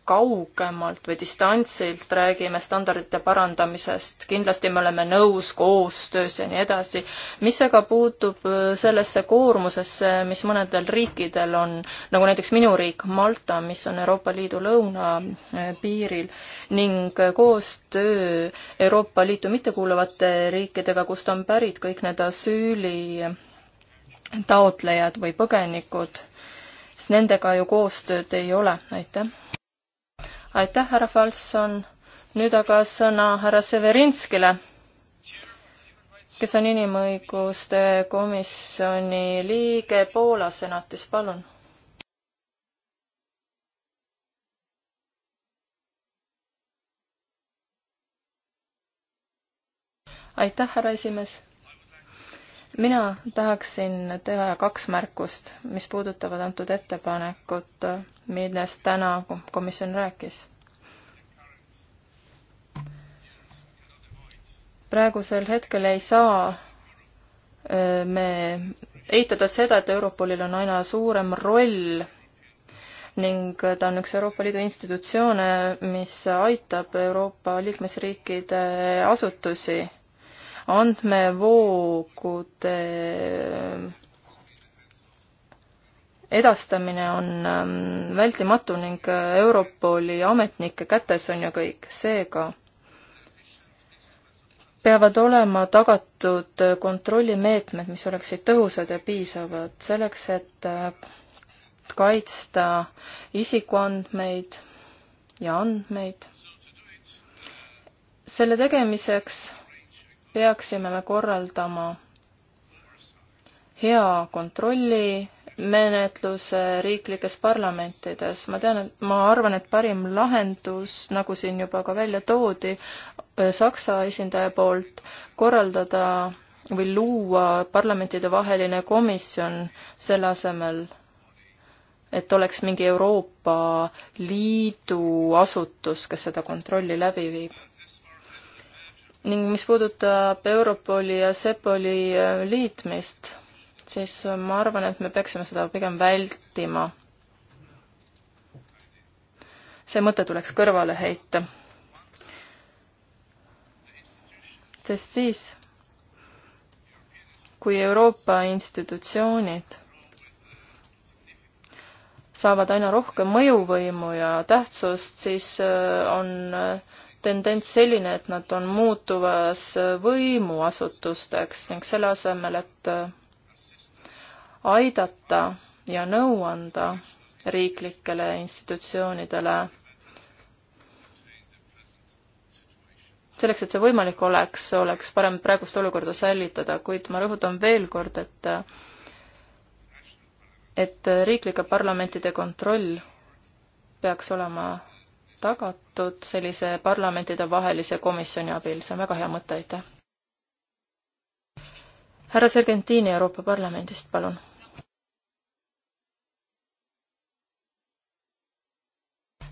kaugemalt või distantsilt räägime standardite parandamisest, kindlasti me oleme nõus koostöös ja nii edasi. mis aga puutub äh, sellesse koormusesse, mis mõnedel riikidel on, nagu näiteks minu riik Malta, mis on Euroopa Liidu lõunapiiril äh, ning äh, koostöö Euroopa Liitu mittekuuluvate riikidega, kust on pärit kõik need asüüli taotlejad või põgenikud, sest nendega ju koostööd ei ole, aitäh aitäh, härra Falson. nüüd aga sõna härra Severinskile, kes on inimõiguste komisjoni liige Poola senatis, palun. aitäh, härra esimees mina tahaksin teha kaks märkust, mis puudutavad antud ettepanekut, millest täna komisjon rääkis. praegusel hetkel ei saa me eitada seda, et Europolil on aina suurem roll ning ta on üks Euroopa Liidu institutsioone, mis aitab Euroopa liikmesriikide asutusi andmevoogude edastamine on ähm, vältimatu ning äh, Europoli ametnike kätes on ju kõik, seega peavad olema tagatud äh, kontrollimeetmed, mis oleksid tõhusad ja piisavad selleks, et äh, kaitsta isikuandmeid ja andmeid. selle tegemiseks peaksime me korraldama hea kontrolli menetluse riiklikes parlamentides. ma tean, et ma arvan, et parim lahendus, nagu siin juba ka välja toodi äh, Saksa esindaja poolt, korraldada või luua parlamentidevaheline komisjon selle asemel, et oleks mingi Euroopa Liidu asutus, kes seda kontrolli läbi viib ning mis puudutab Europoli ja Sepoli äh, liitmist, siis äh, ma arvan, et me peaksime seda pigem vältima. see mõte tuleks kõrvale heita. sest siis, kui Euroopa institutsioonid saavad aina rohkem mõjuvõimu ja tähtsust, siis äh, on tendents selline, et nad on muutuvas võimuasutusteks ning selle asemel, et äh, aidata ja nõu anda riiklikele institutsioonidele, selleks, et see võimalik oleks, oleks parem praegust olukorda säilitada, kuid ma rõhutan veel kord, et et riiklike parlamentide kontroll peaks olema tagatud sellise parlamentidevahelise komisjoni abil, see on väga hea mõte, aitäh. härra Sergentini Euroopa Parlamendist, palun.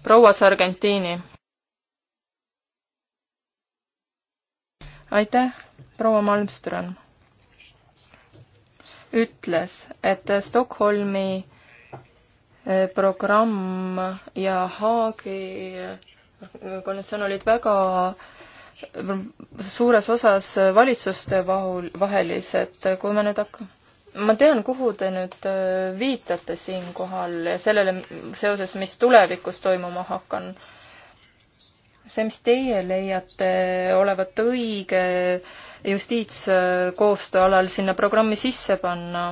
proua Sargentini. aitäh, proua Malmström ütles, et Stockholmi programm ja Haagi konventsioon olid väga suures osas valitsuste vahul, vahelised, kui me nüüd hakkame ma tean, kuhu te nüüd äh, viitate siinkohal ja sellele seoses, mis tulevikus toimuma hakkan. see, mis teie leiate olevat õige justiitskoostöö alal sinna programmi sisse panna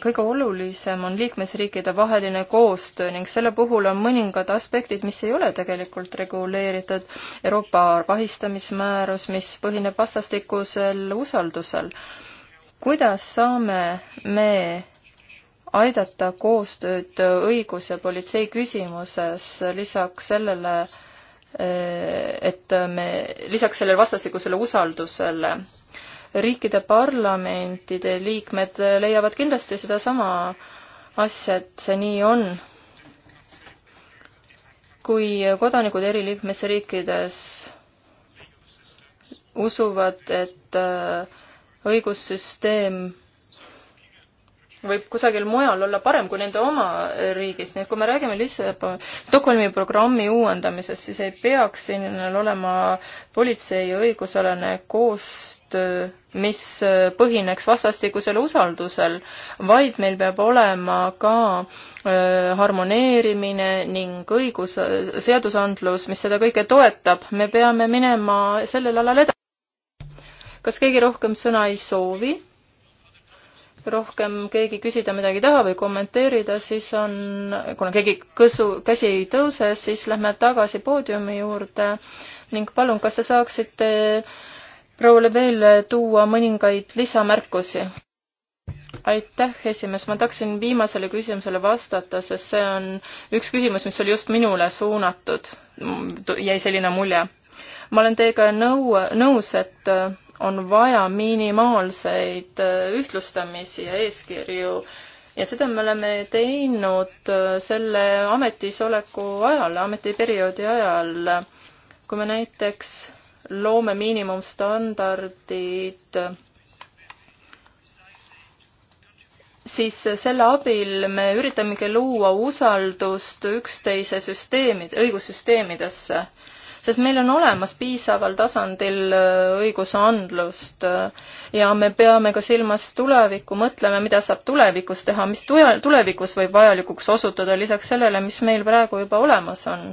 kõige olulisem on liikmesriikide vaheline koostöö ning selle puhul on mõningad aspektid, mis ei ole tegelikult reguleeritud. Euroopa vahistamismäärus, mis põhineb vastastikusel usaldusel. kuidas saame me aidata koostööd õigus- ja politsei küsimuses lisaks sellele, eh, et me lisaks sellele vastastikusele usaldusele riikide parlamentide liikmed leiavad kindlasti sedasama asja, et see nii on. kui kodanikud eri liikmesriikides usuvad, et äh, õigussüsteem võib kusagil mujal olla parem kui nende oma riigis, nii et kui me räägime Lissaboni, Stockholmi programmi uuendamisest, siis ei peaks inimesel olema politsei õigusalane koostöö, mis põhineks vastastikusel usaldusel, vaid meil peab olema ka harmoneerimine ning õigus, seadusandlus, mis seda kõike toetab, me peame minema sellel alal edasi. kas keegi rohkem sõna ei soovi? rohkem keegi küsida midagi ei taha või kommenteerida, siis on, kuna keegi kõsu, käsi ei tõuse, siis lähme tagasi poodiumi juurde ning palun, kas te saaksite proua Lebel tuua mõningaid lisamärkusi? aitäh, esimees, ma tahaksin viimasele küsimusele vastata, sest see on üks küsimus, mis oli just minule suunatud, jäi selline mulje. ma olen teiega nõu, nõus, et on vaja minimaalseid äh, ühtlustamisi ja eeskirju ja seda me oleme teinud äh, selle ametisoleku ajal, ametiperioodi ajal. kui me näiteks loome miinimumstandardid, siis selle abil me üritamegi luua usaldust üksteise süsteemid, õigussüsteemidesse sest meil on olemas piisaval tasandil äh, õigusandlust äh, ja me peame ka silmas tulevikku, mõtleme, mida saab tulevikus teha, mis tulevikus võib vajalikuks osutuda lisaks sellele, mis meil praegu juba olemas on.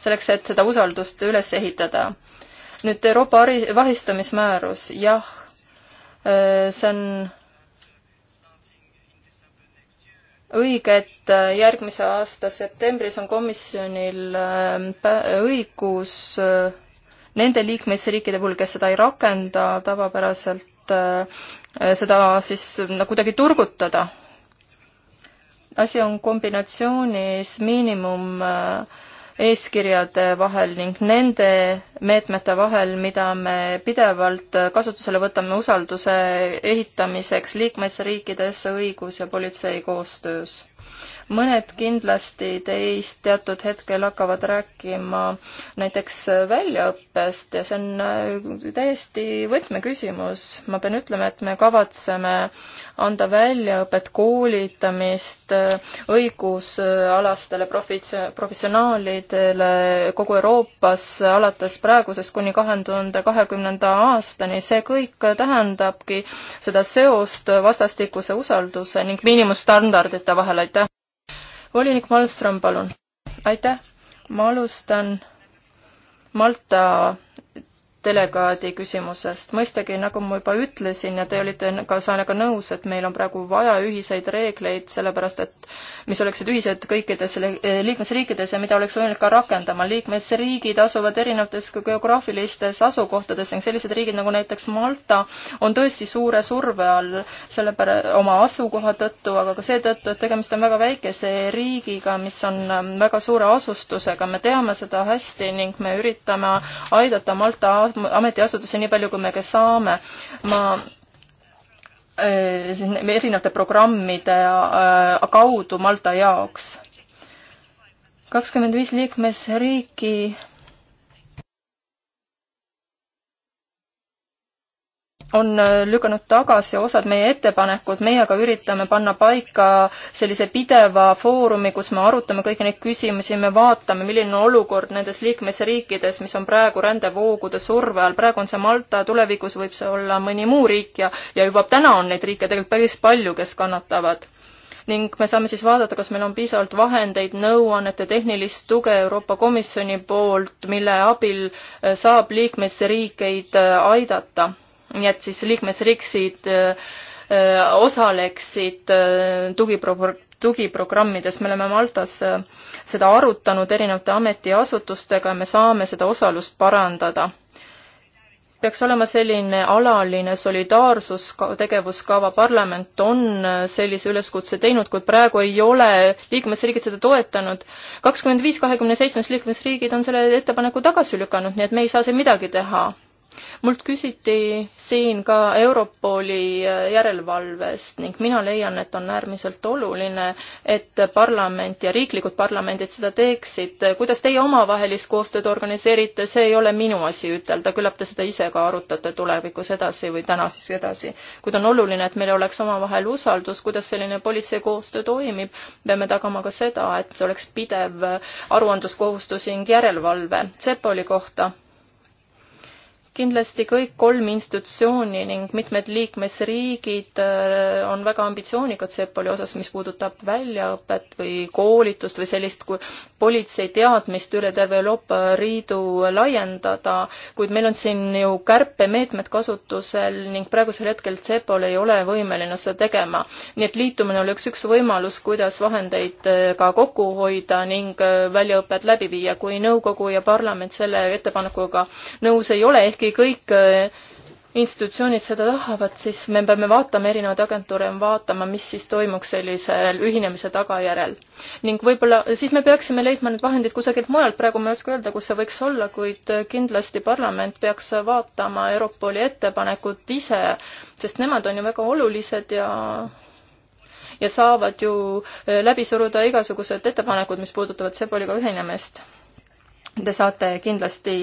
selleks, et seda usaldust üles ehitada. nüüd Euroopa vahistamismäärus, jah, äh, see on õige, et äh, järgmise aasta septembris on komisjonil ähm, õigus äh, nende liikmesriikide puhul, kes seda ei rakenda tavapäraselt, äh, seda siis no nagu kuidagi turgutada. asi on kombinatsioonis miinimum äh, eeskirjade vahel ning nende meetmete vahel, mida me pidevalt kasutusele võtame usalduse ehitamiseks liikmesriikides, õigus- ja politsei koostöös mõned kindlasti teist teatud hetkel hakkavad rääkima näiteks väljaõppest ja see on äh, täiesti võtmeküsimus. ma pean ütlema, et me kavatseme anda väljaõpet, koolitamist äh, õigusalastele profits-, professionaalidele kogu Euroopas alates praegusest kuni kahe tuhande kahekümnenda aastani, see kõik tähendabki seda seost vastastikuse usalduse ning miinimumstandardite vahel, aitäh! volinik Malmström, palun. aitäh, ma alustan Malta delegaadi küsimusest. mõistagi, nagu ma juba ütlesin ja te olite ka Saanega nõus, et meil on praegu vaja ühiseid reegleid, sellepärast et mis oleksid ühised kõikides liikmesriikides ja mida oleks võimalik ka rakendama. liikmesriigid asuvad erinevates geograafilistes asukohtades ning sellised riigid nagu näiteks Malta on tõesti suure surve all selle pära-, oma asukoha tõttu, aga ka seetõttu, et tegemist on väga väikese riigiga, mis on ähm, väga suure asustusega. me teame seda hästi ning me üritame aidata Malta ametiasutusi nii palju, kui me ka saame. ma äh, siin erinevate programmide äh, kaudu Malta jaoks. kakskümmend viis liikmesriiki on äh, lükanud tagasi osad meie ettepanekud, meie aga üritame panna paika sellise pideva foorumi, kus me arutame kõiki neid küsimusi, me vaatame, milline on olukord nendes liikmesriikides, mis on praegu rändevoogude surve all, praegu on see Malta, tulevikus võib see olla mõni muu riik ja, ja juba täna on neid riike tegelikult päris palju, kes kannatavad ning me saame siis vaadata, kas meil on piisavalt vahendeid, nõuannete, tehnilist tuge Euroopa Komisjoni poolt, mille abil äh, saab liikmesriikeid äh, aidata nii et siis liikmesriigid äh, osaleksid äh, tugipro-, tugiprogrammides, me oleme Maltas äh, seda arutanud erinevate ametiasutustega, me saame seda osalust parandada peaks olema selline alaline solidaarsus, tegevuskava parlament on sellise üleskutse teinud, kuid praegu ei ole liikmesriigid seda toetanud. kakskümmend viis kahekümne seitsmes liikmesriigid on selle ettepaneku tagasi lükanud, nii et me ei saa siin midagi teha mult küsiti siin ka Europoli äh, järelevalvest ning mina leian, et on äärmiselt oluline, et parlament ja riiklikud parlamendid seda teeksid. kuidas teie omavahelist koostööd organiseerite, see ei ole minu asi ütelda, küllap te seda ise ka arutate tulevikus edasi või täna siis edasi. kuid on oluline, et meil oleks omavahel usaldus, kuidas selline politsei koostöö toimib. peame tagama ka seda, et see oleks pidev aruandluskohustus ning järelevalve CEPOL-i kohta kindlasti kõik kolm institutsiooni ning mitmed liikmesriigid äh, on väga ambitsioonikad Sepoli osas, mis puudutab väljaõpet või koolitust või sellist politsei teadmist üle terve Euroopa Liidu laiendada, kuid meil on siin ju kärpemeetmed kasutusel ning praegusel hetkel Sepol ei ole võimeline seda tegema. nii et liitumine oleks üks võimalus, kuidas vahendeid äh, ka kokku hoida ning äh, väljaõpet läbi viia, kui nõukogu ja parlament selle ettepanekuga nõus ei ole, ehkki kui kõik äh, institutsioonid seda tahavad, siis me peame vaatama, erinevaid agentuure vaatama, mis siis toimuks sellisel ühinemise tagajärjel. ning võib-olla siis me peaksime leidma need vahendid kusagilt mujalt, praegu ma ei oska öelda, kus see võiks olla, kuid äh, kindlasti parlament peaks vaatama Europoli ettepanekut ise, sest nemad on ju väga olulised ja ja saavad ju äh, läbi suruda igasugused ettepanekud, mis puudutavad Sepoliga ühinemist Te saate kindlasti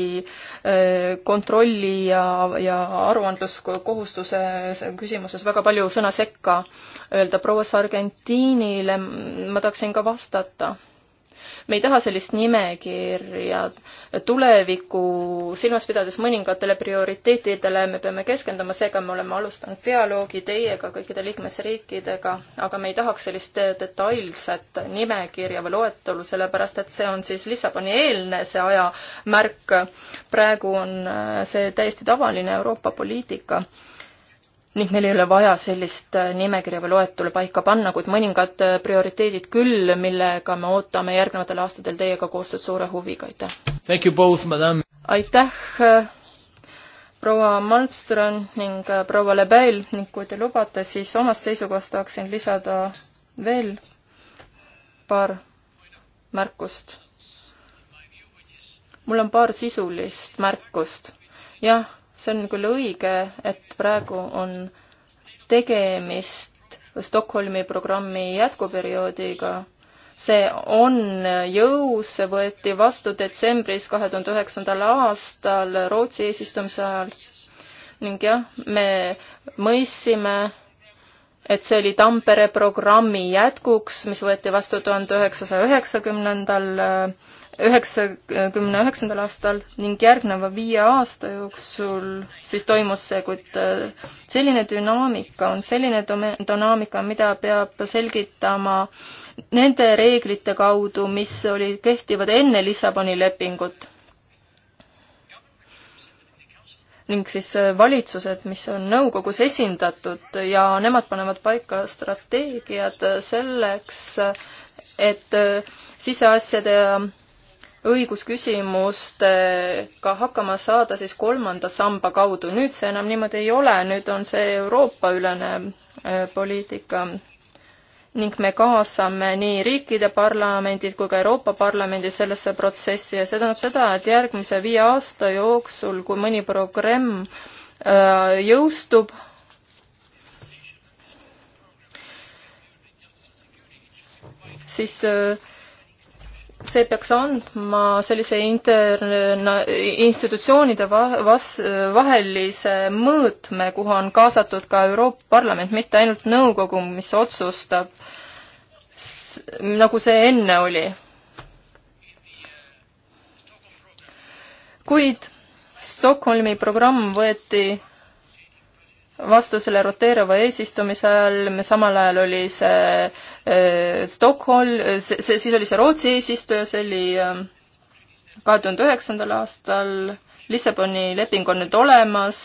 äh, kontrolli ja, ja aruandluskohustuse küsimuses väga palju sõna sekka öelda. proua Sargentinile ma tahaksin ka vastata me ei taha sellist nimekirja. tulevikku silmas pidades mõningatele prioriteetidele me peame keskenduma, seega me oleme alustanud dialoogi teiega, kõikide liikmesriikidega, aga me ei tahaks sellist detailset nimekirja või loetelu, sellepärast et see on siis Lissaboni eelne, see ajamärk. praegu on see täiesti tavaline Euroopa poliitika nüüd meil ei ole vaja sellist äh, nimekirja või loetelu paika panna, kuid mõningad äh, prioriteedid küll, millega me ootame järgnevatel aastatel teiega koostööd suure huviga, aitäh! aitäh, äh, proua Malmström ning proua Lebel ning kui te lubate, siis omast seisukohast tahaksin lisada veel paar märkust. mul on paar sisulist märkust. jah see on küll õige, et praegu on tegemist Stockholmi programmi jätkuperioodiga. see on jõus, see võeti vastu detsembris kahe tuhande üheksandal aastal Rootsi eesistumise ajal ning jah, me mõistsime, et see oli Tampere programmi jätkuks, mis võeti vastu tuhande üheksasaja üheksakümnendal üheksakümne üheksandal aastal ning järgneva viie aasta jooksul siis toimus see, kuid äh, selline dünaamika on selline dünaamika, mida peab selgitama nende reeglite kaudu, mis olid kehtivad enne Lissaboni lepingut. ning siis äh, valitsused, mis on nõukogus esindatud ja nemad panevad paika strateegiad äh, selleks, et siseasjade ja õigusküsimustega hakkama saada siis kolmanda samba kaudu. nüüd see enam niimoodi ei ole, nüüd on see Euroopa-ülene äh, poliitika ning me kaasame nii riikide parlamendid kui ka Euroopa Parlamendi sellesse protsessi ja see tähendab seda, et järgmise viie aasta jooksul, kui mõni programm äh, jõustub, siis äh, see peaks andma sellise interna-, institutsioonide va-, vas-, vahelise mõõtme, kuhu on kaasatud ka Euroopa Parlament, mitte ainult nõukogu, mis otsustab, nagu see enne oli. kuid Stockholmi programm võeti vastu selle roteeruva eesistumise ajal, samal ajal oli see äh, Stockholm, see, see, siis oli see Rootsi eesistuja, see oli äh, kahe tuhande üheksandal aastal, Lissaboni leping on nüüd olemas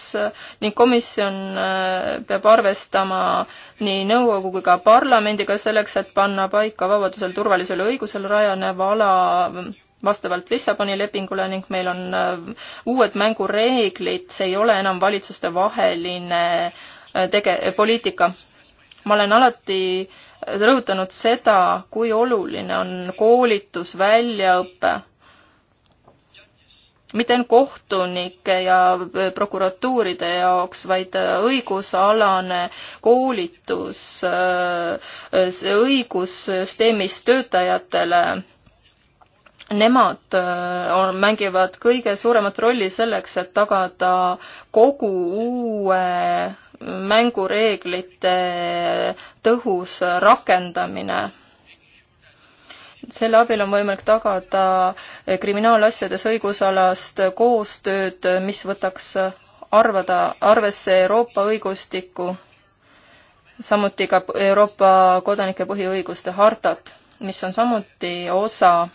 ning komisjon äh, peab arvestama nii nõukogu kui ka parlamendiga selleks, et panna paika vabadusel, turvalisel ja õigusel rajanev ala vastavalt Lissaboni lepingule ning meil on äh, uued mängureeglid, see ei ole enam valitsustevaheline äh, tege-, poliitika. ma olen alati äh, rõhutanud seda, kui oluline on koolitus, väljaõpe, mitte ainult kohtunike ja prokuratuuride jaoks, vaid õigusalane koolitus õigussüsteemis töötajatele nemad äh, on, mängivad kõige suuremat rolli selleks, et tagada kogu uue mängureeglite tõhus rakendamine. selle abil on võimalik tagada kriminaalasjades õigusalast koostööd, mis võtaks arvada, arvesse Euroopa õigustikku, samuti ka Euroopa kodanike põhiõiguste hartat, mis on samuti osa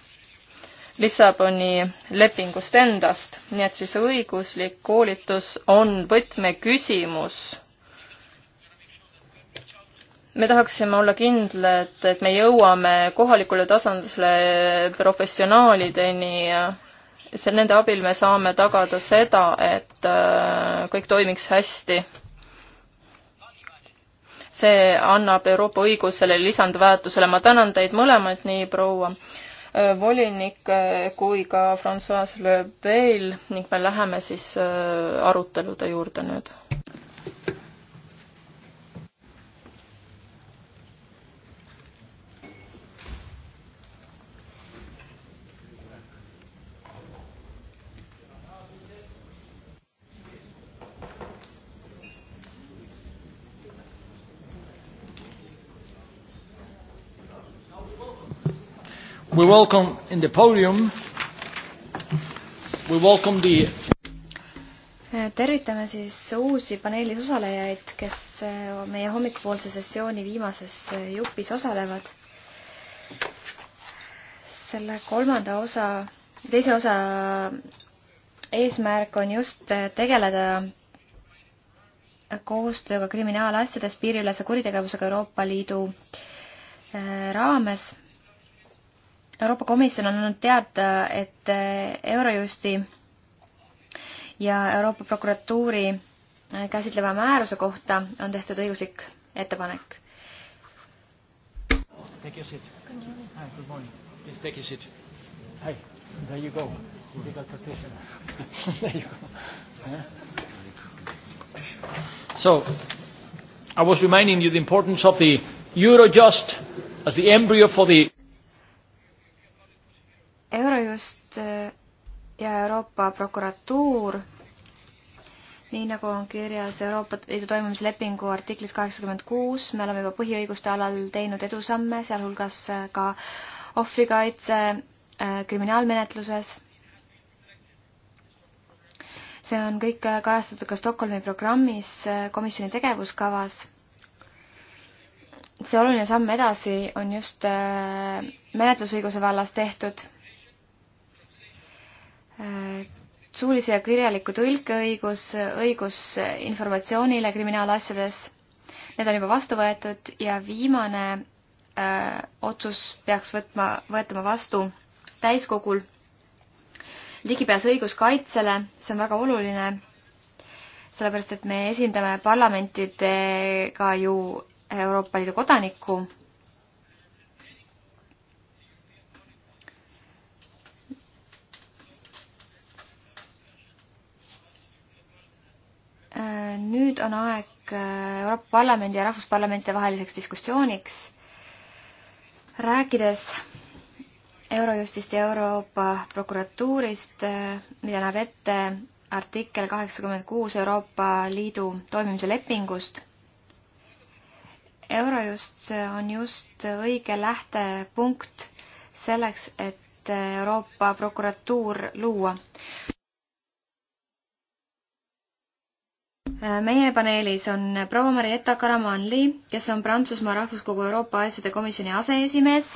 Lissaboni lepingust endast, nii et siis õiguslik koolitus on võtmeküsimus me tahaksime olla kindlad, et me jõuame kohalikule tasandile professionaalideni ja seal nende abil me saame tagada seda, et äh, kõik toimiks hästi. see annab Euroopa õigusele lisandväärtusele. ma tänan teid mõlemat, nii proua Äh, volinik äh, kui ka Francois Le Bail ning me läheme siis äh, arutelude juurde nüüd. We welcome in the podium, we welcome the eh, tervitame siis uusi paneelis osalejaid, kes eh, meie hommikupoolse sessiooni viimases eh, jupis osalevad. selle kolmanda osa, teise osa eesmärk on just tegeleda koostööga kriminaalasjades piiriülese kuritegevusega Euroopa Liidu raames Euroopa Komisjon on andnud teada, et eh, Eurojusti ja Euroopa Prokuratuuri eh, käsitleva määruse kohta on tehtud õiguslik ettepanek. Take your seat. Hi, good morning. Please take your seat. Hi, there you go. Legal practitioner. there you go. Yeah. So, I was reminding you the importance of the Eurojust as the embryo for the Eurojust äh, ja Euroopa prokuratuur, nii nagu on kirjas Euroopa Liidu toimimislepingu artiklis kaheksakümmend kuus, me oleme juba põhiõiguste alal teinud edusamme, sealhulgas äh, ka ohvrikaitse äh, kriminaalmenetluses. see on kõik kajastatud ka Stockholmi programmis, komisjoni tegevuskavas see oluline samm edasi on just menetlusõiguse vallas tehtud suulise ja kirjaliku tõlkeõigus, õigus informatsioonile kriminaalasjades, need on juba vastu võetud ja viimane öö, äh, otsus peaks võtma, võetama vastu täiskogul. ligipääs õiguskaitsele, see on väga oluline, sellepärast et me esindame parlamentidega ju Euroopa Liidu kodanikku nüüd on aeg äh, Euroopa Parlamendi ja Rahvusparlamentide vaheliseks diskussiooniks, rääkides Eurojustist ja Euroopa prokuratuurist, äh, mida näeb ette artikkel kaheksakümmend kuus Euroopa Liidu toimimise lepingust. Eurojust on just õige lähtepunkt selleks, et Euroopa prokuratuur luua. Äh, meie paneelis on proua Marietta Karamanli, kes on Prantsusmaa Rahvuskogu Euroopa Asjade Komisjoni aseesimees.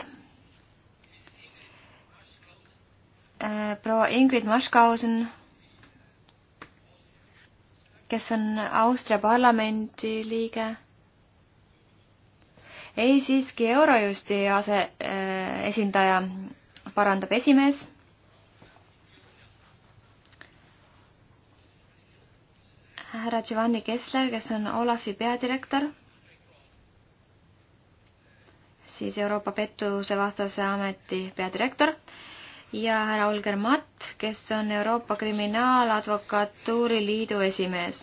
Äh, proua Ingrid Maschkausen, kes on Austria parlamendi liige. ei, siiski Eurojusti ase äh,, esindaja parandab esimees härra Giovanni Kessler, kes on Olafi peadirektor, siis Euroopa pettusevastase ameti peadirektor ja härra Olger Matt, kes on Euroopa Kriminaaladvokatuuri Liidu esimees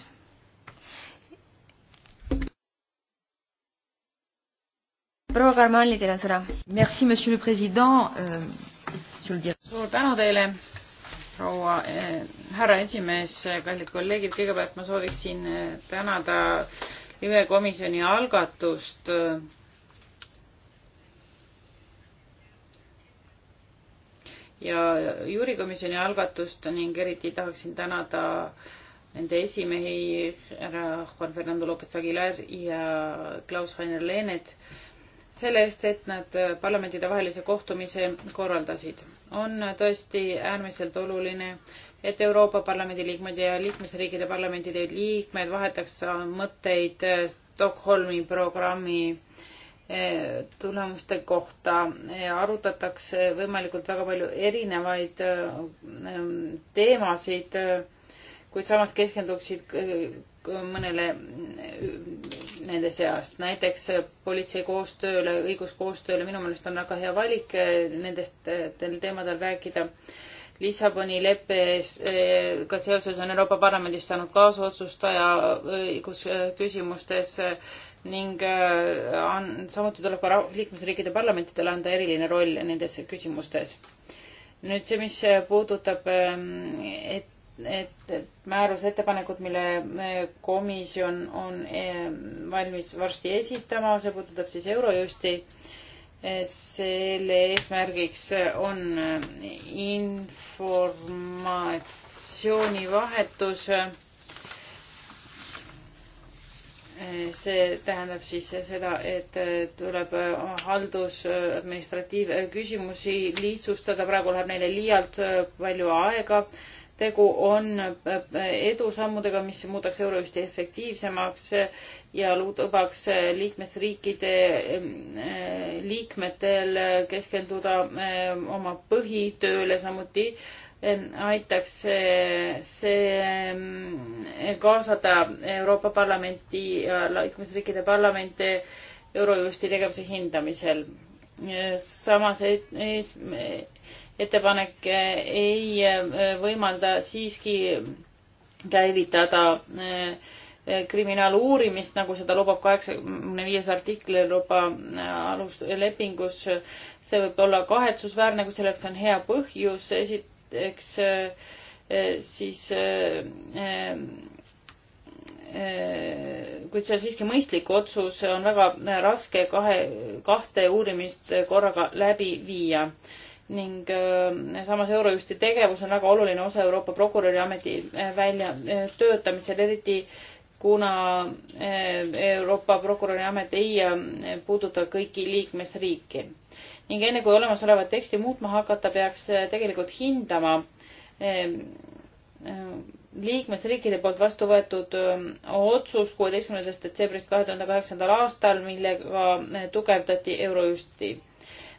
proua Karmanli, teil on sõna. Euh, suur tänu teile, proua äh,, härra esimees, kallid kolleegid, kõigepealt ma sooviksin eh, tänada libekomisjoni algatust äh, ja juurikomisjoni algatust ning eriti tahaksin tänada nende esimehi härra Juan Fernando Lopez Aguilar ja Klaus-Rainer Leenet äh, selle eest, et nad äh, parlamentidevahelise kohtumise korraldasid. on tõesti äärmiselt oluline, et Euroopa Parlamendi liikmed ja liikmesriikide parlamentide liikmed vahetaks mõtteid äh, Stockholmi programmi äh, tulemuste kohta ja arutatakse võimalikult väga palju erinevaid ähm, teemasid, kuid samas keskenduksid mõnele nende seast. näiteks politsei koostööle, õiguskoostööle, minu meelest on väga hea valik eh, nendest eh, teemadel rääkida. Lissaboni leppega eh, seoses on Euroopa Parlamendis saanud kaasotsustaja õigusküsimustes ning on, samuti tuleb ka liikmesriikide parlamentidele anda eriline roll nendes küsimustes. nüüd see, mis puudutab et et määruse ettepanekud, mille eh, komisjon on eh, valmis varsti esitama, see puudutab siis Eurojusti. Eh, selle eesmärgiks on informatsioonivahetus. see tähendab siis seda, et tuleb haldusadministratiivküsimusi lihtsustada, praegu läheb neile liialt palju aega tegu on äh, edusammudega, mis muudaks euro just efektiivsemaks ja lubaks liikmesriikide äh, liikmetel keskenduda äh, oma põhitööle, samuti aitaks see kaasada Euroopa Parlamenti ja liikmesriikide parlamente Eurojusti tegevuse hindamisel. samas ettepanek ei eh, võimalda siiski käivitada eh, kriminaaluurimist, nagu seda lubab kaheksakümne viies artikkel Euroopa eh, aluslepingus. see võib olla kahetsusväärne, kui selleks on hea põhjus, esiteks siis kuid see on siiski mõistlik otsus, on väga raske kahe, kahte uurimist korraga läbi viia ning äh, samas Eurojusti tegevus on väga oluline osa Euroopa prokuröri ameti äh, väljatöötamisel, äh, eriti kuna Euroopa prokuröri amet ei puuduta kõiki liikmesriiki. ning enne kui olemasolevat teksti muutma hakata, peaks tegelikult hindama liikmesriikide poolt vastu võetud otsus kuueteistkümnendast detsembrist kahe tuhande kaheksandal aastal, millega tugevdati Eurojusti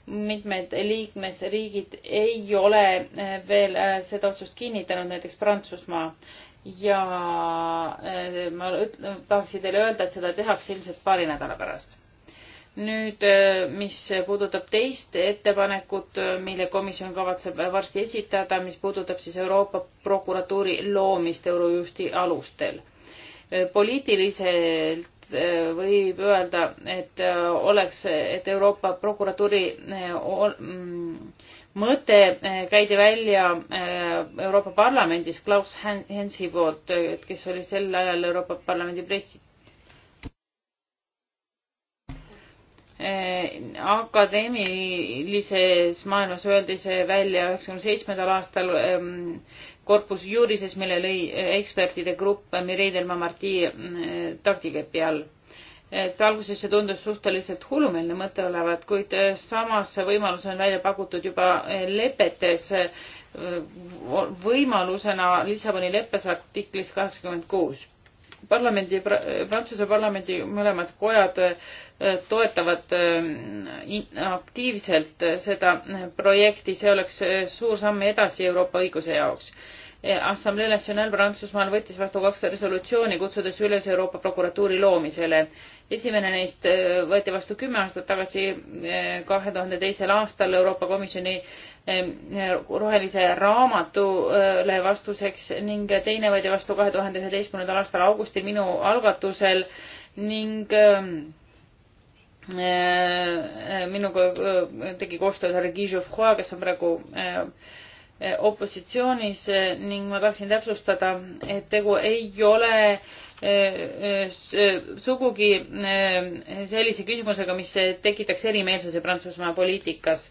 mitmed liikmesriigid ei ole eh, veel eh, seda otsust kinnitanud, näiteks Prantsusmaa. ja eh, ma tahaksin teile öelda, et seda tehakse ilmselt paari nädala pärast. nüüd, mis puudutab teist ettepanekut, mille komisjon kavatseb varsti esitada, mis puudutab siis Euroopa prokuratuuri loomist Eurojusti alustel. poliitiliselt sellepärast eh, võib öelda, et eh, oleks, et Euroopa prokuratuuri eh, mm, mõte käidi välja Euroopa Parlamendis Klaus Hensi poolt, kes oli sel ajal Euroopa Parlamendi president. akadeemilises maailmas öeldi see välja üheksakümne seitsmendal aastal korpus juurises, mille lõi äh, ekspertide grupp Mireidelma Marti äh, taktikepi all. et alguses see tundus suhteliselt hullumeelne mõte olevat, kuid äh, samas see võimalus on välja pakutud juba lepetes võimalusena Lissaboni leppes artiklis kaheksakümmend kuus parlamendi, Prantsuse parlamendi mõlemad kojad toetavad aktiivselt seda projekti, see oleks suur samm edasi Euroopa õiguse jaoks. Assamblee National Prantsusmaal võttis vastu kaks resolutsiooni, kutsudes üles Euroopa prokuratuuri loomisele. esimene neist äh, võeti vastu kümme aastat tagasi, äh, kahe tuhande teisel aastal Euroopa Komisjoni äh, rohelise raamatule vastuseks ning teine võeti vastu kahe tuhande üheteistkümnendal aastal augustil minu algatusel ning minuga tegi koostööd härra Guy Geoffroy, kes on praegu Eh, opositsioonis eh, ning ma tahaksin täpsustada, et tegu ei ole eh, sugugi sellise küsimusega, mis tekitaks erimeelsusi Prantsusmaa poliitikas.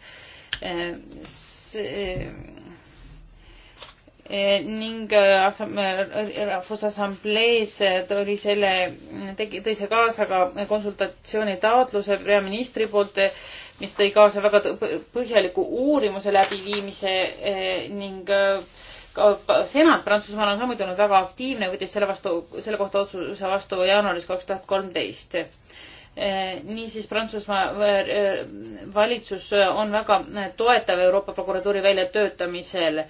ning Rahvusassamblees tuli selle, tegi, tõi see kaasa ka konsultatsioonitaotluse peaministri poolt mis tõi kaasa väga põhjaliku uurimuse läbiviimise eh, ning eh, ka senat Prantsusmaal on samuti olnud väga aktiivne, võttis selle vastu, selle kohta otsuse vastu jaanuaris kaks tuhat kolmteist. Eh, niisiis Prantsusmaa valitsus on väga toetav Euroopa prokuratuuri väljatöötamisel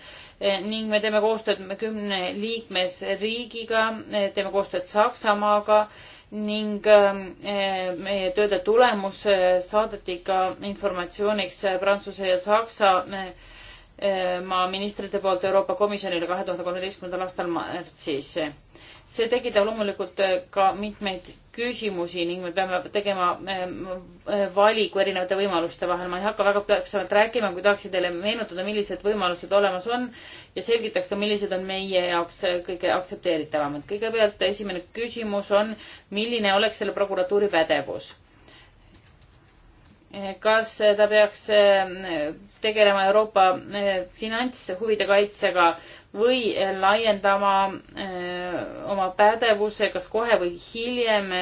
ning me teeme koostööd kümne liikmesriigiga, teeme koostööd Saksamaaga ning ähm, äh, meie tööde tulemus äh, saadeti ka informatsiooniks äh, Prantsuse ja Saksa maa ministrite poolt Euroopa Komisjonile kahe tuhande kolmeteistkümnendal aastal märtsis. see tekitab loomulikult ka mitmeid küsimusi ning me peame tegema ähm, äh, valiku erinevate võimaluste vahel. ma ei hakka väga täpsemalt rääkima, kui tahaksin teile meenutada, millised võimalused olemas on ja selgitaks ka, millised on meie jaoks äh, kõige aktsepteeritavamad. kõigepealt esimene küsimus on, milline oleks selle prokuratuuri pädevus kas ta peaks eh, tegelema Euroopa eh, finantshuvide kaitsega või laiendama eh, oma pädevuse, kas kohe või hiljem,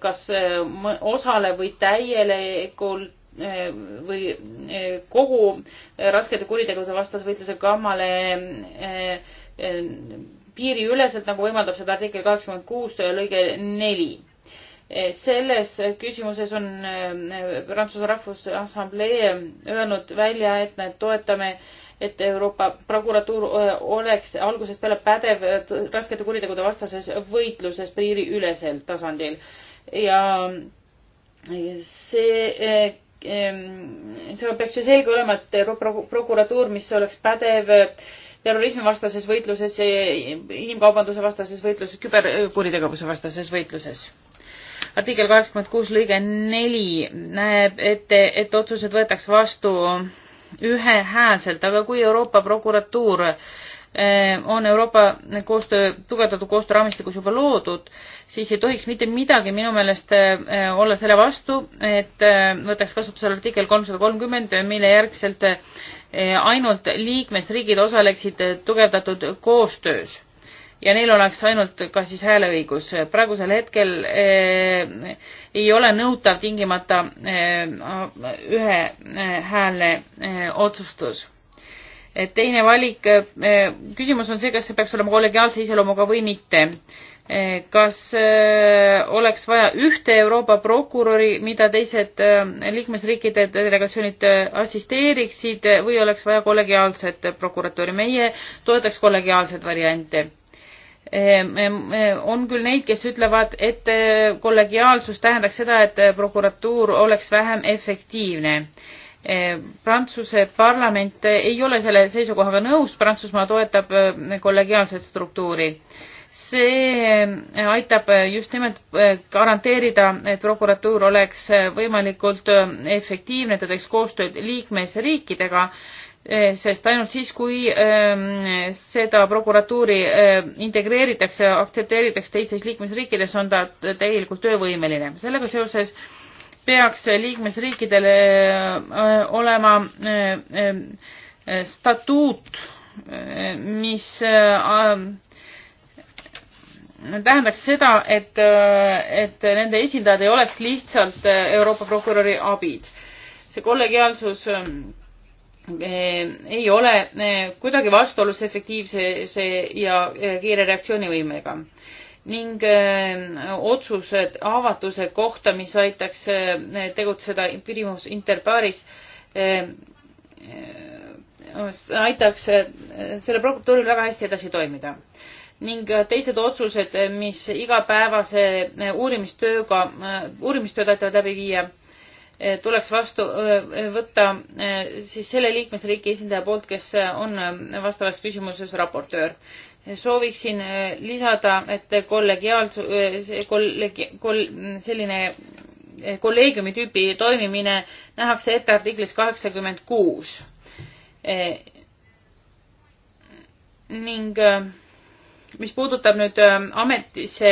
kas osale või täielikult või kogu raskete kuritegevuse vastase võitluse kammale piiriüleselt, nagu võimaldab seda artikkel kaheksakümmend kuus lõige neli selles küsimuses on eh, Prantsuse Rahvusassamblee öelnud välja, et me toetame, et Euroopa prokuratuur eh, oleks algusest peale pädev eh, raskete kuritegude vastases võitluses piiriülesel tasandil ja see see peaks ju selge olema, et Euroopa prokuratuur, mis oleks pädev terrorismivastases võitluses, inimkaubanduse vastases võitluses, küberkuritegevuse vastases võitluses artikkel kaheksakümmend kuus lõige neli näeb ette, et otsused võetakse vastu ühehäälselt, aga kui Euroopa prokuratuur eh, on Euroopa koostöö, tugevdatud koostööraamistikus juba loodud, siis ei tohiks mitte midagi minu meelest eh, olla selle vastu, et eh, võtaks kasutusele artikkel kolmsada kolmkümmend, mille järgselt ainult liikmesriigid osaleksid tugevdatud koostöös ja neil oleks ainult ka siis hääleõigus. praegusel hetkel eh, ei ole nõutav tingimata eh, ühe eh, hääle eh, otsustus. Et teine valik eh,, küsimus on see, kas see peaks olema kollegiaalse iseloomuga või mitte eh,. kas eh, oleks vaja ühte Euroopa prokuröri, mida teised eh, liikmesriikide delegatsioonid eh, assisteeriksid eh, või oleks vaja kollegiaalset prokuratuuri? meie toetaks kollegiaalset varianti on küll neid, kes ütlevad, et e, kollegiaalsus tähendaks seda, et e, prokuratuur oleks vähem efektiivne. E, Prantsuse parlament ei ole selle seisukohaga nõus, Prantsusmaa toetab kollegiaalset struktuuri. see aitab just nimelt garanteerida, et prokuratuur oleks võimalikult efektiivne, ta teeks koostööd liikmesriikidega Eh, sest ainult siis, kui ehm, seda prokuratuuri ehm, integreeritakse, aktsepteeritakse teistes liikmesriikides, on ta täielikult töövõimeline. sellega seoses peaks liikmesriikidel eh, olema eh, statuut, mis tähendaks seda, et, et nende esindajad ei oleks lihtsalt Euroopa prokuröri abid. see kollegiaalsus Eh, ei ole eh, kuidagi vastuolus efektiivse ja eh, kiire reaktsioonivõimega ning otsused avatuse kohta, mis aitaks tegutseda primus inter paris, aitaks selle prokuratuuril väga hästi edasi toimida. ning teised otsused, mis igapäevase uurimistööga, uurimistööd aitavad läbi viia Eh, tuleks vastu eh, võtta eh, siis selle liikmesriigi esindaja poolt, kes on vastavas küsimuses raportöör. sooviksin lisada, et kollegiaalsu-, kollegi-, kol-, selline kolleegiumi tüüpi toimimine nähakse ette artiklis kaheksakümmend kuus. ning mis puudutab nüüd ametisse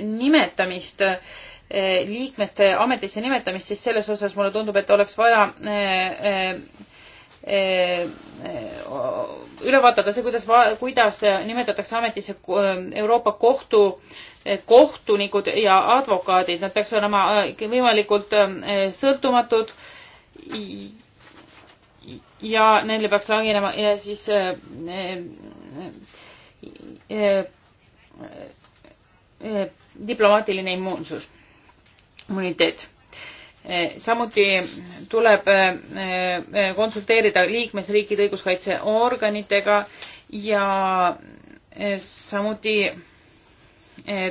nimetamist, Eh, liikmete ametisse nimetamist, siis selles osas mulle tundub, et oleks vaja eh, eh, üle vaadata see, kuidas, kuidas nimetatakse ametisse Euroopa Kohtu kohtunikud ja advokaadid, nad peaks olema võimalikult sõltumatud ja neile peaks laienema ja siis diplomaatiline immuunsus immuniteet. E, samuti tuleb e, e, konsulteerida liikmesriikide õiguskaitseorganitega ja samuti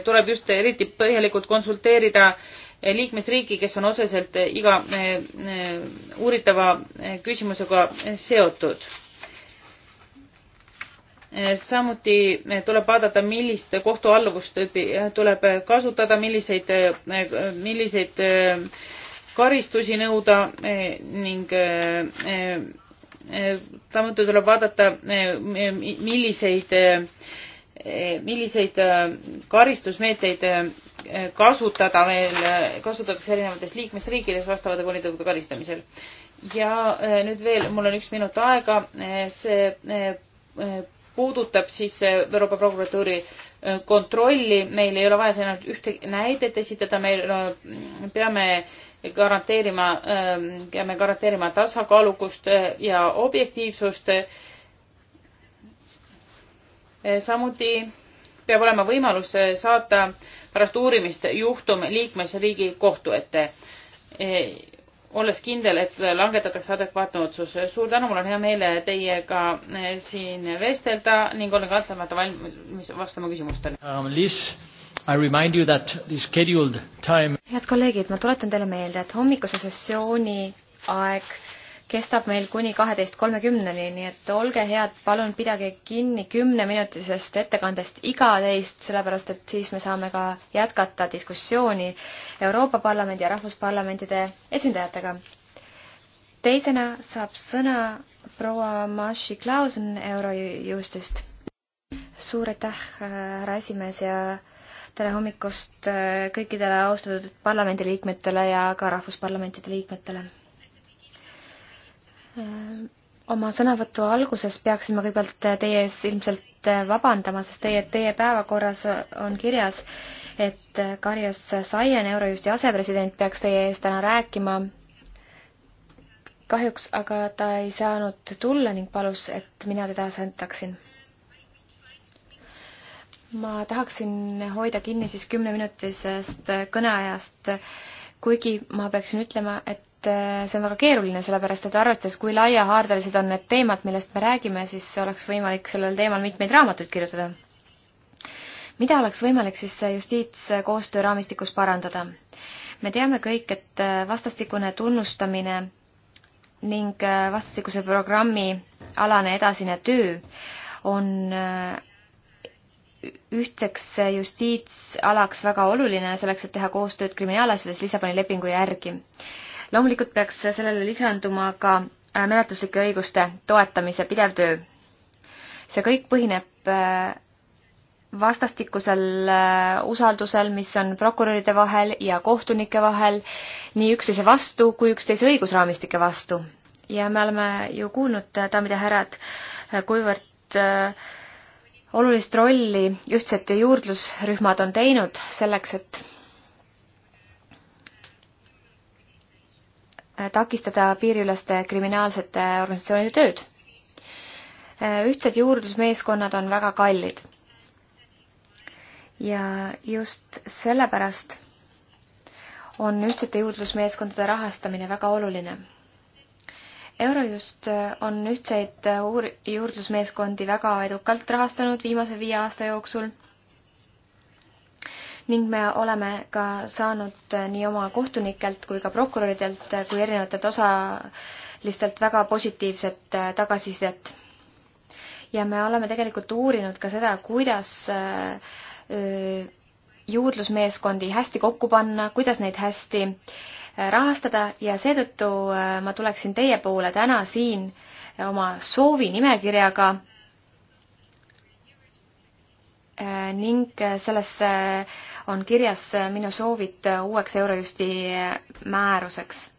tuleb just eriti põhjalikult konsulteerida liikmesriiki, kes on otseselt iga uuritava küsimusega seotud Eh, samuti eh, tuleb vaadata, millist kohtualluvust eh, tuleb kasutada, milliseid, milliseid karistusi nõuda ning samuti tuleb vaadata, milliseid, milliseid karistusmeetmeid kasutada veel, kasutatakse erinevates liikmesriikides vastavate kuritegude karistamisel. ja nüüd veel, mul on üks minut aega, see puudutab siis eh, Euroopa prokuratuuri eh, kontrolli, meil ei ole vaja siin ainult ühte näidet esitada, me mm, peame garanteerima, ehm, peame garanteerima tasakaalukust eh, ja objektiivsust. samuti peab olema võimalus saata pärast uurimist juhtum liikmesriigi kohtu ette olles kindel, et langetatakse adekvaatne otsus. suur tänu, mul on hea meel teiega eh, siin vestelda ning olen kahtlemata valmis vastama küsimustele um,. Liis, I remind you that the scheduled time head kolleegid, ma tuletan teile meelde, et hommikuse sessiooni aeg kestab meil kuni kaheteist kolmekümneni, nii et olge head, palun pidage kinni kümneminutisest ettekandest iga teist, sellepärast et siis me saame ka jätkata diskussiooni Euroopa Parlamendi ja Rahvusparlamentide esindajatega. teisena saab sõna proua Maši Klausen Eurojustist. suur aitäh, härra esimees ja tere hommikust kõikidele austatud parlamendiliikmetele ja ka rahvusparlamentide liikmetele oma sõnavõtu alguses peaksin ma kõigepealt teie ees ilmselt vabandama, sest teie, teie päevakorras on kirjas, et Karjas Saien, Eurojusti asepresident, peaks teie ees täna rääkima. kahjuks aga ta ei saanud tulla ning palus, et mina teda asendaksin. ma tahaksin hoida kinni siis kümneminutisest kõneajast, kuigi ma peaksin ütlema, et Äh, see on väga keeruline, sellepärast et arvestades, kui laiahaardelised on need teemad, millest me räägime, siis oleks võimalik sellel teemal mitmeid raamatuid kirjutada. mida oleks võimalik siis justiitskoostöö raamistikus parandada? me teame kõik, et äh, vastastikune tunnustamine ning äh, vastastikuse programmi alane edasine töö on ühtseks justiitsalaks väga oluline selleks, et teha koostööd kriminaalasjades Lissaboni lepingu järgi loomulikult peaks sellele lisanduma ka äh, menetluslike õiguste toetamise pidev töö. see kõik põhineb äh, vastastikusel äh, usaldusel, mis on prokuröride vahel ja kohtunike vahel nii üksteise vastu kui üksteise õigusraamistike vastu. ja me oleme ju kuulnud, daamid ja härrad, kuivõrd olulist rolli ühtsed juurdlusrühmad on teinud selleks, et Äh, takistada piiriüleste kriminaalsete organisatsioonide tööd. Äh, ühtsed juurdlusmeeskonnad on väga kallid. ja just sellepärast on ühtsete juurdlusmeeskondade rahastamine väga oluline. Eurojust äh, on ühtseid uur-, juurdlusmeeskondi väga edukalt rahastanud viimase viie aasta jooksul ning me oleme ka saanud nii oma kohtunikelt kui ka prokuröridelt kui erinevatelt osalistelt väga positiivset äh, tagasisidet. ja me oleme tegelikult uurinud ka seda, kuidas äh, äh, juurdlusmeeskondi hästi kokku panna, kuidas neid hästi rahastada ja seetõttu ma tuleksin teie poole täna siin oma soovinimekirjaga ning selles on kirjas minu soovid uueks Eurojusti määruseks.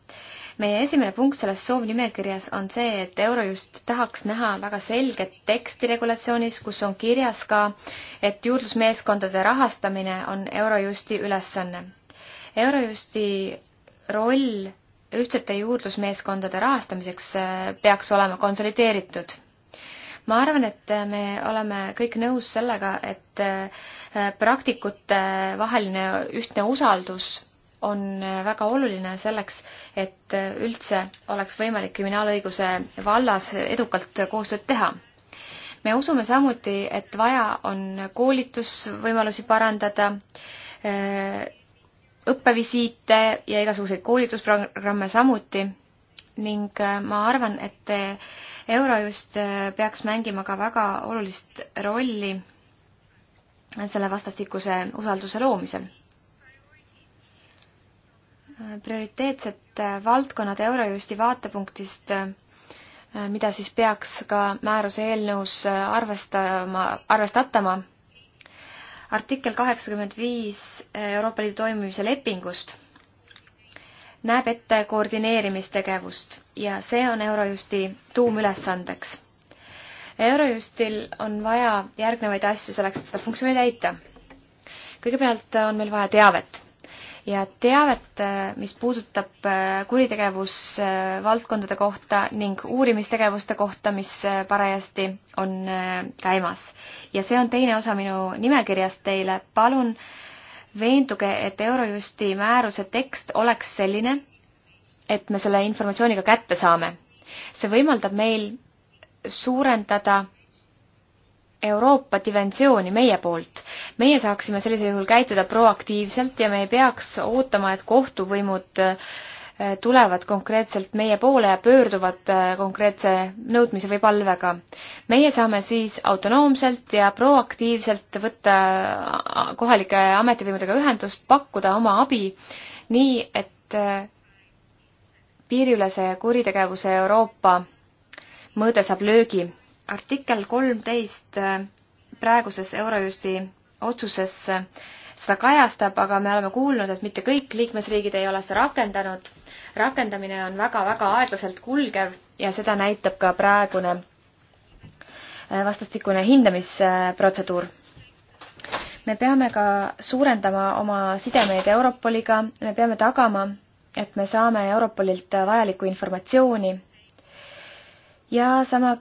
meie esimene punkt selles soovnimekirjas on see, et Eurojust tahaks näha väga selget teksti regulatsioonis, kus on kirjas ka, et juurdlusmeeskondade rahastamine on Eurojusti ülesanne. Eurojusti roll ühtsete juurdlusmeeskondade rahastamiseks eh, peaks olema konsolideeritud ma arvan, et me oleme kõik nõus sellega, et äh, praktikute vaheline ühtne usaldus on äh, väga oluline selleks, et äh, üldse oleks võimalik kriminaalõiguse vallas edukalt koostööd teha. me usume samuti, et vaja on koolitusvõimalusi parandada, õppevisiite ja igasuguseid koolitusprogramme samuti ning ma arvan, et Eurojust äh, peaks mängima ka väga olulist rolli selle vastastikuse usalduse loomisel. Äh, prioriteetsed äh, valdkonnad Eurojusti vaatepunktist, mida siis peaks ka määruse eelnõus arvestama, arvestatama, artikkel kaheksakümmend viis Euroopa Liidu toimimise lepingust näeb ette koordineerimistegevust ja see on Eurojusti tuumülesandeks. Eurojustil on vaja järgnevaid asju selleks, et seda funktsiooni täita. kõigepealt on meil vaja teavet ja teavet, äh, mis puudutab äh, kuritegevusvaldkondade äh, kohta ning uurimistegevuste kohta, mis parajasti on käimas. ja see on teine osa minu nimekirjast teile, palun veenduge, et Eurojusti määruse tekst oleks selline, et me selle informatsiooniga kätte saame. see võimaldab meil suurendada Euroopa dimensiooni meie poolt. meie saaksime sellisel juhul käituda proaktiivselt ja me ei peaks ootama, et kohtuvõimud äh, tulevad konkreetselt meie poole ja pöörduvad äh, konkreetse nõudmise või palvega. meie saame siis autonoomselt ja proaktiivselt võtta äh, kohalike ametivõimudega ühendust, pakkuda oma abi nii, et piiriülese kuritegevuse Euroopa mõõde saab löögi. artikkel kolmteist äh, praeguses Eurojusti otsuses äh, seda kajastab, aga me oleme kuulnud, et mitte kõik liikmesriigid ei ole seda rakendanud. rakendamine on väga-väga aeglaselt kulgev ja seda näitab ka praegune äh, vastastikune hindamisprotseduur. me peame ka suurendama oma sidemeid Europoliga, me peame tagama, et me saame Europolilt vajalikku informatsiooni ja sama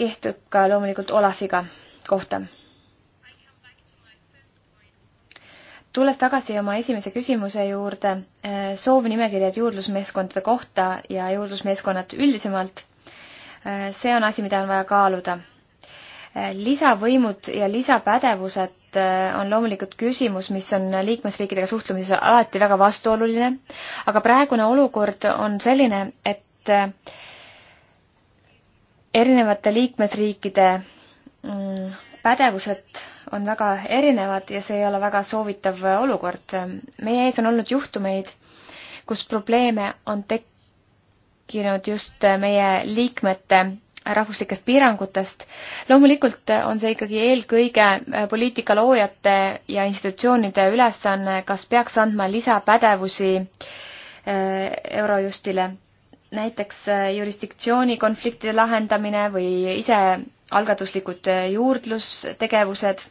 kehtib ka loomulikult Olafiga kohta. tulles tagasi oma esimese küsimuse juurde, eh, soovnimekirjad juurdlusmeeskondade kohta ja juurdlusmeeskonnad üldisemalt, eh, see on asi, mida on vaja kaaluda lisavõimud ja lisapädevused äh, on loomulikult küsimus, mis on liikmesriikidega suhtlemises alati väga vastuoluline, aga praegune olukord on selline, et äh, erinevate liikmesriikide mm, pädevused on väga erinevad ja see ei ole väga soovitav olukord. meie ees on olnud juhtumeid, kus probleeme on tekkinud just äh, meie liikmete rahvuslikest piirangutest. loomulikult on see ikkagi eelkõige äh, poliitika loojate ja institutsioonide ülesanne, kas peaks andma lisapädevusi äh, Eurojustile, näiteks äh, jurisdiktsioonikonfliktide lahendamine või isealgatuslikud juurdlustegevused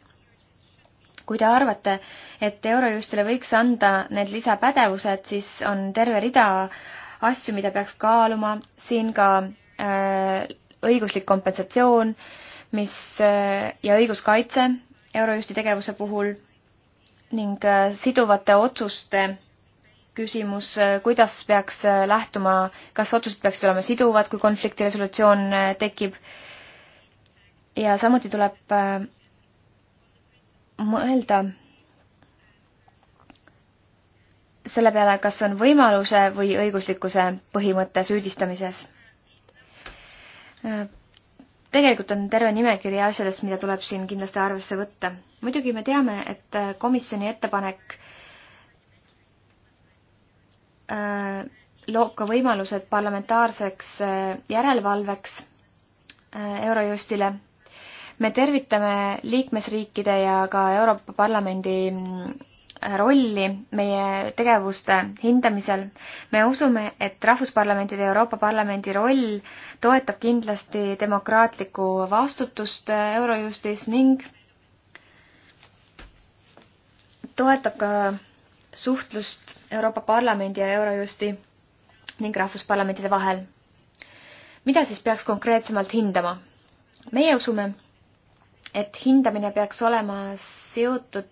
kui te arvate, et Eurojustile võiks anda need lisapädevused, siis on terve rida asju, mida peaks kaaluma, siin ka äh, õiguslik kompensatsioon, mis eh, ja õiguskaitse Eurojusti tegevuse puhul ning eh, siduvate otsuste küsimus, eh, kuidas peaks lähtuma, kas otsused peaksid olema siduvad, kui konflikti resolutsioon tekib. ja samuti tuleb mõelda selle peale, kas on võimaluse või õiguslikkuse põhimõte süüdistamises tegelikult on terve nimekiri asjadest, mida tuleb siin kindlasti arvesse võtta. muidugi me teame, et äh, komisjoni ettepanek äh, loob ka võimalused parlamentaarseks äh, järelevalveks Eurojustile. me tervitame liikmesriikide ja ka Euroopa Parlamendi mm, rolli meie tegevuste hindamisel. me usume, et Rahvusparlamentide ja Euroopa Parlamendi roll toetab kindlasti demokraatlikku vastutust Eurojustis ning toetab ka suhtlust Euroopa Parlamendi ja Eurojusti ning Rahvusparlamentide vahel. mida siis peaks konkreetsemalt hindama? meie usume, et hindamine peaks olema seotud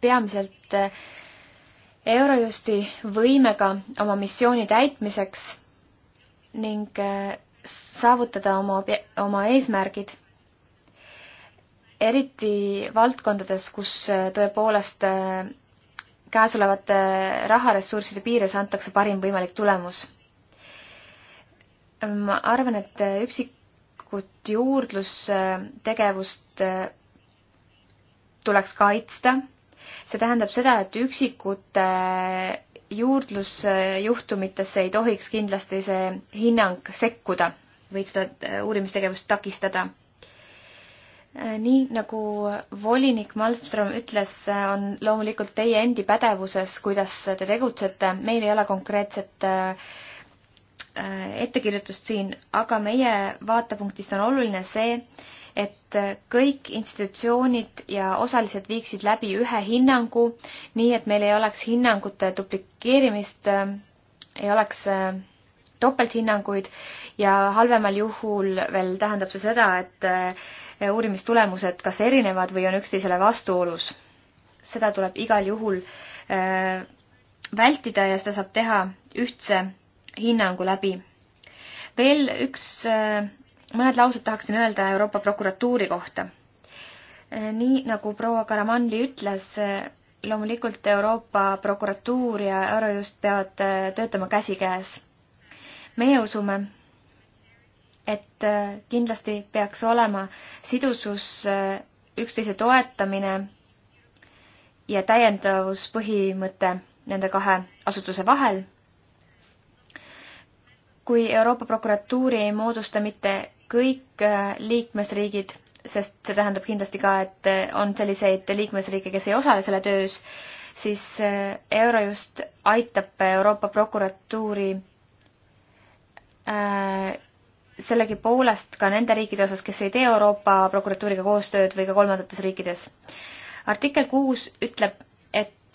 peamiselt eh, Eurojusti võimega oma missiooni täitmiseks ning eh, saavutada oma, oma eesmärgid. eriti valdkondades, kus eh, tõepoolest käesolevate raharessursside piires antakse parim võimalik tulemus. ma arvan, et üksikut juurdlustegevust tuleks kaitsta see tähendab seda, et üksikute juurdlusjuhtumitesse ei tohiks kindlasti see hinnang sekkuda või seda äh, uurimistegevust takistada. Äh, nii nagu volinik Malmström ütles, äh, on loomulikult teie endi pädevuses, kuidas te tegutsete, meil ei ole konkreetset ettekirjutust siin, aga meie vaatepunktist on oluline see, et kõik institutsioonid ja osalised viiksid läbi ühe hinnangu, nii et meil ei oleks hinnangute duplikeerimist, äh, ei oleks äh, topelthinnanguid ja halvemal juhul veel tähendab see seda, et äh, uurimistulemused kas erinevad või on üksteisele vastuolus. seda tuleb igal juhul vältida ja seda saab teha ühtse hinnangu läbi. veel üks mõned laused tahaksin öelda Euroopa prokuratuuri kohta. Äh, nii nagu proua Karamanli ütles, äh, loomulikult Euroopa prokuratuur ja Eurojust peavad äh, töötama käsikäes. meie usume, et kindlasti peaks olema sidusus, üksteise toetamine ja täiendavuspõhimõte nende kahe asutuse vahel. kui Euroopa prokuratuuri ei moodusta mitte kõik äh, liikmesriigid, sest see tähendab kindlasti ka, et äh, on selliseid liikmesriike, kes ei osale selle töös, siis äh, Eurojust aitab Euroopa prokuratuuri sellegipoolest ka nende riikide osas, kes ei tee Euroopa prokuratuuriga koostööd või ka kolmandates riikides. artikkel kuus ütleb, et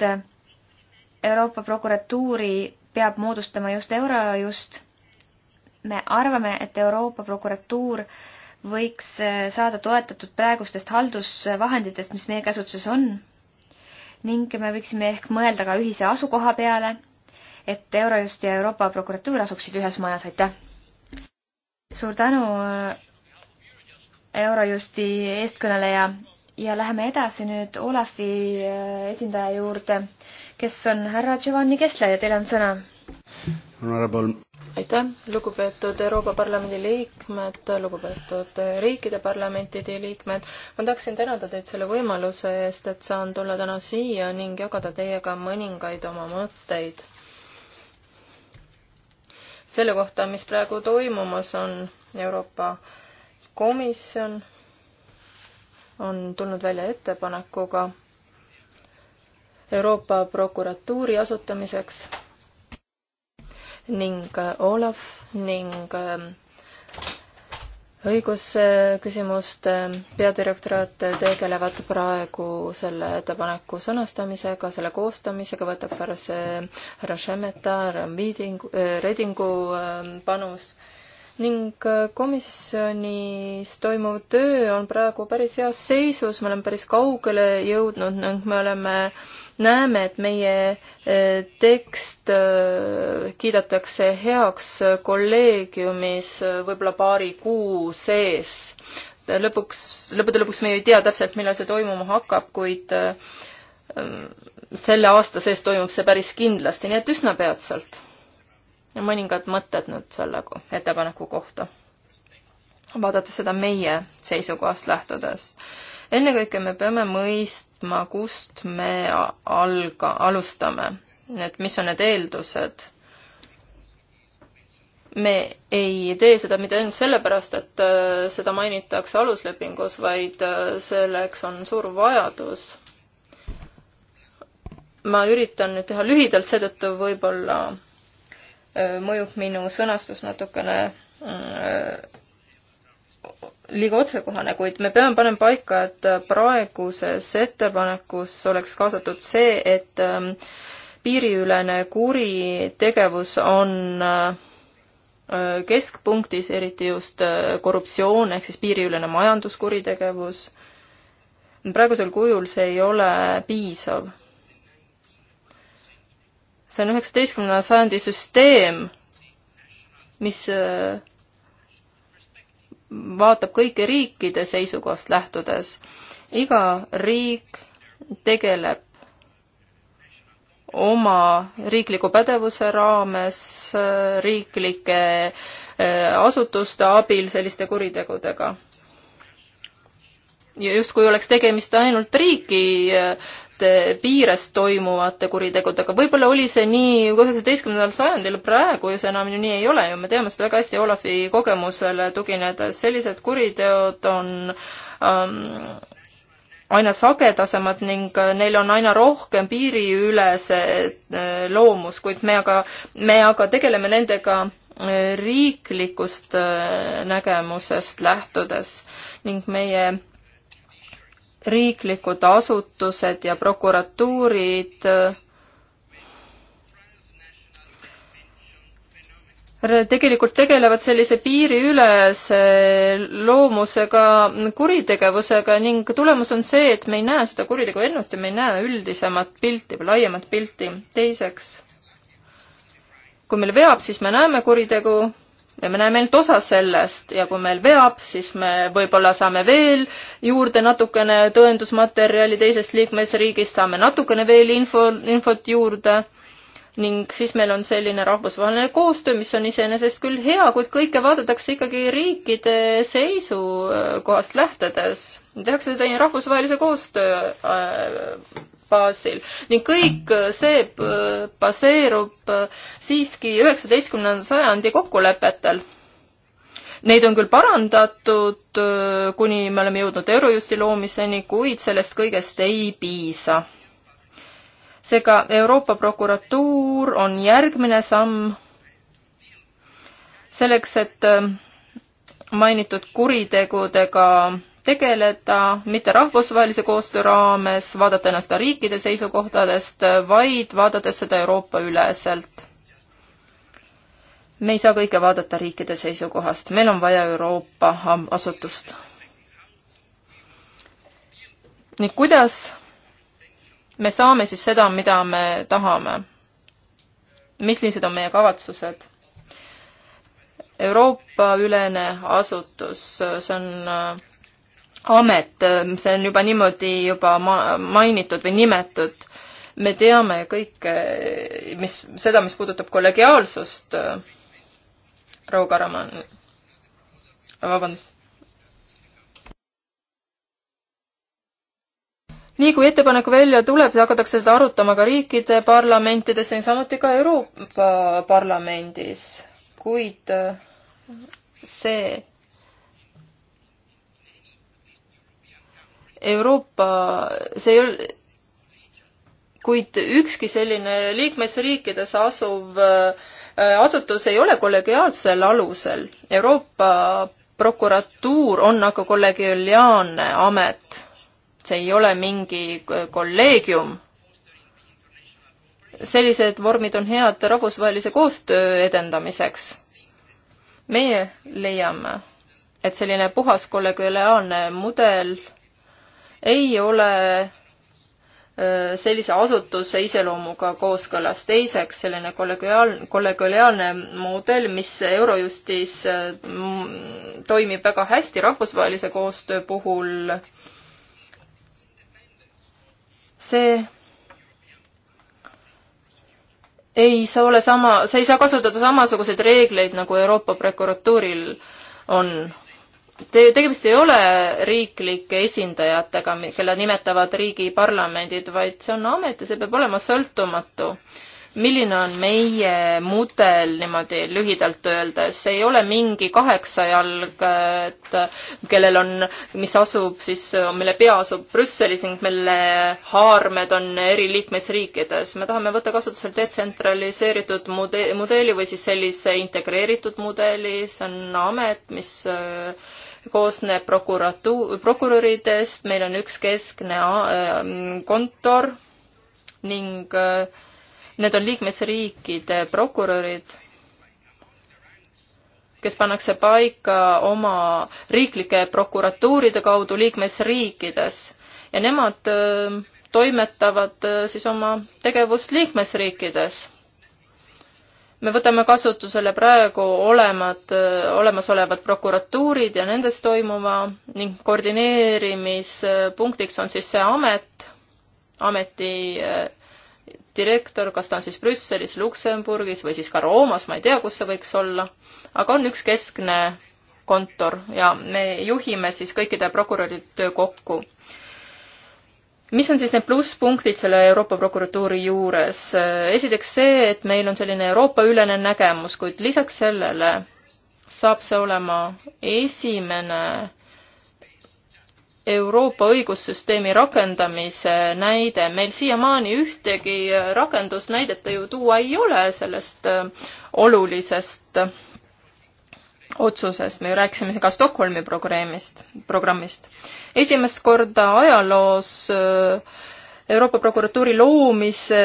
Euroopa prokuratuuri peab moodustama just Eurojust me arvame, et Euroopa prokuratuur võiks eh, saada toetatud praegustest haldusvahenditest, mis meie käsutuses on ning me võiksime ehk mõelda ka ühise asukoha peale, et Eurojust ja Euroopa prokuratuur asuksid ühes majas, aitäh! suur tänu, eh, Eurojusti eestkõneleja ja läheme edasi nüüd Olafi eh, esindaja juurde, kes on härra Giovanni Kessler ja teil on sõna aitäh, lugupeetud Euroopa Parlamendi liikmed, lugupeetud riikide parlamentide liikmed. ma tahaksin tänada teid selle võimaluse eest, et saan tulla täna siia ning jagada teiega mõningaid oma mõtteid selle kohta, mis praegu toimumas on. Euroopa Komisjon on tulnud välja ettepanekuga Euroopa prokuratuuri asutamiseks ning äh, Olav ning ähm, õigusküsimuste ähm, peadirektoraat tegelevad praegu selle ettepaneku sõnastamisega, selle koostamisega, võetakse arvesse härra Šemeta, härra Miidingu, äh, Redingu ähm, panus ning äh, komisjonis toimuv töö on praegu päris heas seisus, me oleme päris kaugele jõudnud ning me oleme äh, näeme, et meie eh, tekst eh, kiidetakse heaks kolleegiumis eh, võib-olla paari kuu sees. lõpuks, lõppude lõpuks me ei tea täpselt, millal see toimuma hakkab, kuid selle aasta sees toimub see päris kindlasti, nii et üsna peatselt. mõningad mõtted nüüd selle ettepaneku kohta, vaadates seda meie seisukohast lähtudes ennekõike me peame mõistma, kust me alga, alustame, et mis on need eeldused. me ei tee seda mitte ainult sellepärast, et äh, seda mainitakse aluslepingus, vaid äh, selleks on suur vajadus ma üritan nüüd teha lühidalt, seetõttu võib-olla äh, mõjub minu sõnastus natukene mm, liiga otsekohane, kuid me peame panema paika, et praeguses ettepanekus oleks kaasatud see, et ähm, piiriülene kuritegevus on äh, keskpunktis, eriti just äh, korruptsioon ehk siis piiriülene majanduskuritegevus. praegusel kujul see ei ole piisav. see on üheksateistkümnenda sajandi süsteem, mis äh, vaatab kõiki riikide seisukohast lähtudes. iga riik tegeleb oma riikliku pädevuse raames riiklike äh, asutuste abil selliste kuritegudega. ja justkui oleks tegemist ainult riigi äh, Eh, piires toimuvate kuritegudega. võib-olla oli see nii üheksateistkümnendal sajandil, praegu ju see enam ju nii ei ole ju, me teame seda väga hästi Olavi kogemusele tuginedes, sellised kuriteod on ähm, aina sagedasemad ning äh, neil on aina rohkem piiriülese äh, loomus, kuid me aga, me aga tegeleme nendega äh, riiklikust nägemusest lähtudes ning meie riiklikud asutused ja prokuratuurid tegelikult tegelevad sellise piiriülese loomusega kuritegevusega ning tulemus on see, et me ei näe seda kuritegu ennust ja me ei näe üldisemat pilti või laiemat pilti. teiseks, kui meil veab, siis me näeme kuritegu, me näeme ainult osa sellest ja kui meil veab, siis me võib-olla saame veel juurde natukene tõendusmaterjali teisest liikmesriigist, saame natukene veel info, infot juurde ning siis meil on selline rahvusvaheline koostöö, mis on iseenesest küll hea, kuid kõike vaadatakse ikkagi riikide seisukohast äh, lähtedes. tehakse seda rahvusvahelise koostöö äh, baasil ning kõik äh, see äh, baseerub äh, siiski üheksateistkümnenda sajandi kokkulepetel. Neid on küll parandatud, kuni me oleme jõudnud Eurojusti loomiseni, kuid sellest kõigest ei piisa. seega Euroopa prokuratuur on järgmine samm selleks, et mainitud kuritegudega tegeleda mitte rahvusvahelise koostöö raames, vaadata ennast riikide seisukohtadest, vaid vaadates seda Euroopa-üleselt. me ei saa kõike vaadata riikide seisukohast, meil on vaja Euroopa asutust. nii, kuidas me saame siis seda, mida me tahame? millised on meie kavatsused? Euroopa-ülene asutus, see on äh, amet, see on juba niimoodi juba ma-, mainitud või nimetud. me teame kõike, mis, seda, mis puudutab kollegiaalsust, proua Karaman, vabandust. nii kui ettepanek välja tuleb, hakatakse seda arutama ka riikide parlamentides ja samuti ka Euroopa Parlamendis, kuid see Euroopa, see ei ole, kuid ükski selline liikmesriikides asuv äh, asutus ei ole kollegiaalsel alusel. Euroopa prokuratuur on aga kollegiaalne amet. see ei ole mingi äh, kolleegium. sellised vormid on head rahvusvahelise koostöö edendamiseks. meie leiame, et selline puhas kollegiaalne mudel ei ole äh, sellise asutuse iseloomuga kooskõlas. teiseks, selline kollegiaal-, kollegiaalne mudel, mis Eurojustis äh, toimib väga hästi rahvusvahelise koostöö puhul, see ei saa ole sama, sa ei saa kasutada samasuguseid reegleid, nagu Euroopa prokuratuuril on tegemist ei ole riiklike esindajatega, kelle nimetavad riigi parlamendid, vaid see on amet ja see peab olema sõltumatu. milline on meie mudel niimoodi lühidalt öeldes, ei ole mingi kaheksajalg, et kellel on, mis asub siis, mille pea asub Brüsselis ning mille haarmed on eri liikmesriikides. me tahame võtta kasutusele detsentraliseeritud mude-, mudeli või siis sellise integreeritud mudeli, see on amet, mis äh, koosneb prokuratu-, prokuröridest, meil on üks keskne äh, kontor ning äh, need on liikmesriikide prokurörid, kes pannakse paika oma riiklike prokuratuuride kaudu liikmesriikides ja nemad äh, toimetavad siis oma tegevust liikmesriikides me võtame kasutusele praegu olemad, äh, olemasolevad prokuratuurid ja nendes toimuva ning koordineerimispunktiks on siis see amet, ameti äh, direktor, kas ta on siis Brüsselis, Luksemburgis või siis ka Roomas, ma ei tea, kus see võiks olla, aga on üks keskne kontor ja me juhime siis kõikide prokuröride kokku mis on siis need plusspunktid selle Euroopa prokuratuuri juures? esiteks see, et meil on selline Euroopa-ülene nägemus, kuid lisaks sellele saab see olema esimene Euroopa õigussüsteemi rakendamise näide. meil siiamaani ühtegi rakendusnäidet ju tuua ei ole sellest äh, olulisest otsusest, me ju rääkisime siin ka Stockholmi programmist, programmist. esimest korda ajaloos äh, Euroopa prokuratuuri loomise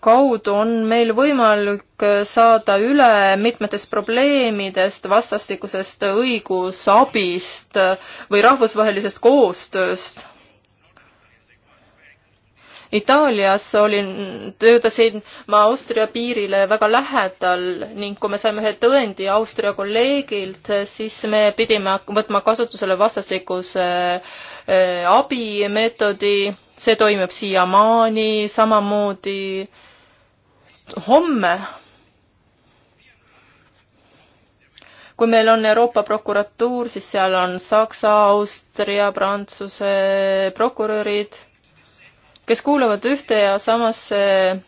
kaudu on meil võimalik saada üle mitmetest probleemidest, vastastikusest õigusabist või rahvusvahelisest koostööst Itaalias olin, töötasin ma Austria piirile väga lähedal ning kui me saime ühe tõendi Austria kolleegilt, siis me pidime võtma kasutusele vastastikuse eh, abimeetodi, see toimub siiamaani, samamoodi homme kui meil on Euroopa prokuratuur, siis seal on Saksa, Austria, Prantsuse prokurörid kes kuuluvad ühte ja samasse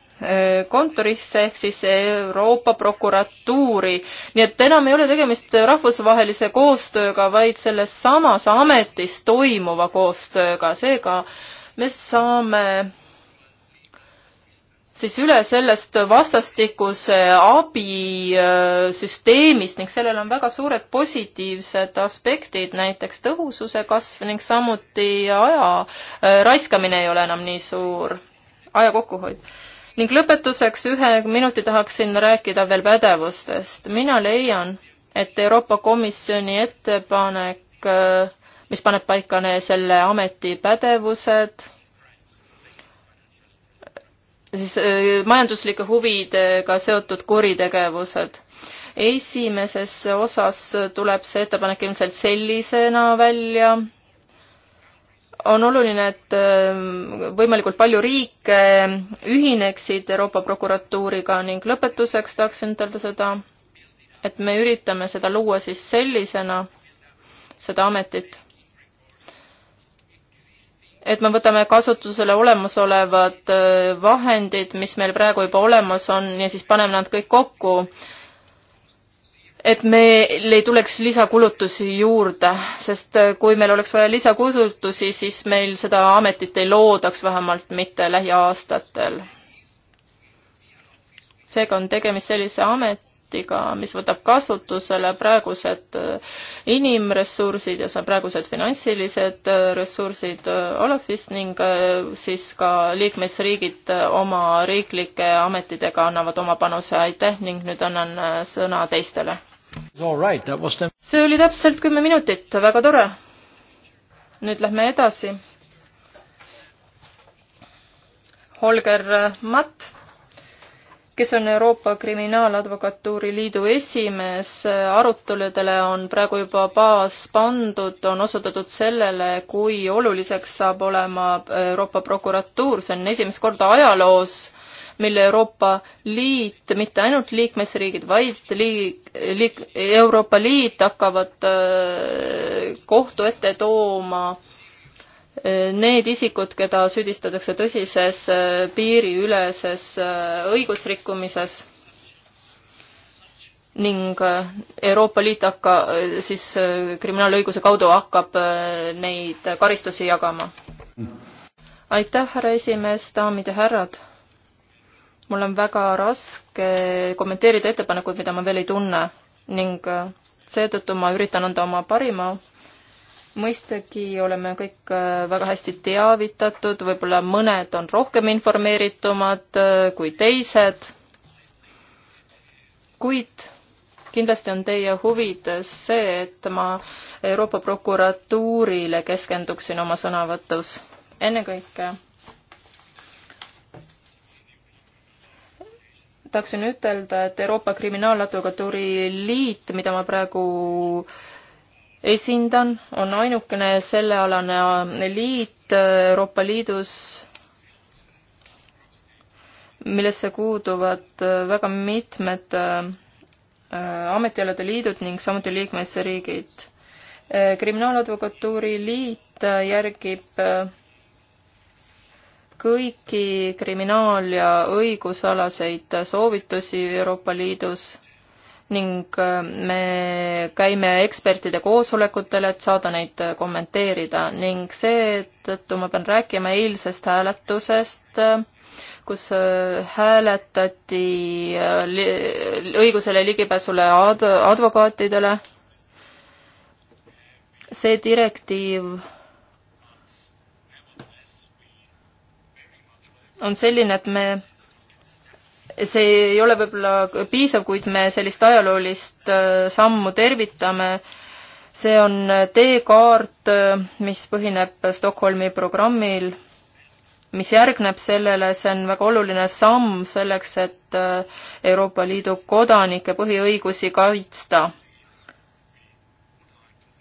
kontorisse ehk siis Euroopa prokuratuuri. nii et enam ei ole tegemist rahvusvahelise koostööga, vaid selles samas ametis toimuva koostööga, seega me saame siis üle sellest vastastikuse abisüsteemist äh, ning sellel on väga suured positiivsed aspektid, näiteks tõhususe kasv ning samuti aja äh, raiskamine ei ole enam nii suur, aja kokkuhoid. ning lõpetuseks ühe minuti tahaksin rääkida veel pädevustest. mina leian, et Euroopa Komisjoni ettepanek, äh, mis paneb paika selle ameti pädevused, siis äh, majanduslike huvidega seotud kuritegevused. esimeses osas tuleb see ettepanek ilmselt sellisena välja. on oluline, et äh, võimalikult palju riike ühineksid Euroopa prokuratuuriga ning lõpetuseks tahaksin ütelda seda, et me üritame seda luua siis sellisena, seda ametit et me võtame kasutusele olemasolevad äh, vahendid, mis meil praegu juba olemas on ja siis paneme nad kõik kokku. et meil ei tuleks lisakulutusi juurde, sest äh, kui meil oleks vaja lisakulutusi, siis meil seda ametit ei loodaks, vähemalt mitte lähiaastatel. seega on tegemist sellise ametiga, paketiga, mis võtab kasutusele praegused äh, inimressursid ja praegused finantsilised äh, ressursid äh, Olafist ning siis ka liikmesriigid oma riiklike ametidega annavad oma panuse, aitäh ning nüüd annan sõna teistele. see oli täpselt kümme minutit, väga tore. nüüd lähme edasi Holger Matt kes on Euroopa Kriminaaladvokatuuri Liidu esimees, aruteludele on praegu juba baas pandud, on osutatud sellele, kui oluliseks saab olema Euroopa prokuratuur, see on esimest korda ajaloos, mille Euroopa Liit, mitte ainult liikmesriigid, vaid liik-, liik-, Euroopa Liit hakkavad äh, kohtu ette tooma äh, need isikud, keda süüdistatakse tõsises äh, piiriüleses äh, õigusrikkumises ning äh, Euroopa Liit hakka, siis kriminaalõiguse kaudu hakkab neid karistusi jagama. aitäh, härra esimees, daamid ja härrad! mul on väga raske kommenteerida ettepanekuid, mida ma veel ei tunne ning seetõttu ma üritan anda oma parima mõistagi oleme kõik äh, väga hästi teavitatud, võib-olla mõned on rohkem informeeritumad äh, kui teised, kuid kindlasti on teie huvides see, et ma Euroopa prokuratuurile keskenduksin oma sõnavõtus ennekõike. tahaksin ütelda, et Euroopa Kriminaaladvokatuuri Liit, mida ma praegu äh, esindan, on ainukene sellealane äh, liit äh, Euroopa Liidus, millesse kuuluvad äh, väga mitmed ametialade liidud ning samuti liikmesriigid. kriminaaladvokatuuri liit järgib kõiki kriminaal- ja õigusalaseid soovitusi Euroopa Liidus ning äh, me käime ekspertide koosolekutel, et saada neid äh, kommenteerida ning seetõttu ma pean rääkima eilsest hääletusest, äh, kus hääletati õigusele ligipääsule ad-, advokaatidele. see direktiiv on selline, et me see ei ole võib-olla piisav, kuid me sellist ajaloolist äh, sammu tervitame. see on äh, teekaart, äh, mis põhineb Stockholmi programmil, mis järgneb sellele, see on väga oluline samm selleks, et Euroopa Liidu kodanike põhiõigusi kaitsta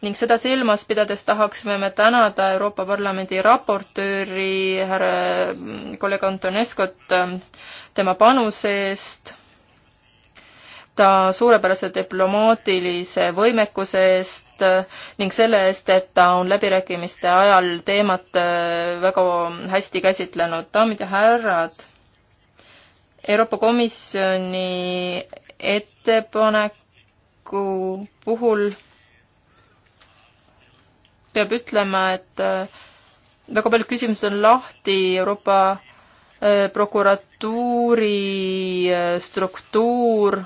ning seda silmas pidades tahaksime me tänada Euroopa Parlamendi raportööri härra mm, kolleeg Antoneskot ähm, tema panuse eest, ta suurepärase diplomaatilise võimekuse eest äh, ning selle eest, et ta on läbirääkimiste ajal teemat äh, väga hästi käsitlenud. daamid ja härrad, Euroopa Komisjoni ettepaneku puhul peab ütlema, et äh, väga paljud küsimused on lahti Euroopa äh, prokuratuuri äh, struktuur,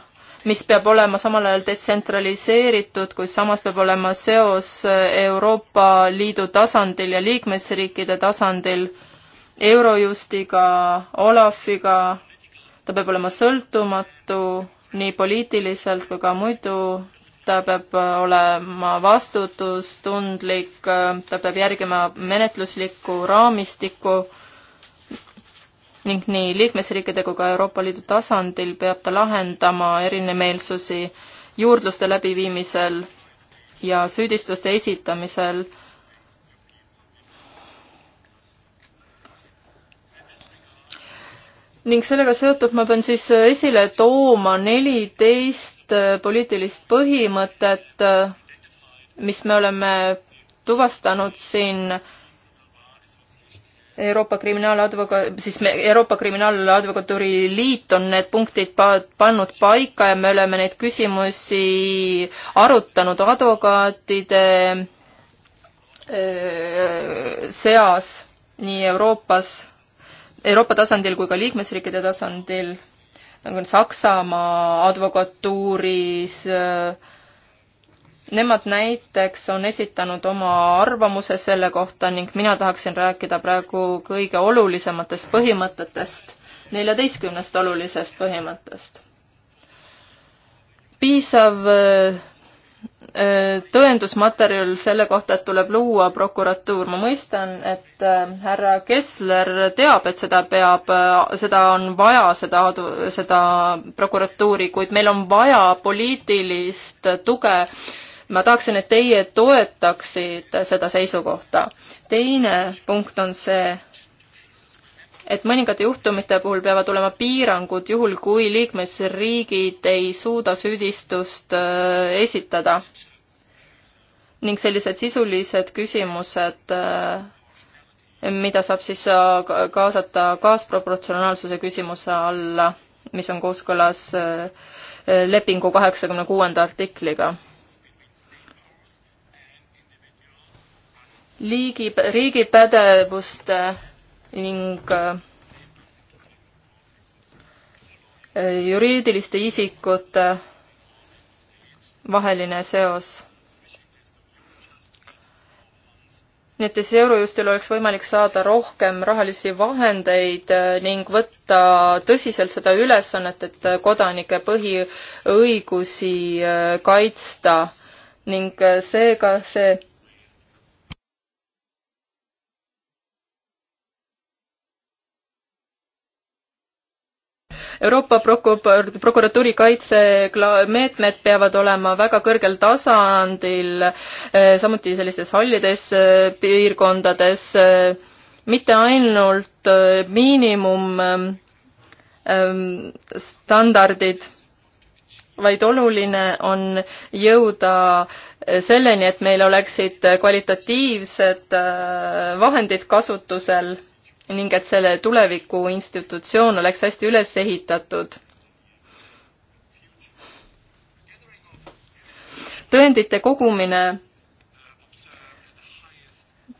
mis peab olema samal ajal detsentraliseeritud, kuid samas peab olema seos Euroopa Liidu tasandil ja liikmesriikide tasandil, Eurojustiga, Olafiga, ta peab olema sõltumatu nii poliitiliselt kui ka muidu ta peab olema vastutustundlik, ta peab järgima menetluslikku raamistikku ning nii liikmesriikide kui ka Euroopa Liidu tasandil peab ta lahendama erinemeelsusi juurdluste läbiviimisel ja süüdistuste esitamisel. ning sellega seotult ma pean siis esile tooma neliteist viit äh, poliitilist põhimõtet, äh, mis me oleme tuvastanud siin Euroopa Kriminaaladvoka-, siis me, Euroopa Kriminaaladvokatuuri Liit on need punktid pa-, pannud paika ja me oleme neid küsimusi arutanud advokaatide äh, seas nii Euroopas, Euroopa tasandil kui ka liikmesriikide tasandil nagu Saksamaa advokatuuris. Nemad näiteks on esitanud oma arvamuse selle kohta ning mina tahaksin rääkida praegu kõige olulisematest põhimõtetest, neljateistkümnest olulisest põhimõttest. piisav Äh, tõendusmaterjal selle kohta, et tuleb luua prokuratuur. ma mõistan, et äh, härra Kessler teab, et seda peab, äh, seda on vaja, seda, seda prokuratuuri, kuid meil on vaja poliitilist tuge. ma tahaksin, et teie toetaksite seda seisukohta. teine punkt on see, et mõningate juhtumite puhul peavad olema piirangud, juhul kui liikmesriigid ei suuda süüdistust äh, esitada. ning sellised sisulised küsimused, äh, mida saab siis äh, kaasata kaasproportsionaalsuse küsimuse alla, mis on kooskõlas lepingu kaheksakümne kuuenda artikliga liigi, riigi pädevuste ning äh, juriidiliste isikute vaheline seos. nii et siis Eurojustil oleks võimalik saada rohkem rahalisi vahendeid äh, ning võtta tõsiselt seda ülesannet, et äh, kodanike põhiõigusi kaitsta ning seega see Euroopa prokur-, prokuratuuri kaitsemeetmed peavad olema väga kõrgel tasandil, eh, samuti sellistes hallides eh, piirkondades, eh, mitte ainult miinimumstandardid, vaid oluline on jõuda selleni, et meil oleksid kvalitatiivsed vahendid kasutusel ning et selle tuleviku institutsioon oleks hästi üles ehitatud. tõendite kogumine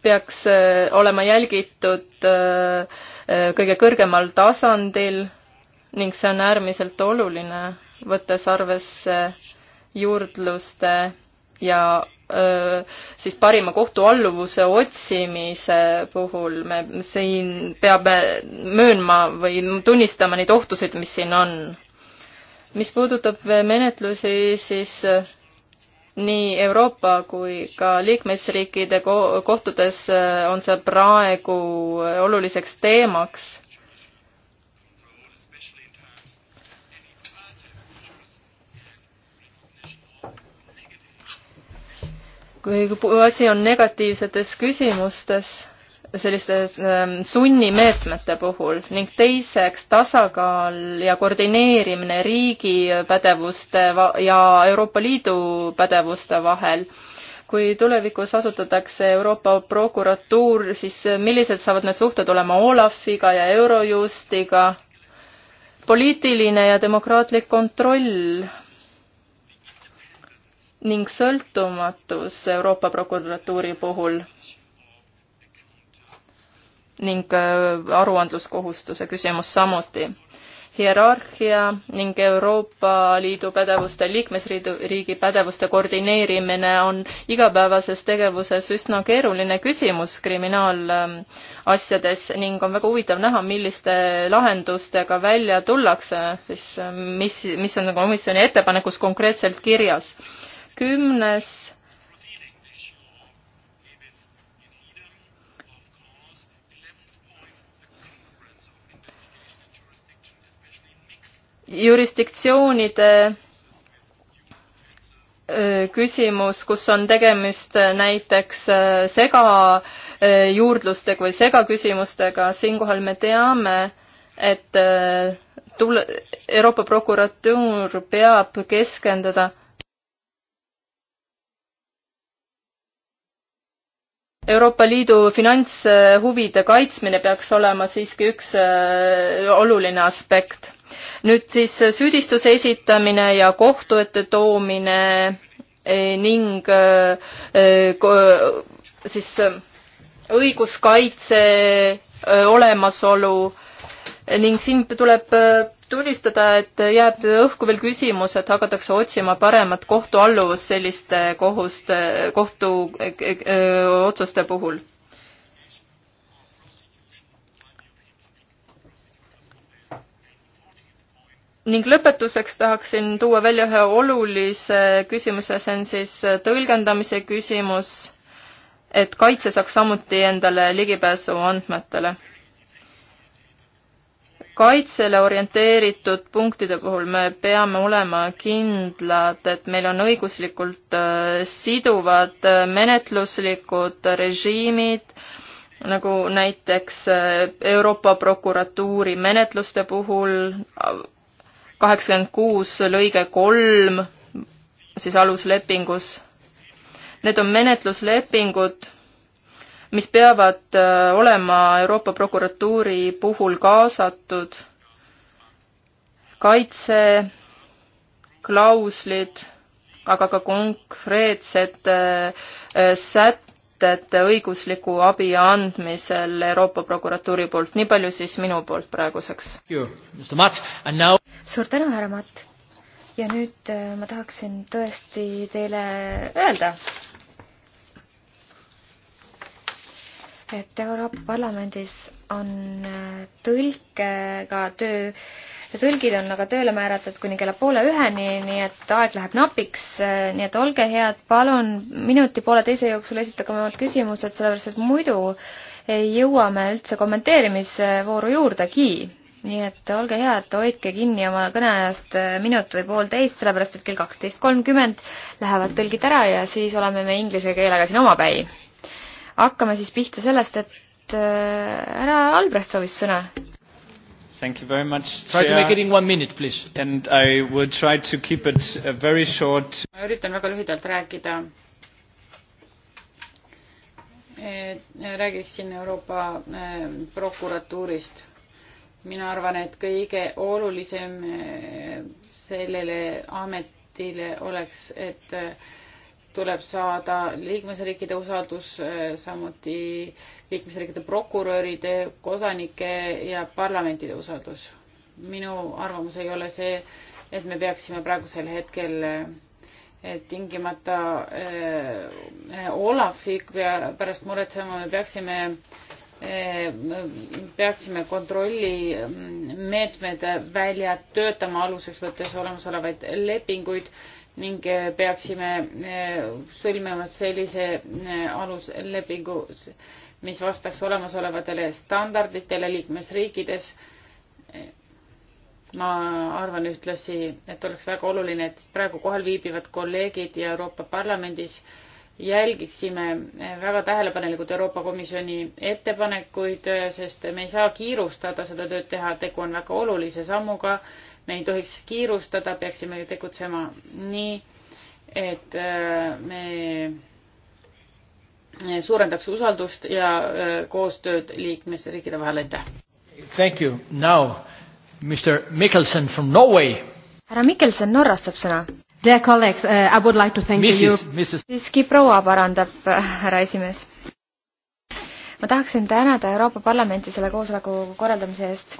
peaks äh, olema jälgitud äh, äh, kõige kõrgemal tasandil ning see on äärmiselt oluline, võttes arvesse juurdluste ja öö, siis parima kohtualluvuse otsimise puhul me siin peame möönma või tunnistama neid ohtusid, mis siin on. mis puudutab menetlusi, siis nii Euroopa kui ka liikmesriikide kohtutes on see praegu oluliseks teemaks kui asi on negatiivsetes küsimustes, selliste ähm, sunnimeetmete puhul ning teiseks tasakaal ja koordineerimine riigi pädevuste ja Euroopa Liidu pädevuste vahel. kui tulevikus asutatakse Euroopa prokuratuur, siis millised saavad need suhted olema Olafiga ja Eurojustiga? poliitiline ja demokraatlik kontroll, ning sõltumatus Euroopa prokuratuuri puhul ning äh, aruandluskohustuse küsimus samuti. hierarhia ning Euroopa Liidu pädevuste, liikmesriigi pädevuste koordineerimine on igapäevases tegevuses üsna keeruline küsimus kriminaalasjades ähm, ning on väga huvitav näha, milliste lahendustega välja tullakse, siis mis, mis on nagu komisjoni ettepanekus konkreetselt kirjas kümnes jurisdiktsioonide äh, küsimus, kus on tegemist äh, näiteks äh, segajuurdlustega või segaküsimustega, siinkohal me teame, et tule, Euroopa prokuratuur peab keskenduda Euroopa Liidu finantshuvide kaitsmine peaks olema siiski üks äh, oluline aspekt. nüüd siis äh, süüdistuse esitamine ja kohtu ette toomine äh, ning siis õiguskaitse olemasolu ning siin tuleb tunnistada, et jääb õhku veel küsimus, et hakatakse otsima paremat kohtualluvust selliste kohuste, kohtuotsuste e, e, e, puhul. ning lõpetuseks tahaksin tuua välja ühe olulise küsimuse, see on siis tõlgendamise küsimus, et kaitse saaks samuti endale ligipääsu andmetele kaitsele orienteeritud punktide puhul me peame olema kindlad, et meil on õiguslikult äh, siduvad äh, menetluslikud režiimid, nagu näiteks äh, Euroopa prokuratuuri menetluste puhul kaheksakümmend kuus lõige kolm siis aluslepingus. Need on menetluslepingud mis peavad äh, olema Euroopa prokuratuuri puhul kaasatud, kaitseklauslid, aga ka konkreetsed äh, äh, sätted õigusliku abi andmisel Euroopa prokuratuuri poolt. nii palju siis minu poolt praeguseks. Now... suur tänu, härra Matt! ja nüüd ma tahaksin tõesti teile öelda, et Euroopa Parlamendis on äh, tõlkega töö tõlgid on aga tööle määratud kuni kella poole üheni, nii et aeg läheb napiks, äh, nii et olge head, palun minuti-pooleteise jooksul esitage omad küsimused, sellepärast et muidu ei jõua me üldse kommenteerimisvooru juurdegi. nii et olge head, hoidke kinni oma kõneajast äh, minut või poolteist, sellepärast et kell kaksteist kolmkümmend lähevad tõlgid ära ja siis oleme me inglise keelega siin omapäi hakkame siis pihta sellest, et äh, härra Albrecht soovis sõna. Thank you very much. Try to make it in one minute, please. And I will try to keep it uh, very short. ma üritan väga lühidalt rääkida. E, räägiksin Euroopa e, prokuratuurist. mina arvan, et kõige olulisem e, sellele ametile oleks, et tuleb saada liikmesriikide usaldus, äh, samuti liikmesriikide prokuröride, kodanike ja parlamentide usaldus. minu arvamus ei ole see, et me peaksime praegusel hetkel äh, tingimata äh, Olafi pärast muretsema, me peaksime peaksime kontrollimeetmed mm, välja töötama, aluseks võttes olemasolevaid lepinguid ning eh, peaksime eh, sõlmima sellise eh, aluslepingu, mis vastaks olemasolevatele standarditele liikmesriikides. ma arvan ühtlasi, et oleks väga oluline, et praegu kohal viibivad kolleegid ja Euroopa Parlamendis jälgiksime väga tähelepanelikult Euroopa Komisjoni ettepanekuid, sest me ei saa kiirustada seda tööd teha, tegu on väga olulise sammuga me ei tohiks kiirustada, peaksime tegutsema nii, et äh, me suurendaks usaldust ja äh, koostööd liikmesriikide vahel, aitäh! Thank you, now Mr Mikkelson from Norway. härra Mikkelson Norrast saab sõna. Dear colleagues uh,, I would like to thank Mrs, you. siiski proua parandab äh, härra esimees. ma tahaksin tänada Euroopa Parlamenti selle koosoleku korraldamise eest.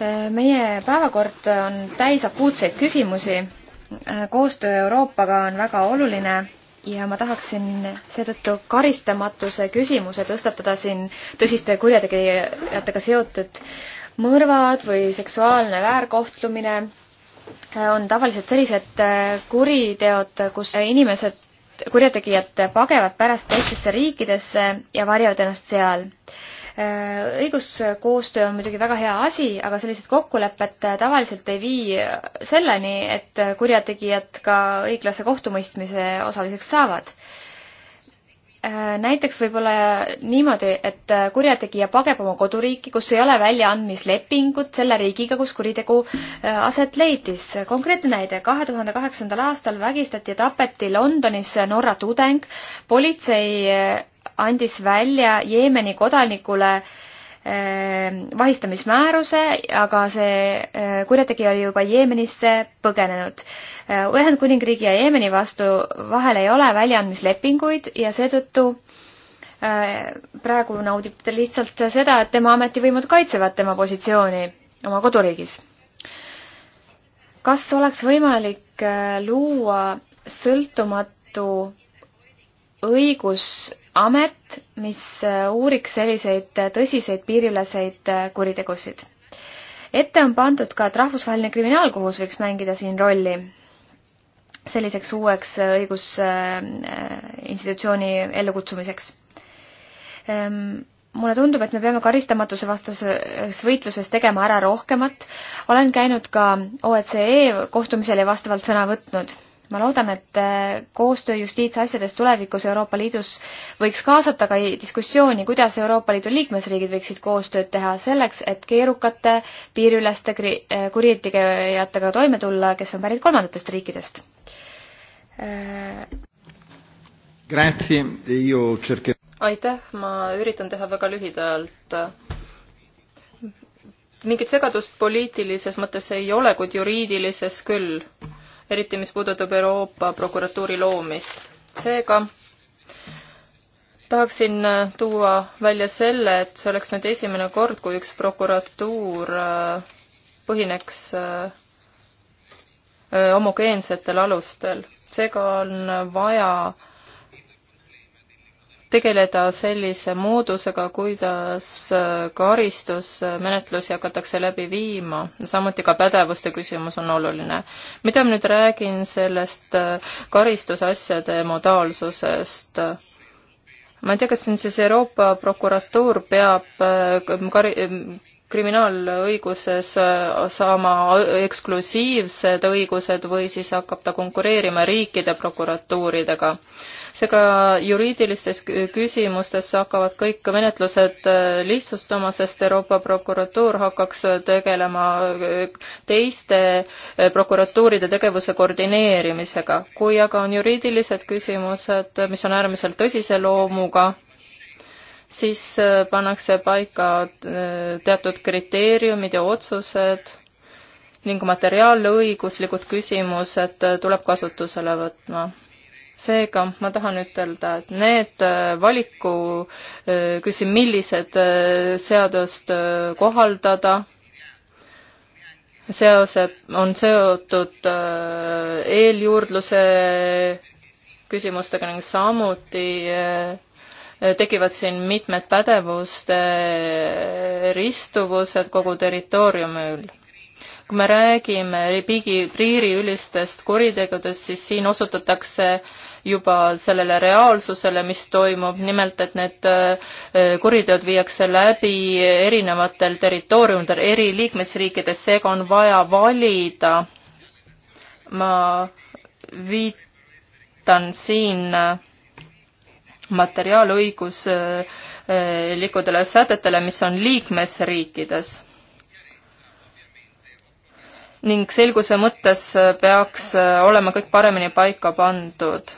Äh, meie päevakord on täis akuutseid küsimusi. Äh, koostöö Euroopaga on väga oluline ja ma tahaksin seetõttu karistamatuse küsimuse tõstatada siin tõsiste kurjategijatega seotud mõrvad või seksuaalne väärkohtlemine äh, on tavaliselt sellised kuriteod, kus inimesed, kurjategijad pagevad pärast teistesse riikidesse ja varjavad ennast seal Äh, õiguskoostöö on muidugi väga hea asi, aga sellised kokkulepped äh, tavaliselt ei vii äh, selleni, et kurjategijad ka õiglase kohtumõistmise osaliseks saavad. näiteks võib-olla niimoodi, et kurjategija pageb oma koduriiki, kus ei ole väljaandmislepingut selle riigiga, kus kuritegu aset leidis. konkreetne näide, kahe tuhande kaheksandal aastal vägistati ja tapeti Londonis Norra tudeng, politsei andis välja Jeemeni kodanikule äh, vahistamismääruse, aga see äh, kurjategija oli juba Jeemenisse põgenenud. Äh, Ühendkuningriigi ja Jeemeni vastu vahel ei ole väljaandmislepinguid ja seetõttu praegu naudib ta lihtsalt seda, et tema ametivõimud kaitsevad tema positsiooni oma koduriigis. kas oleks võimalik luua sõltumatu õigus amet, mis äh, uuriks selliseid äh, tõsiseid piiriüleseid äh, kuritegusid. ette on pandud ka, et Rahvusvaheline Kriminaalkohus võiks mängida siin rolli selliseks uueks õigusinstitutsiooni ellukutsumiseks ehm, mulle tundub, et me peame karistamatuse vastases võitluses tegema ära rohkemat. olen käinud ka OECE e kohtumisel ja vastavalt sõna võtnud ma loodan, et äh, koostöö justiitsasjades tulevikus Euroopa Liidus võiks kaasata ka diskussiooni, kuidas Euroopa Liidu liikmesriigid võiksid koostööd teha selleks, et keerukate piiriüleste äh, kurjategijatega toime tulla, kes on pärit kolmandatest riikidest. aitäh, ma üritan teha väga lühidalt mingit segadust poliitilises mõttes ei ole, kuid juriidilises küll eriti mis puudutab Euroopa prokuratuuri loomist. seega tahaksin äh, tuua välja selle, et see oleks nüüd esimene kord, kui üks prokuratuur äh, põhineks äh, homogeensetel alustel. seega on vaja tegeleda sellise moodusega, kuidas äh, karistusmenetlusi hakatakse läbi viima, samuti ka pädevuste küsimus on oluline. mida ma nüüd räägin sellest äh, karistusasjade modaalsusest? ma ei tea, kas nüüd siis Euroopa prokuratuur peab äh, kari-, kriminaalõiguses saama eksklusiivsed õigused või siis hakkab ta konkureerima riikide prokuratuuridega seega juriidilistes küsimustes hakkavad kõik menetlused äh, lihtsustuma, sest Euroopa prokuratuur hakkaks äh, tegelema äh, teiste prokuratuuride tegevuse koordineerimisega. kui aga on juriidilised küsimused, mis on äärmiselt tõsise loomuga, siis pannakse paika teatud kriteeriumid ja otsused ning materiaalõiguslikud küsimused tuleb kasutusele võtma seega ma tahan ütelda, et need äh, valiku, äh, küsin, millised äh, seadust kohaldada, seose, on seotud eeljuurdluse küsimustega ning samuti tekivad siin mitmed pädevuste ristuvused kogu territooriumil kui me räägime piigi, piiriülistest kuritegudest, siis siin osutatakse juba sellele reaalsusele, mis toimub, nimelt et need äh, kuriteod viiakse läbi erinevatel territooriumidel, eri liikmesriikides, seega on vaja valida. ma viitan siin äh, materiaalõiguslikudele äh, sätetele, mis on liikmesriikides ning selguse mõttes peaks olema kõik paremini paika pandud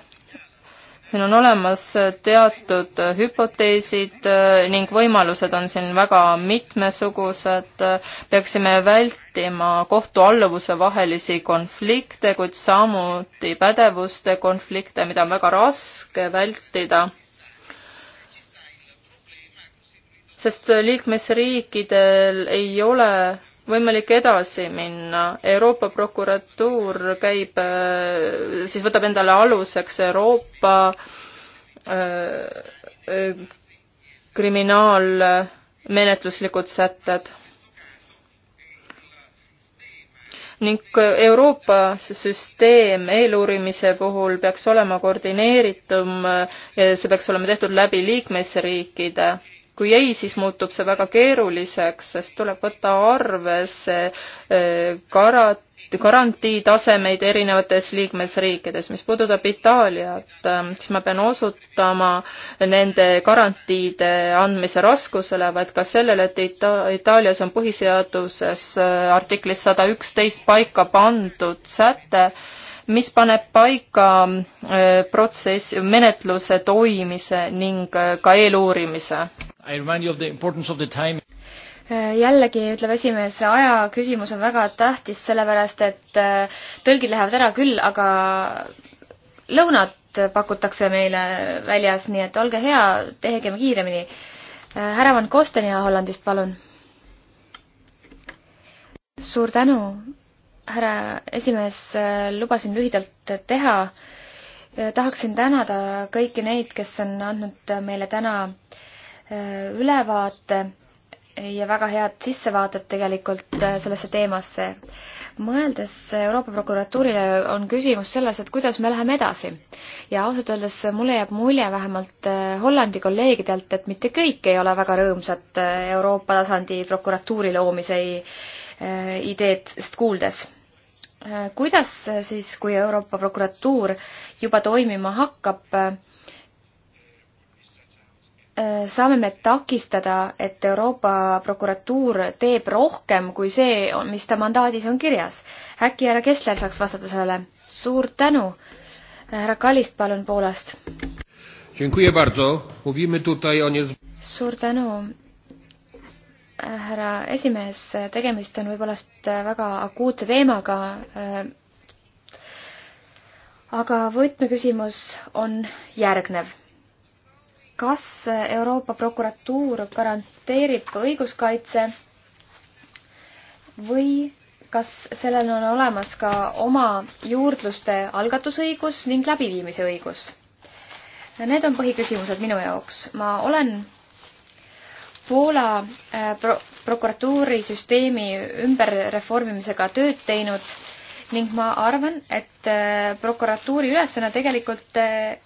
siin on olemas teatud hüpoteesid äh, ning võimalused on siin väga mitmesugused. peaksime vältima kohtualluvuse vahelisi konflikte, kuid samuti pädevuste konflikte, mida on väga raske vältida sest liikmesriikidel ei ole võimalik edasi minna. Euroopa prokuratuur käib, äh, siis võtab endale aluseks Euroopa äh, äh, kriminaalmenetluslikud sätted. ning Euroopa süsteem eeluurimise puhul peaks olema koordineeritum ja see peaks olema tehtud läbi liikmesriikide kui ei, siis muutub see väga keeruliseks, sest tuleb võtta arvesse eh, karat-, garantiitasemeid erinevates liikmesriikides. mis puudutab Itaaliat, eh, siis ma pean osutama nende garantiide andmise raskusele, vaid ka sellele, et Ita-, Itaalias on põhiseaduses eh, artiklis sada üksteist paika pandud säte, mis paneb paika äh, protsess, menetluse toimimise ning äh, ka eeluurimise. Äh, jällegi, ütleb esimees, aja küsimus on väga tähtis, sellepärast et tõlgid lähevad ära küll, aga lõunat pakutakse meile väljas, nii et olge hea, tehegem kiiremini. härra Van Kosten ja Hollandist, palun. suur tänu härra esimees, lubasin lühidalt teha. tahaksin tänada kõiki neid, kes on andnud meile täna äh, ülevaate ja väga head sissevaadet tegelikult äh, sellesse teemasse. mõeldes Euroopa prokuratuurile, on küsimus selles, et kuidas me läheme edasi. ja ausalt öeldes mulle jääb mulje vähemalt äh, Hollandi kolleegidelt, et mitte kõik ei ole väga rõõmsad Euroopa tasandi prokuratuuri loomise Äh, ideedest kuuldes. Äh, kuidas siis, kui Euroopa prokuratuur juba toimima hakkab, äh, saame me takistada, et Euroopa prokuratuur teeb rohkem kui see, mis ta mandaadis on kirjas? äkki härra Kessler saaks vastata sellele? suur tänu! härra Kalist, palun Poolast! suur tänu, härra esimees, tegemist on võib-olla väga akuutse teemaga. Äh, aga võtmeküsimus on järgnev. kas Euroopa prokuratuur garanteerib õiguskaitse või kas sellel on olemas ka oma juurdluste algatusõigus ning läbiviimise õigus? Need on põhiküsimused minu jaoks. ma olen Poola äh, pro prokuratuurisüsteemi ümberreformimisega tööd teinud ning ma arvan, et äh, prokuratuuri ülesanne tegelikult äh,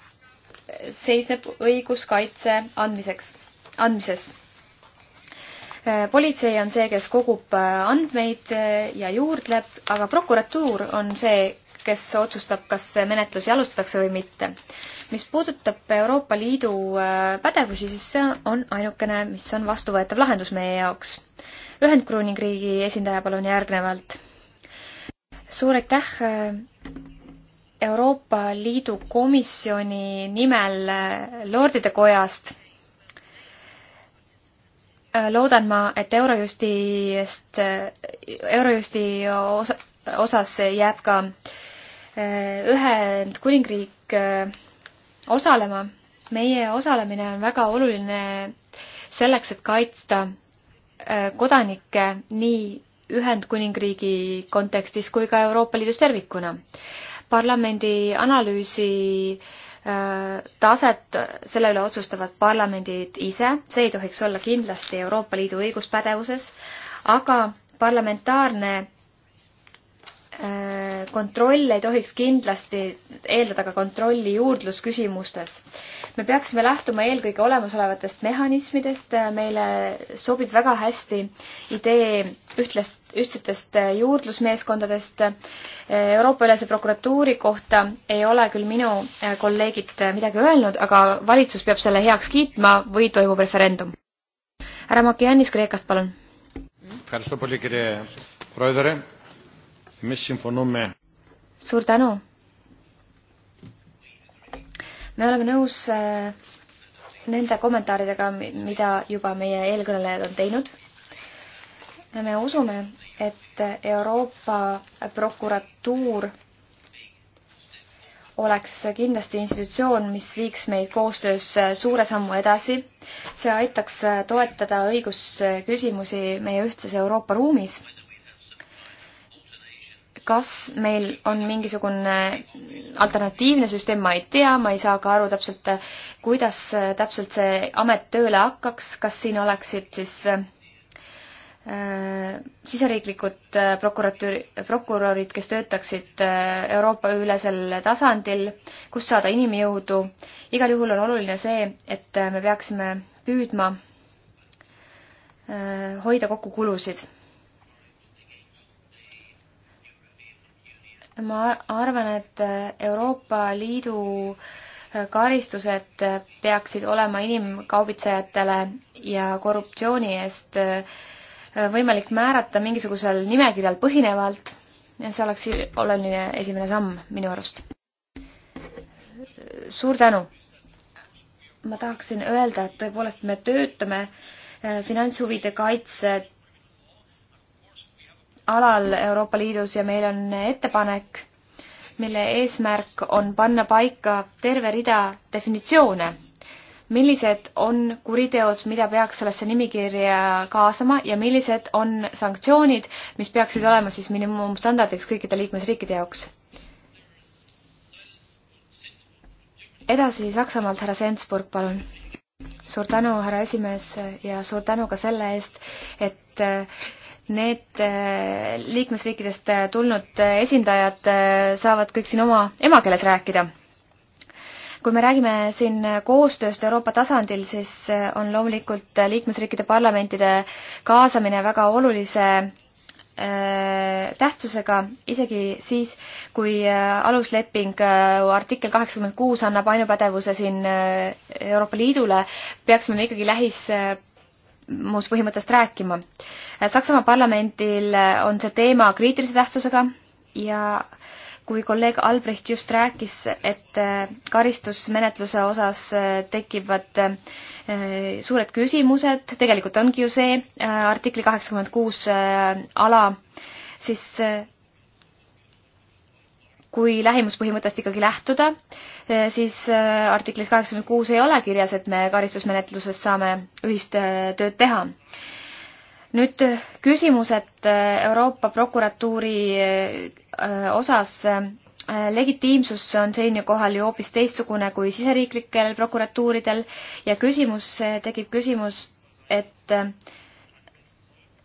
seisneb õiguskaitse andmiseks, andmises. politsei on see, kes kogub andmeid ja juurdleb, aga prokuratuur on see, kes otsustab, kas menetlusi alustatakse või mitte. mis puudutab Euroopa Liidu äh, pädevusi, siis see on ainukene, mis on vastuvõetav lahendus meie jaoks. Ühendkuningriigi esindaja palun järgnevalt. suur aitäh äh, Euroopa Liidu komisjoni nimel äh, Lordide Kojast loodan ma, et Eurojustist, Eurojusti osa, osas jääb ka äh, Äh, Ühendkuningriik äh, osalema. meie osalemine on väga oluline selleks, et kaitsta äh, kodanikke nii Ühendkuningriigi kontekstis kui ka Euroopa Liidus tervikuna. parlamendi analüüsi taset, selle üle otsustavad parlamendid ise, see ei tohiks olla kindlasti Euroopa Liidu õiguspädevuses, aga parlamentaarne Äh, kontroll ei tohiks kindlasti eeldada ka kontrolli juurdlusküsimustes. me peaksime lähtuma eelkõige olemasolevatest mehhanismidest, äh, meile sobib väga hästi idee ühtlast, ühtsetest äh, juurdlusmeeskondadest. Euroopa-ülese prokuratuuri kohta ei ole küll minu kolleegid midagi öelnud, aga valitsus peab selle heaks kiitma või toimub referendum. härra Makiannis Kreekast, palun suur tänu! me oleme nõus äh, nende kommentaaridega, mida juba meie eelkõnelejad on teinud. me usume, et Euroopa prokuratuur oleks kindlasti institutsioon, mis viiks meid koostöös äh, suure sammu edasi. see aitaks äh, toetada õigusküsimusi meie ühtses Euroopa ruumis kas meil on mingisugune alternatiivne süsteem, ma ei tea, ma ei saa ka aru täpselt, kuidas äh, täpselt see amet tööle hakkaks, kas siin oleksid siis äh, siseriiklikud äh, prokuratuuri, prokurörid, kes töötaksid äh, Euroopa-ülesel tasandil, kust saada inimjõudu. igal juhul on oluline see, et me peaksime püüdma äh, hoida kokku kulusid ma arvan, et Euroopa Liidu karistused peaksid olema inimkaubitsejatele ja korruptsiooni eest võimalik määrata mingisugusel nimekirjal põhinevalt. see oleks oluline esimene samm minu arust. suur tänu! ma tahaksin öelda, et tõepoolest me töötame finantshuvide kaitset alal Euroopa Liidus ja meil on ettepanek, mille eesmärk on panna paika terve rida definitsioone, millised on kuriteod, mida peaks sellesse nimikirja kaasama ja millised on sanktsioonid, mis peaksid olema siis miinimumstandardiks kõikide liikmesriikide jaoks. edasi Saksamaalt härra Sensburg, palun suur tänu, härra esimees ja suur tänu ka selle eest, et Need äh, liikmesriikidest äh, tulnud äh, esindajad saavad kõik siin oma emakeeles rääkida. kui me räägime siin koostööst Euroopa tasandil, siis on loomulikult liikmesriikide parlamentide kaasamine väga olulise tähtsusega isegi siis, kui alusleping artikkel kaheksakümmend kuus annab ainupädevuse siin Euroopa Liidule, peaksime me ikkagi lähis lähimuspõhimõttest rääkima. Saksamaa parlamendil on see teema kriitilise tähtsusega ja kui kolleeg Albrecht just rääkis, et karistusmenetluse osas tekivad eh, suured küsimused, tegelikult ongi ju see eh, artikli kaheksakümmend kuus eh, ala, siis kui lähimuspõhimõttest ikkagi lähtuda, eh, siis eh, artiklis kaheksakümmend kuus ei ole kirjas, et me karistusmenetluses saame ühist eh, tööd teha. nüüd küsimused Euroopa prokuratuuri osas. legitiimsus on siinkohal ju hoopis teistsugune kui siseriiklikel prokuratuuridel ja küsimus, tekib küsimus, et äh,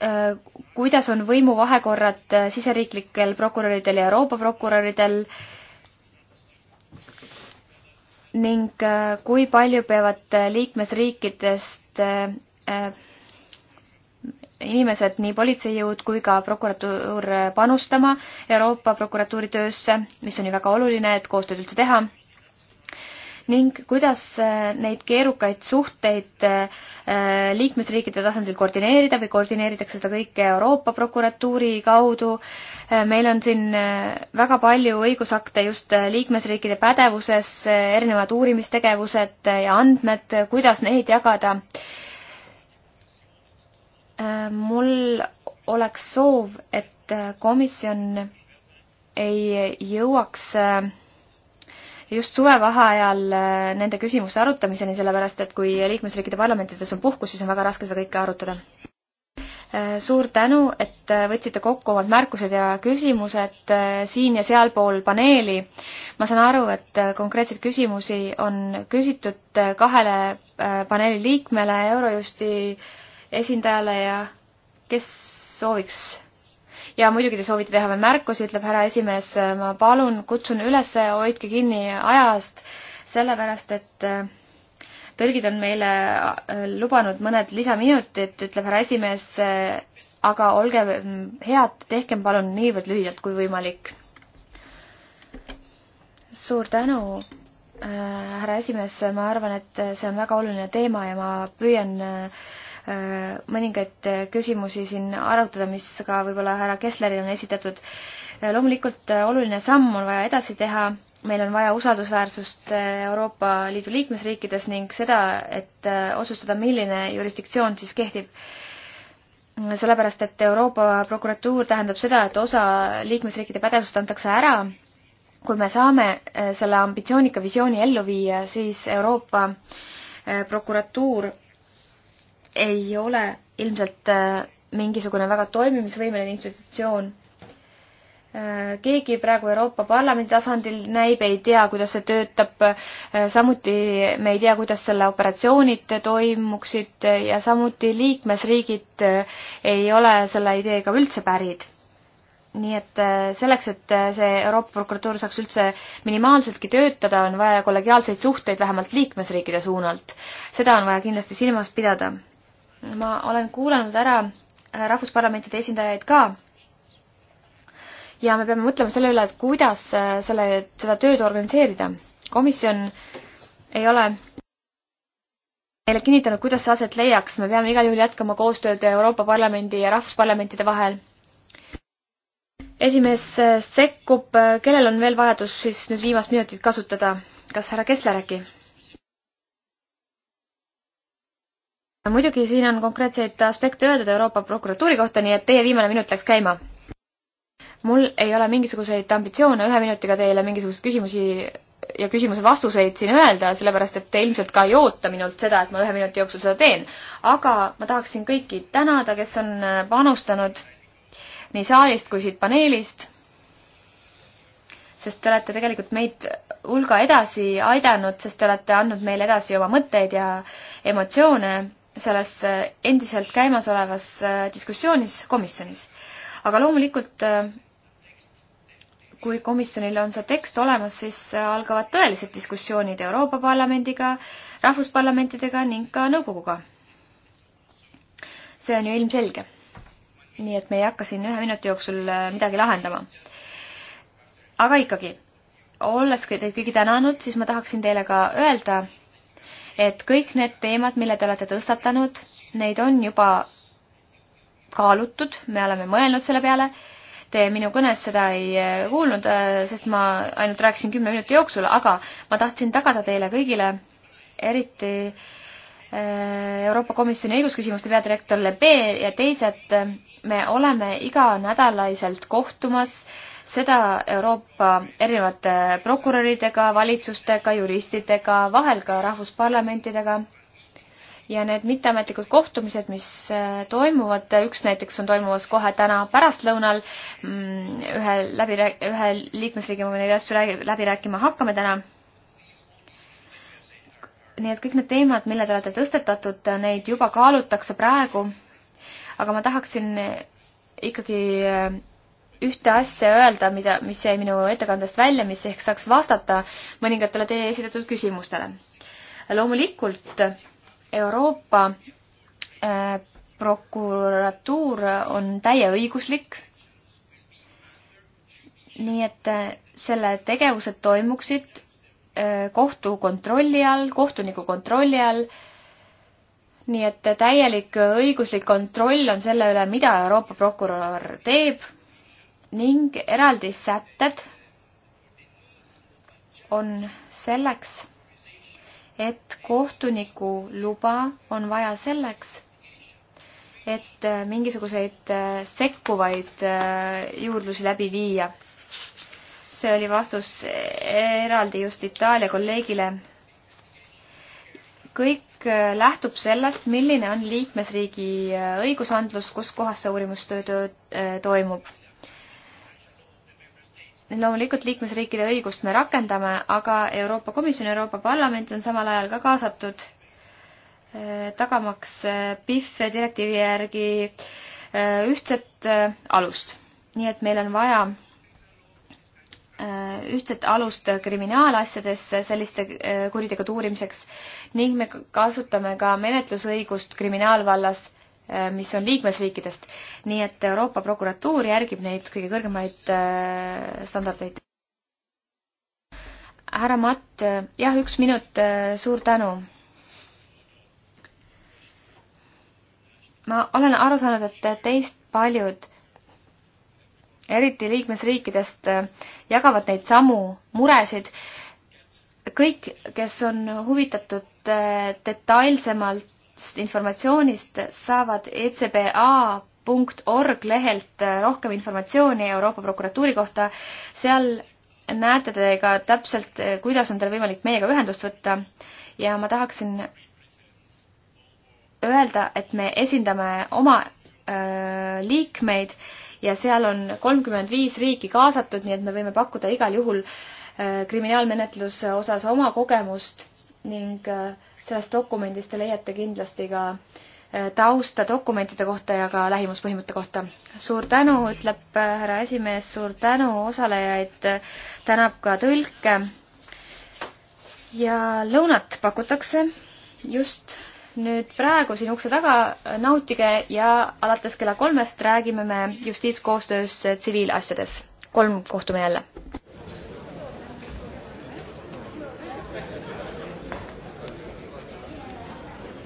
Äh, kuidas on võimuvahekorrad äh, siseriiklikel prokuröridel ja Euroopa prokuröridel ning äh, kui palju peavad liikmesriikidest inimesed, nii politseijõud kui ka prokuratuur panustama Euroopa prokuratuuri töösse, mis on ju väga oluline, et koostööd üldse teha ning kuidas äh, neid keerukaid suhteid äh, äh, liikmesriikide tasandil koordineerida või koordineeritakse seda kõike Euroopa prokuratuuri kaudu. meil on siin väga palju õigusakte just liikmesriikide pädevuses, erinevad uurimistegevused ja andmed, kuidas neid jagada. mul oleks soov, et komisjon ei jõuaks äh, just suvevaheajal äh, nende küsimuste arutamiseni, sellepärast et kui liikmesriikide parlamentides on puhkus, siis on väga raske seda kõike arutada. Äh, suur tänu, et äh, võtsite kokku omad märkused ja küsimused siin ja sealpool paneeli. ma saan aru, et konkreetseid küsimusi on küsitud kahele paneeli liikmele, Eurojusti esindajale ja kes sooviks ja muidugi te soovite teha veel märkusi, ütleb härra esimees, ma palun, kutsun üles, hoidke kinni ajast, sellepärast et äh, tõlgid on meile äh, lubanud mõned lisaminutid, ütleb härra esimees, aga olge mm, head, tehkem palun niivõrd lühidalt kui võimalik. suur tänu äh, härra esimees, ma arvan, et see on väga oluline teema ja ma püüan äh, Äh, mõningaid äh, küsimusi siin arutada, mis ka võib-olla härra Kesslerile on esitatud. Äh, loomulikult oluline samm on vaja edasi teha, meil on vaja usaldusväärsust Euroopa Liidu liikmesriikides ning seda, et otsustada, milline jurisdiktsioon siis kehtib sellepärast, et Euroopa prokuratuur tähendab seda, et osa liikmesriikide pädevust antakse ära. kui me saame selle ambitsioonika visiooni ellu viia, siis Euroopa prokuratuur ei ole ilmselt äh, mingisugune väga toimimisvõimeline institutsioon. Äh, keegi praegu Euroopa Parlamendi tasandil näib, ei tea, kuidas see töötab, äh, samuti me ei tea, kuidas selle operatsioonid toimuksid ja samuti liikmesriigid ei ole selle ideega üldse pärid nii et selleks, et see Euroopa prokuratuur saaks üldse minimaalseltki töötada, on vaja kollegiaalseid suhteid vähemalt liikmesriikide suunalt. seda on vaja kindlasti silmas pidada ma olen kuulanud ära äh, rahvusparlamentide esindajaid ka ja me peame mõtlema selle üle, et kuidas äh, selle, seda tööd organiseerida. komisjon ei ole meile kinnitanud, kuidas see aset leiaks, me peame igal juhul jätkama koostööd Euroopa Parlamendi ja rahvusparlamentide vahel. esimees äh, sekkub, kellel on veel vajadus siis nüüd viimast minutit kasutada, kas härra Kessler äkki? muidugi siin on konkreetseid aspekte öeldud Euroopa prokuratuuri kohta, nii et teie viimane minut läks käima. mul ei ole mingisuguseid ambitsioone ühe minutiga teile mingisuguseid küsimusi ja küsimuse vastuseid siin öelda, sellepärast et te ilmselt ka ei oota minult seda, et ma ühe minuti jooksul seda teen. aga ma tahaksin kõiki tänada, kes on panustanud nii saalist kui siit paneelist, sest te olete tegelikult meid hulga edasi aidanud, sest te olete andnud meile edasi oma mõtteid ja emotsioone selles äh, endiselt käimasolevas äh, diskussioonis komisjonis. aga loomulikult, äh, kui komisjonil on see tekst olemas, siis algavad tõelised diskussioonid Euroopa Parlamendiga, rahvusparlamentidega ning ka nõukoguga. see on ju ilmselge. nii et me ei hakka siin ühe minuti jooksul midagi lahendama. aga ikkagi, olles teid kõigi tänanud, siis ma tahaksin teile ka öelda, et kõik need teemad, mille te olete tõstatanud, neid on juba kaalutud, me oleme mõelnud selle peale. Te minu kõnes seda ei eh, kuulnud, eh, sest ma ainult rääkisin kümne minuti jooksul, aga ma tahtsin tagada teile kõigile, eriti eh, Euroopa Komisjoni õigusküsimuste peadirektor Lebe ja teised, me oleme iganädalaiselt kohtumas äh, seda Euroopa erinevate prokuröridega, valitsustega, juristidega, vahel ka rahvusparlamentidega. ja need mitteametlikud kohtumised, mis äh, toimuvad, üks näiteks on toimumas kohe täna pärastlõunal, mm, ühe läbi, ühe liikmesriigi me neid asju räägi, läbi rääkima hakkame täna nii et kõik need teemad, mille te olete tõstetatud, neid juba kaalutakse praegu, aga ma tahaksin ikkagi äh, ühte asja öelda, mida, mis jäi minu ettekandest välja, mis ehk saaks vastata mõningatele teie esitatud küsimustele. loomulikult Euroopa äh, prokuratuur on täieõiguslik, nii et äh, selle tegevused toimuksid äh, kohtu kontrolli all, kohtuniku kontrolli all nii et täielik õiguslik kontroll on selle üle, mida Euroopa prokurör teeb ning eraldi sätted on selleks, et kohtuniku luba on vaja selleks, et mingisuguseid äh, sekkuvaid äh, juurdlusi läbi viia. see oli vastus äh, eraldi just Itaalia kolleegile. kõik lähtub sellest, milline on liikmesriigi õigusandlus, kus kohas see uurimustöö toimub loomulikult liikmesriikide õigust me rakendame, aga Euroopa Komisjon, Euroopa Parlament on samal ajal ka kaasatud, eh, tagamaks eh, PIF direktiivi järgi eh, ühtset alust. nii et meil on vaja ühtset alust kriminaalasjades selliste kuritegude uurimiseks ning me kasutame ka menetlusõigust kriminaalvallas Äh, mis on liikmesriikidest. nii et Euroopa prokuratuur järgib neid kõige kõrgemaid äh, standardeid. härra Matt, äh, jah, üks minut, suur tänu. ma olen aru saanud, et teist paljud, eriti liikmesriikidest, jagavad neid samu muresid kõik, kes on huvitatud detailsemalt informatsioonist saavad ECBA.org lehelt rohkem informatsiooni Euroopa prokuratuuri kohta. seal näete te ka täpselt, kuidas on teil võimalik meiega ühendust võtta ja ma tahaksin öelda, et me esindame oma öö, äh, liikmeid ja seal on kolmkümmend viis riiki kaasatud, nii et me võime pakkuda igal juhul äh, kriminaalmenetluse osas oma kogemust ning öö, äh, sellest dokumendist te leiate kindlasti ka eh, tausta dokumentide kohta ja ka lähimuspõhimõtte kohta. suur tänu, ütleb eh, härra esimees, suur tänu osalejaid, eh, tänab ka tõlke. ja lõunat pakutakse just nüüd praegu siin ukse taga, nautige ja alates kella kolmest räägime me justiitskoostöös tsiviilasjades. kolm kohtume jälle.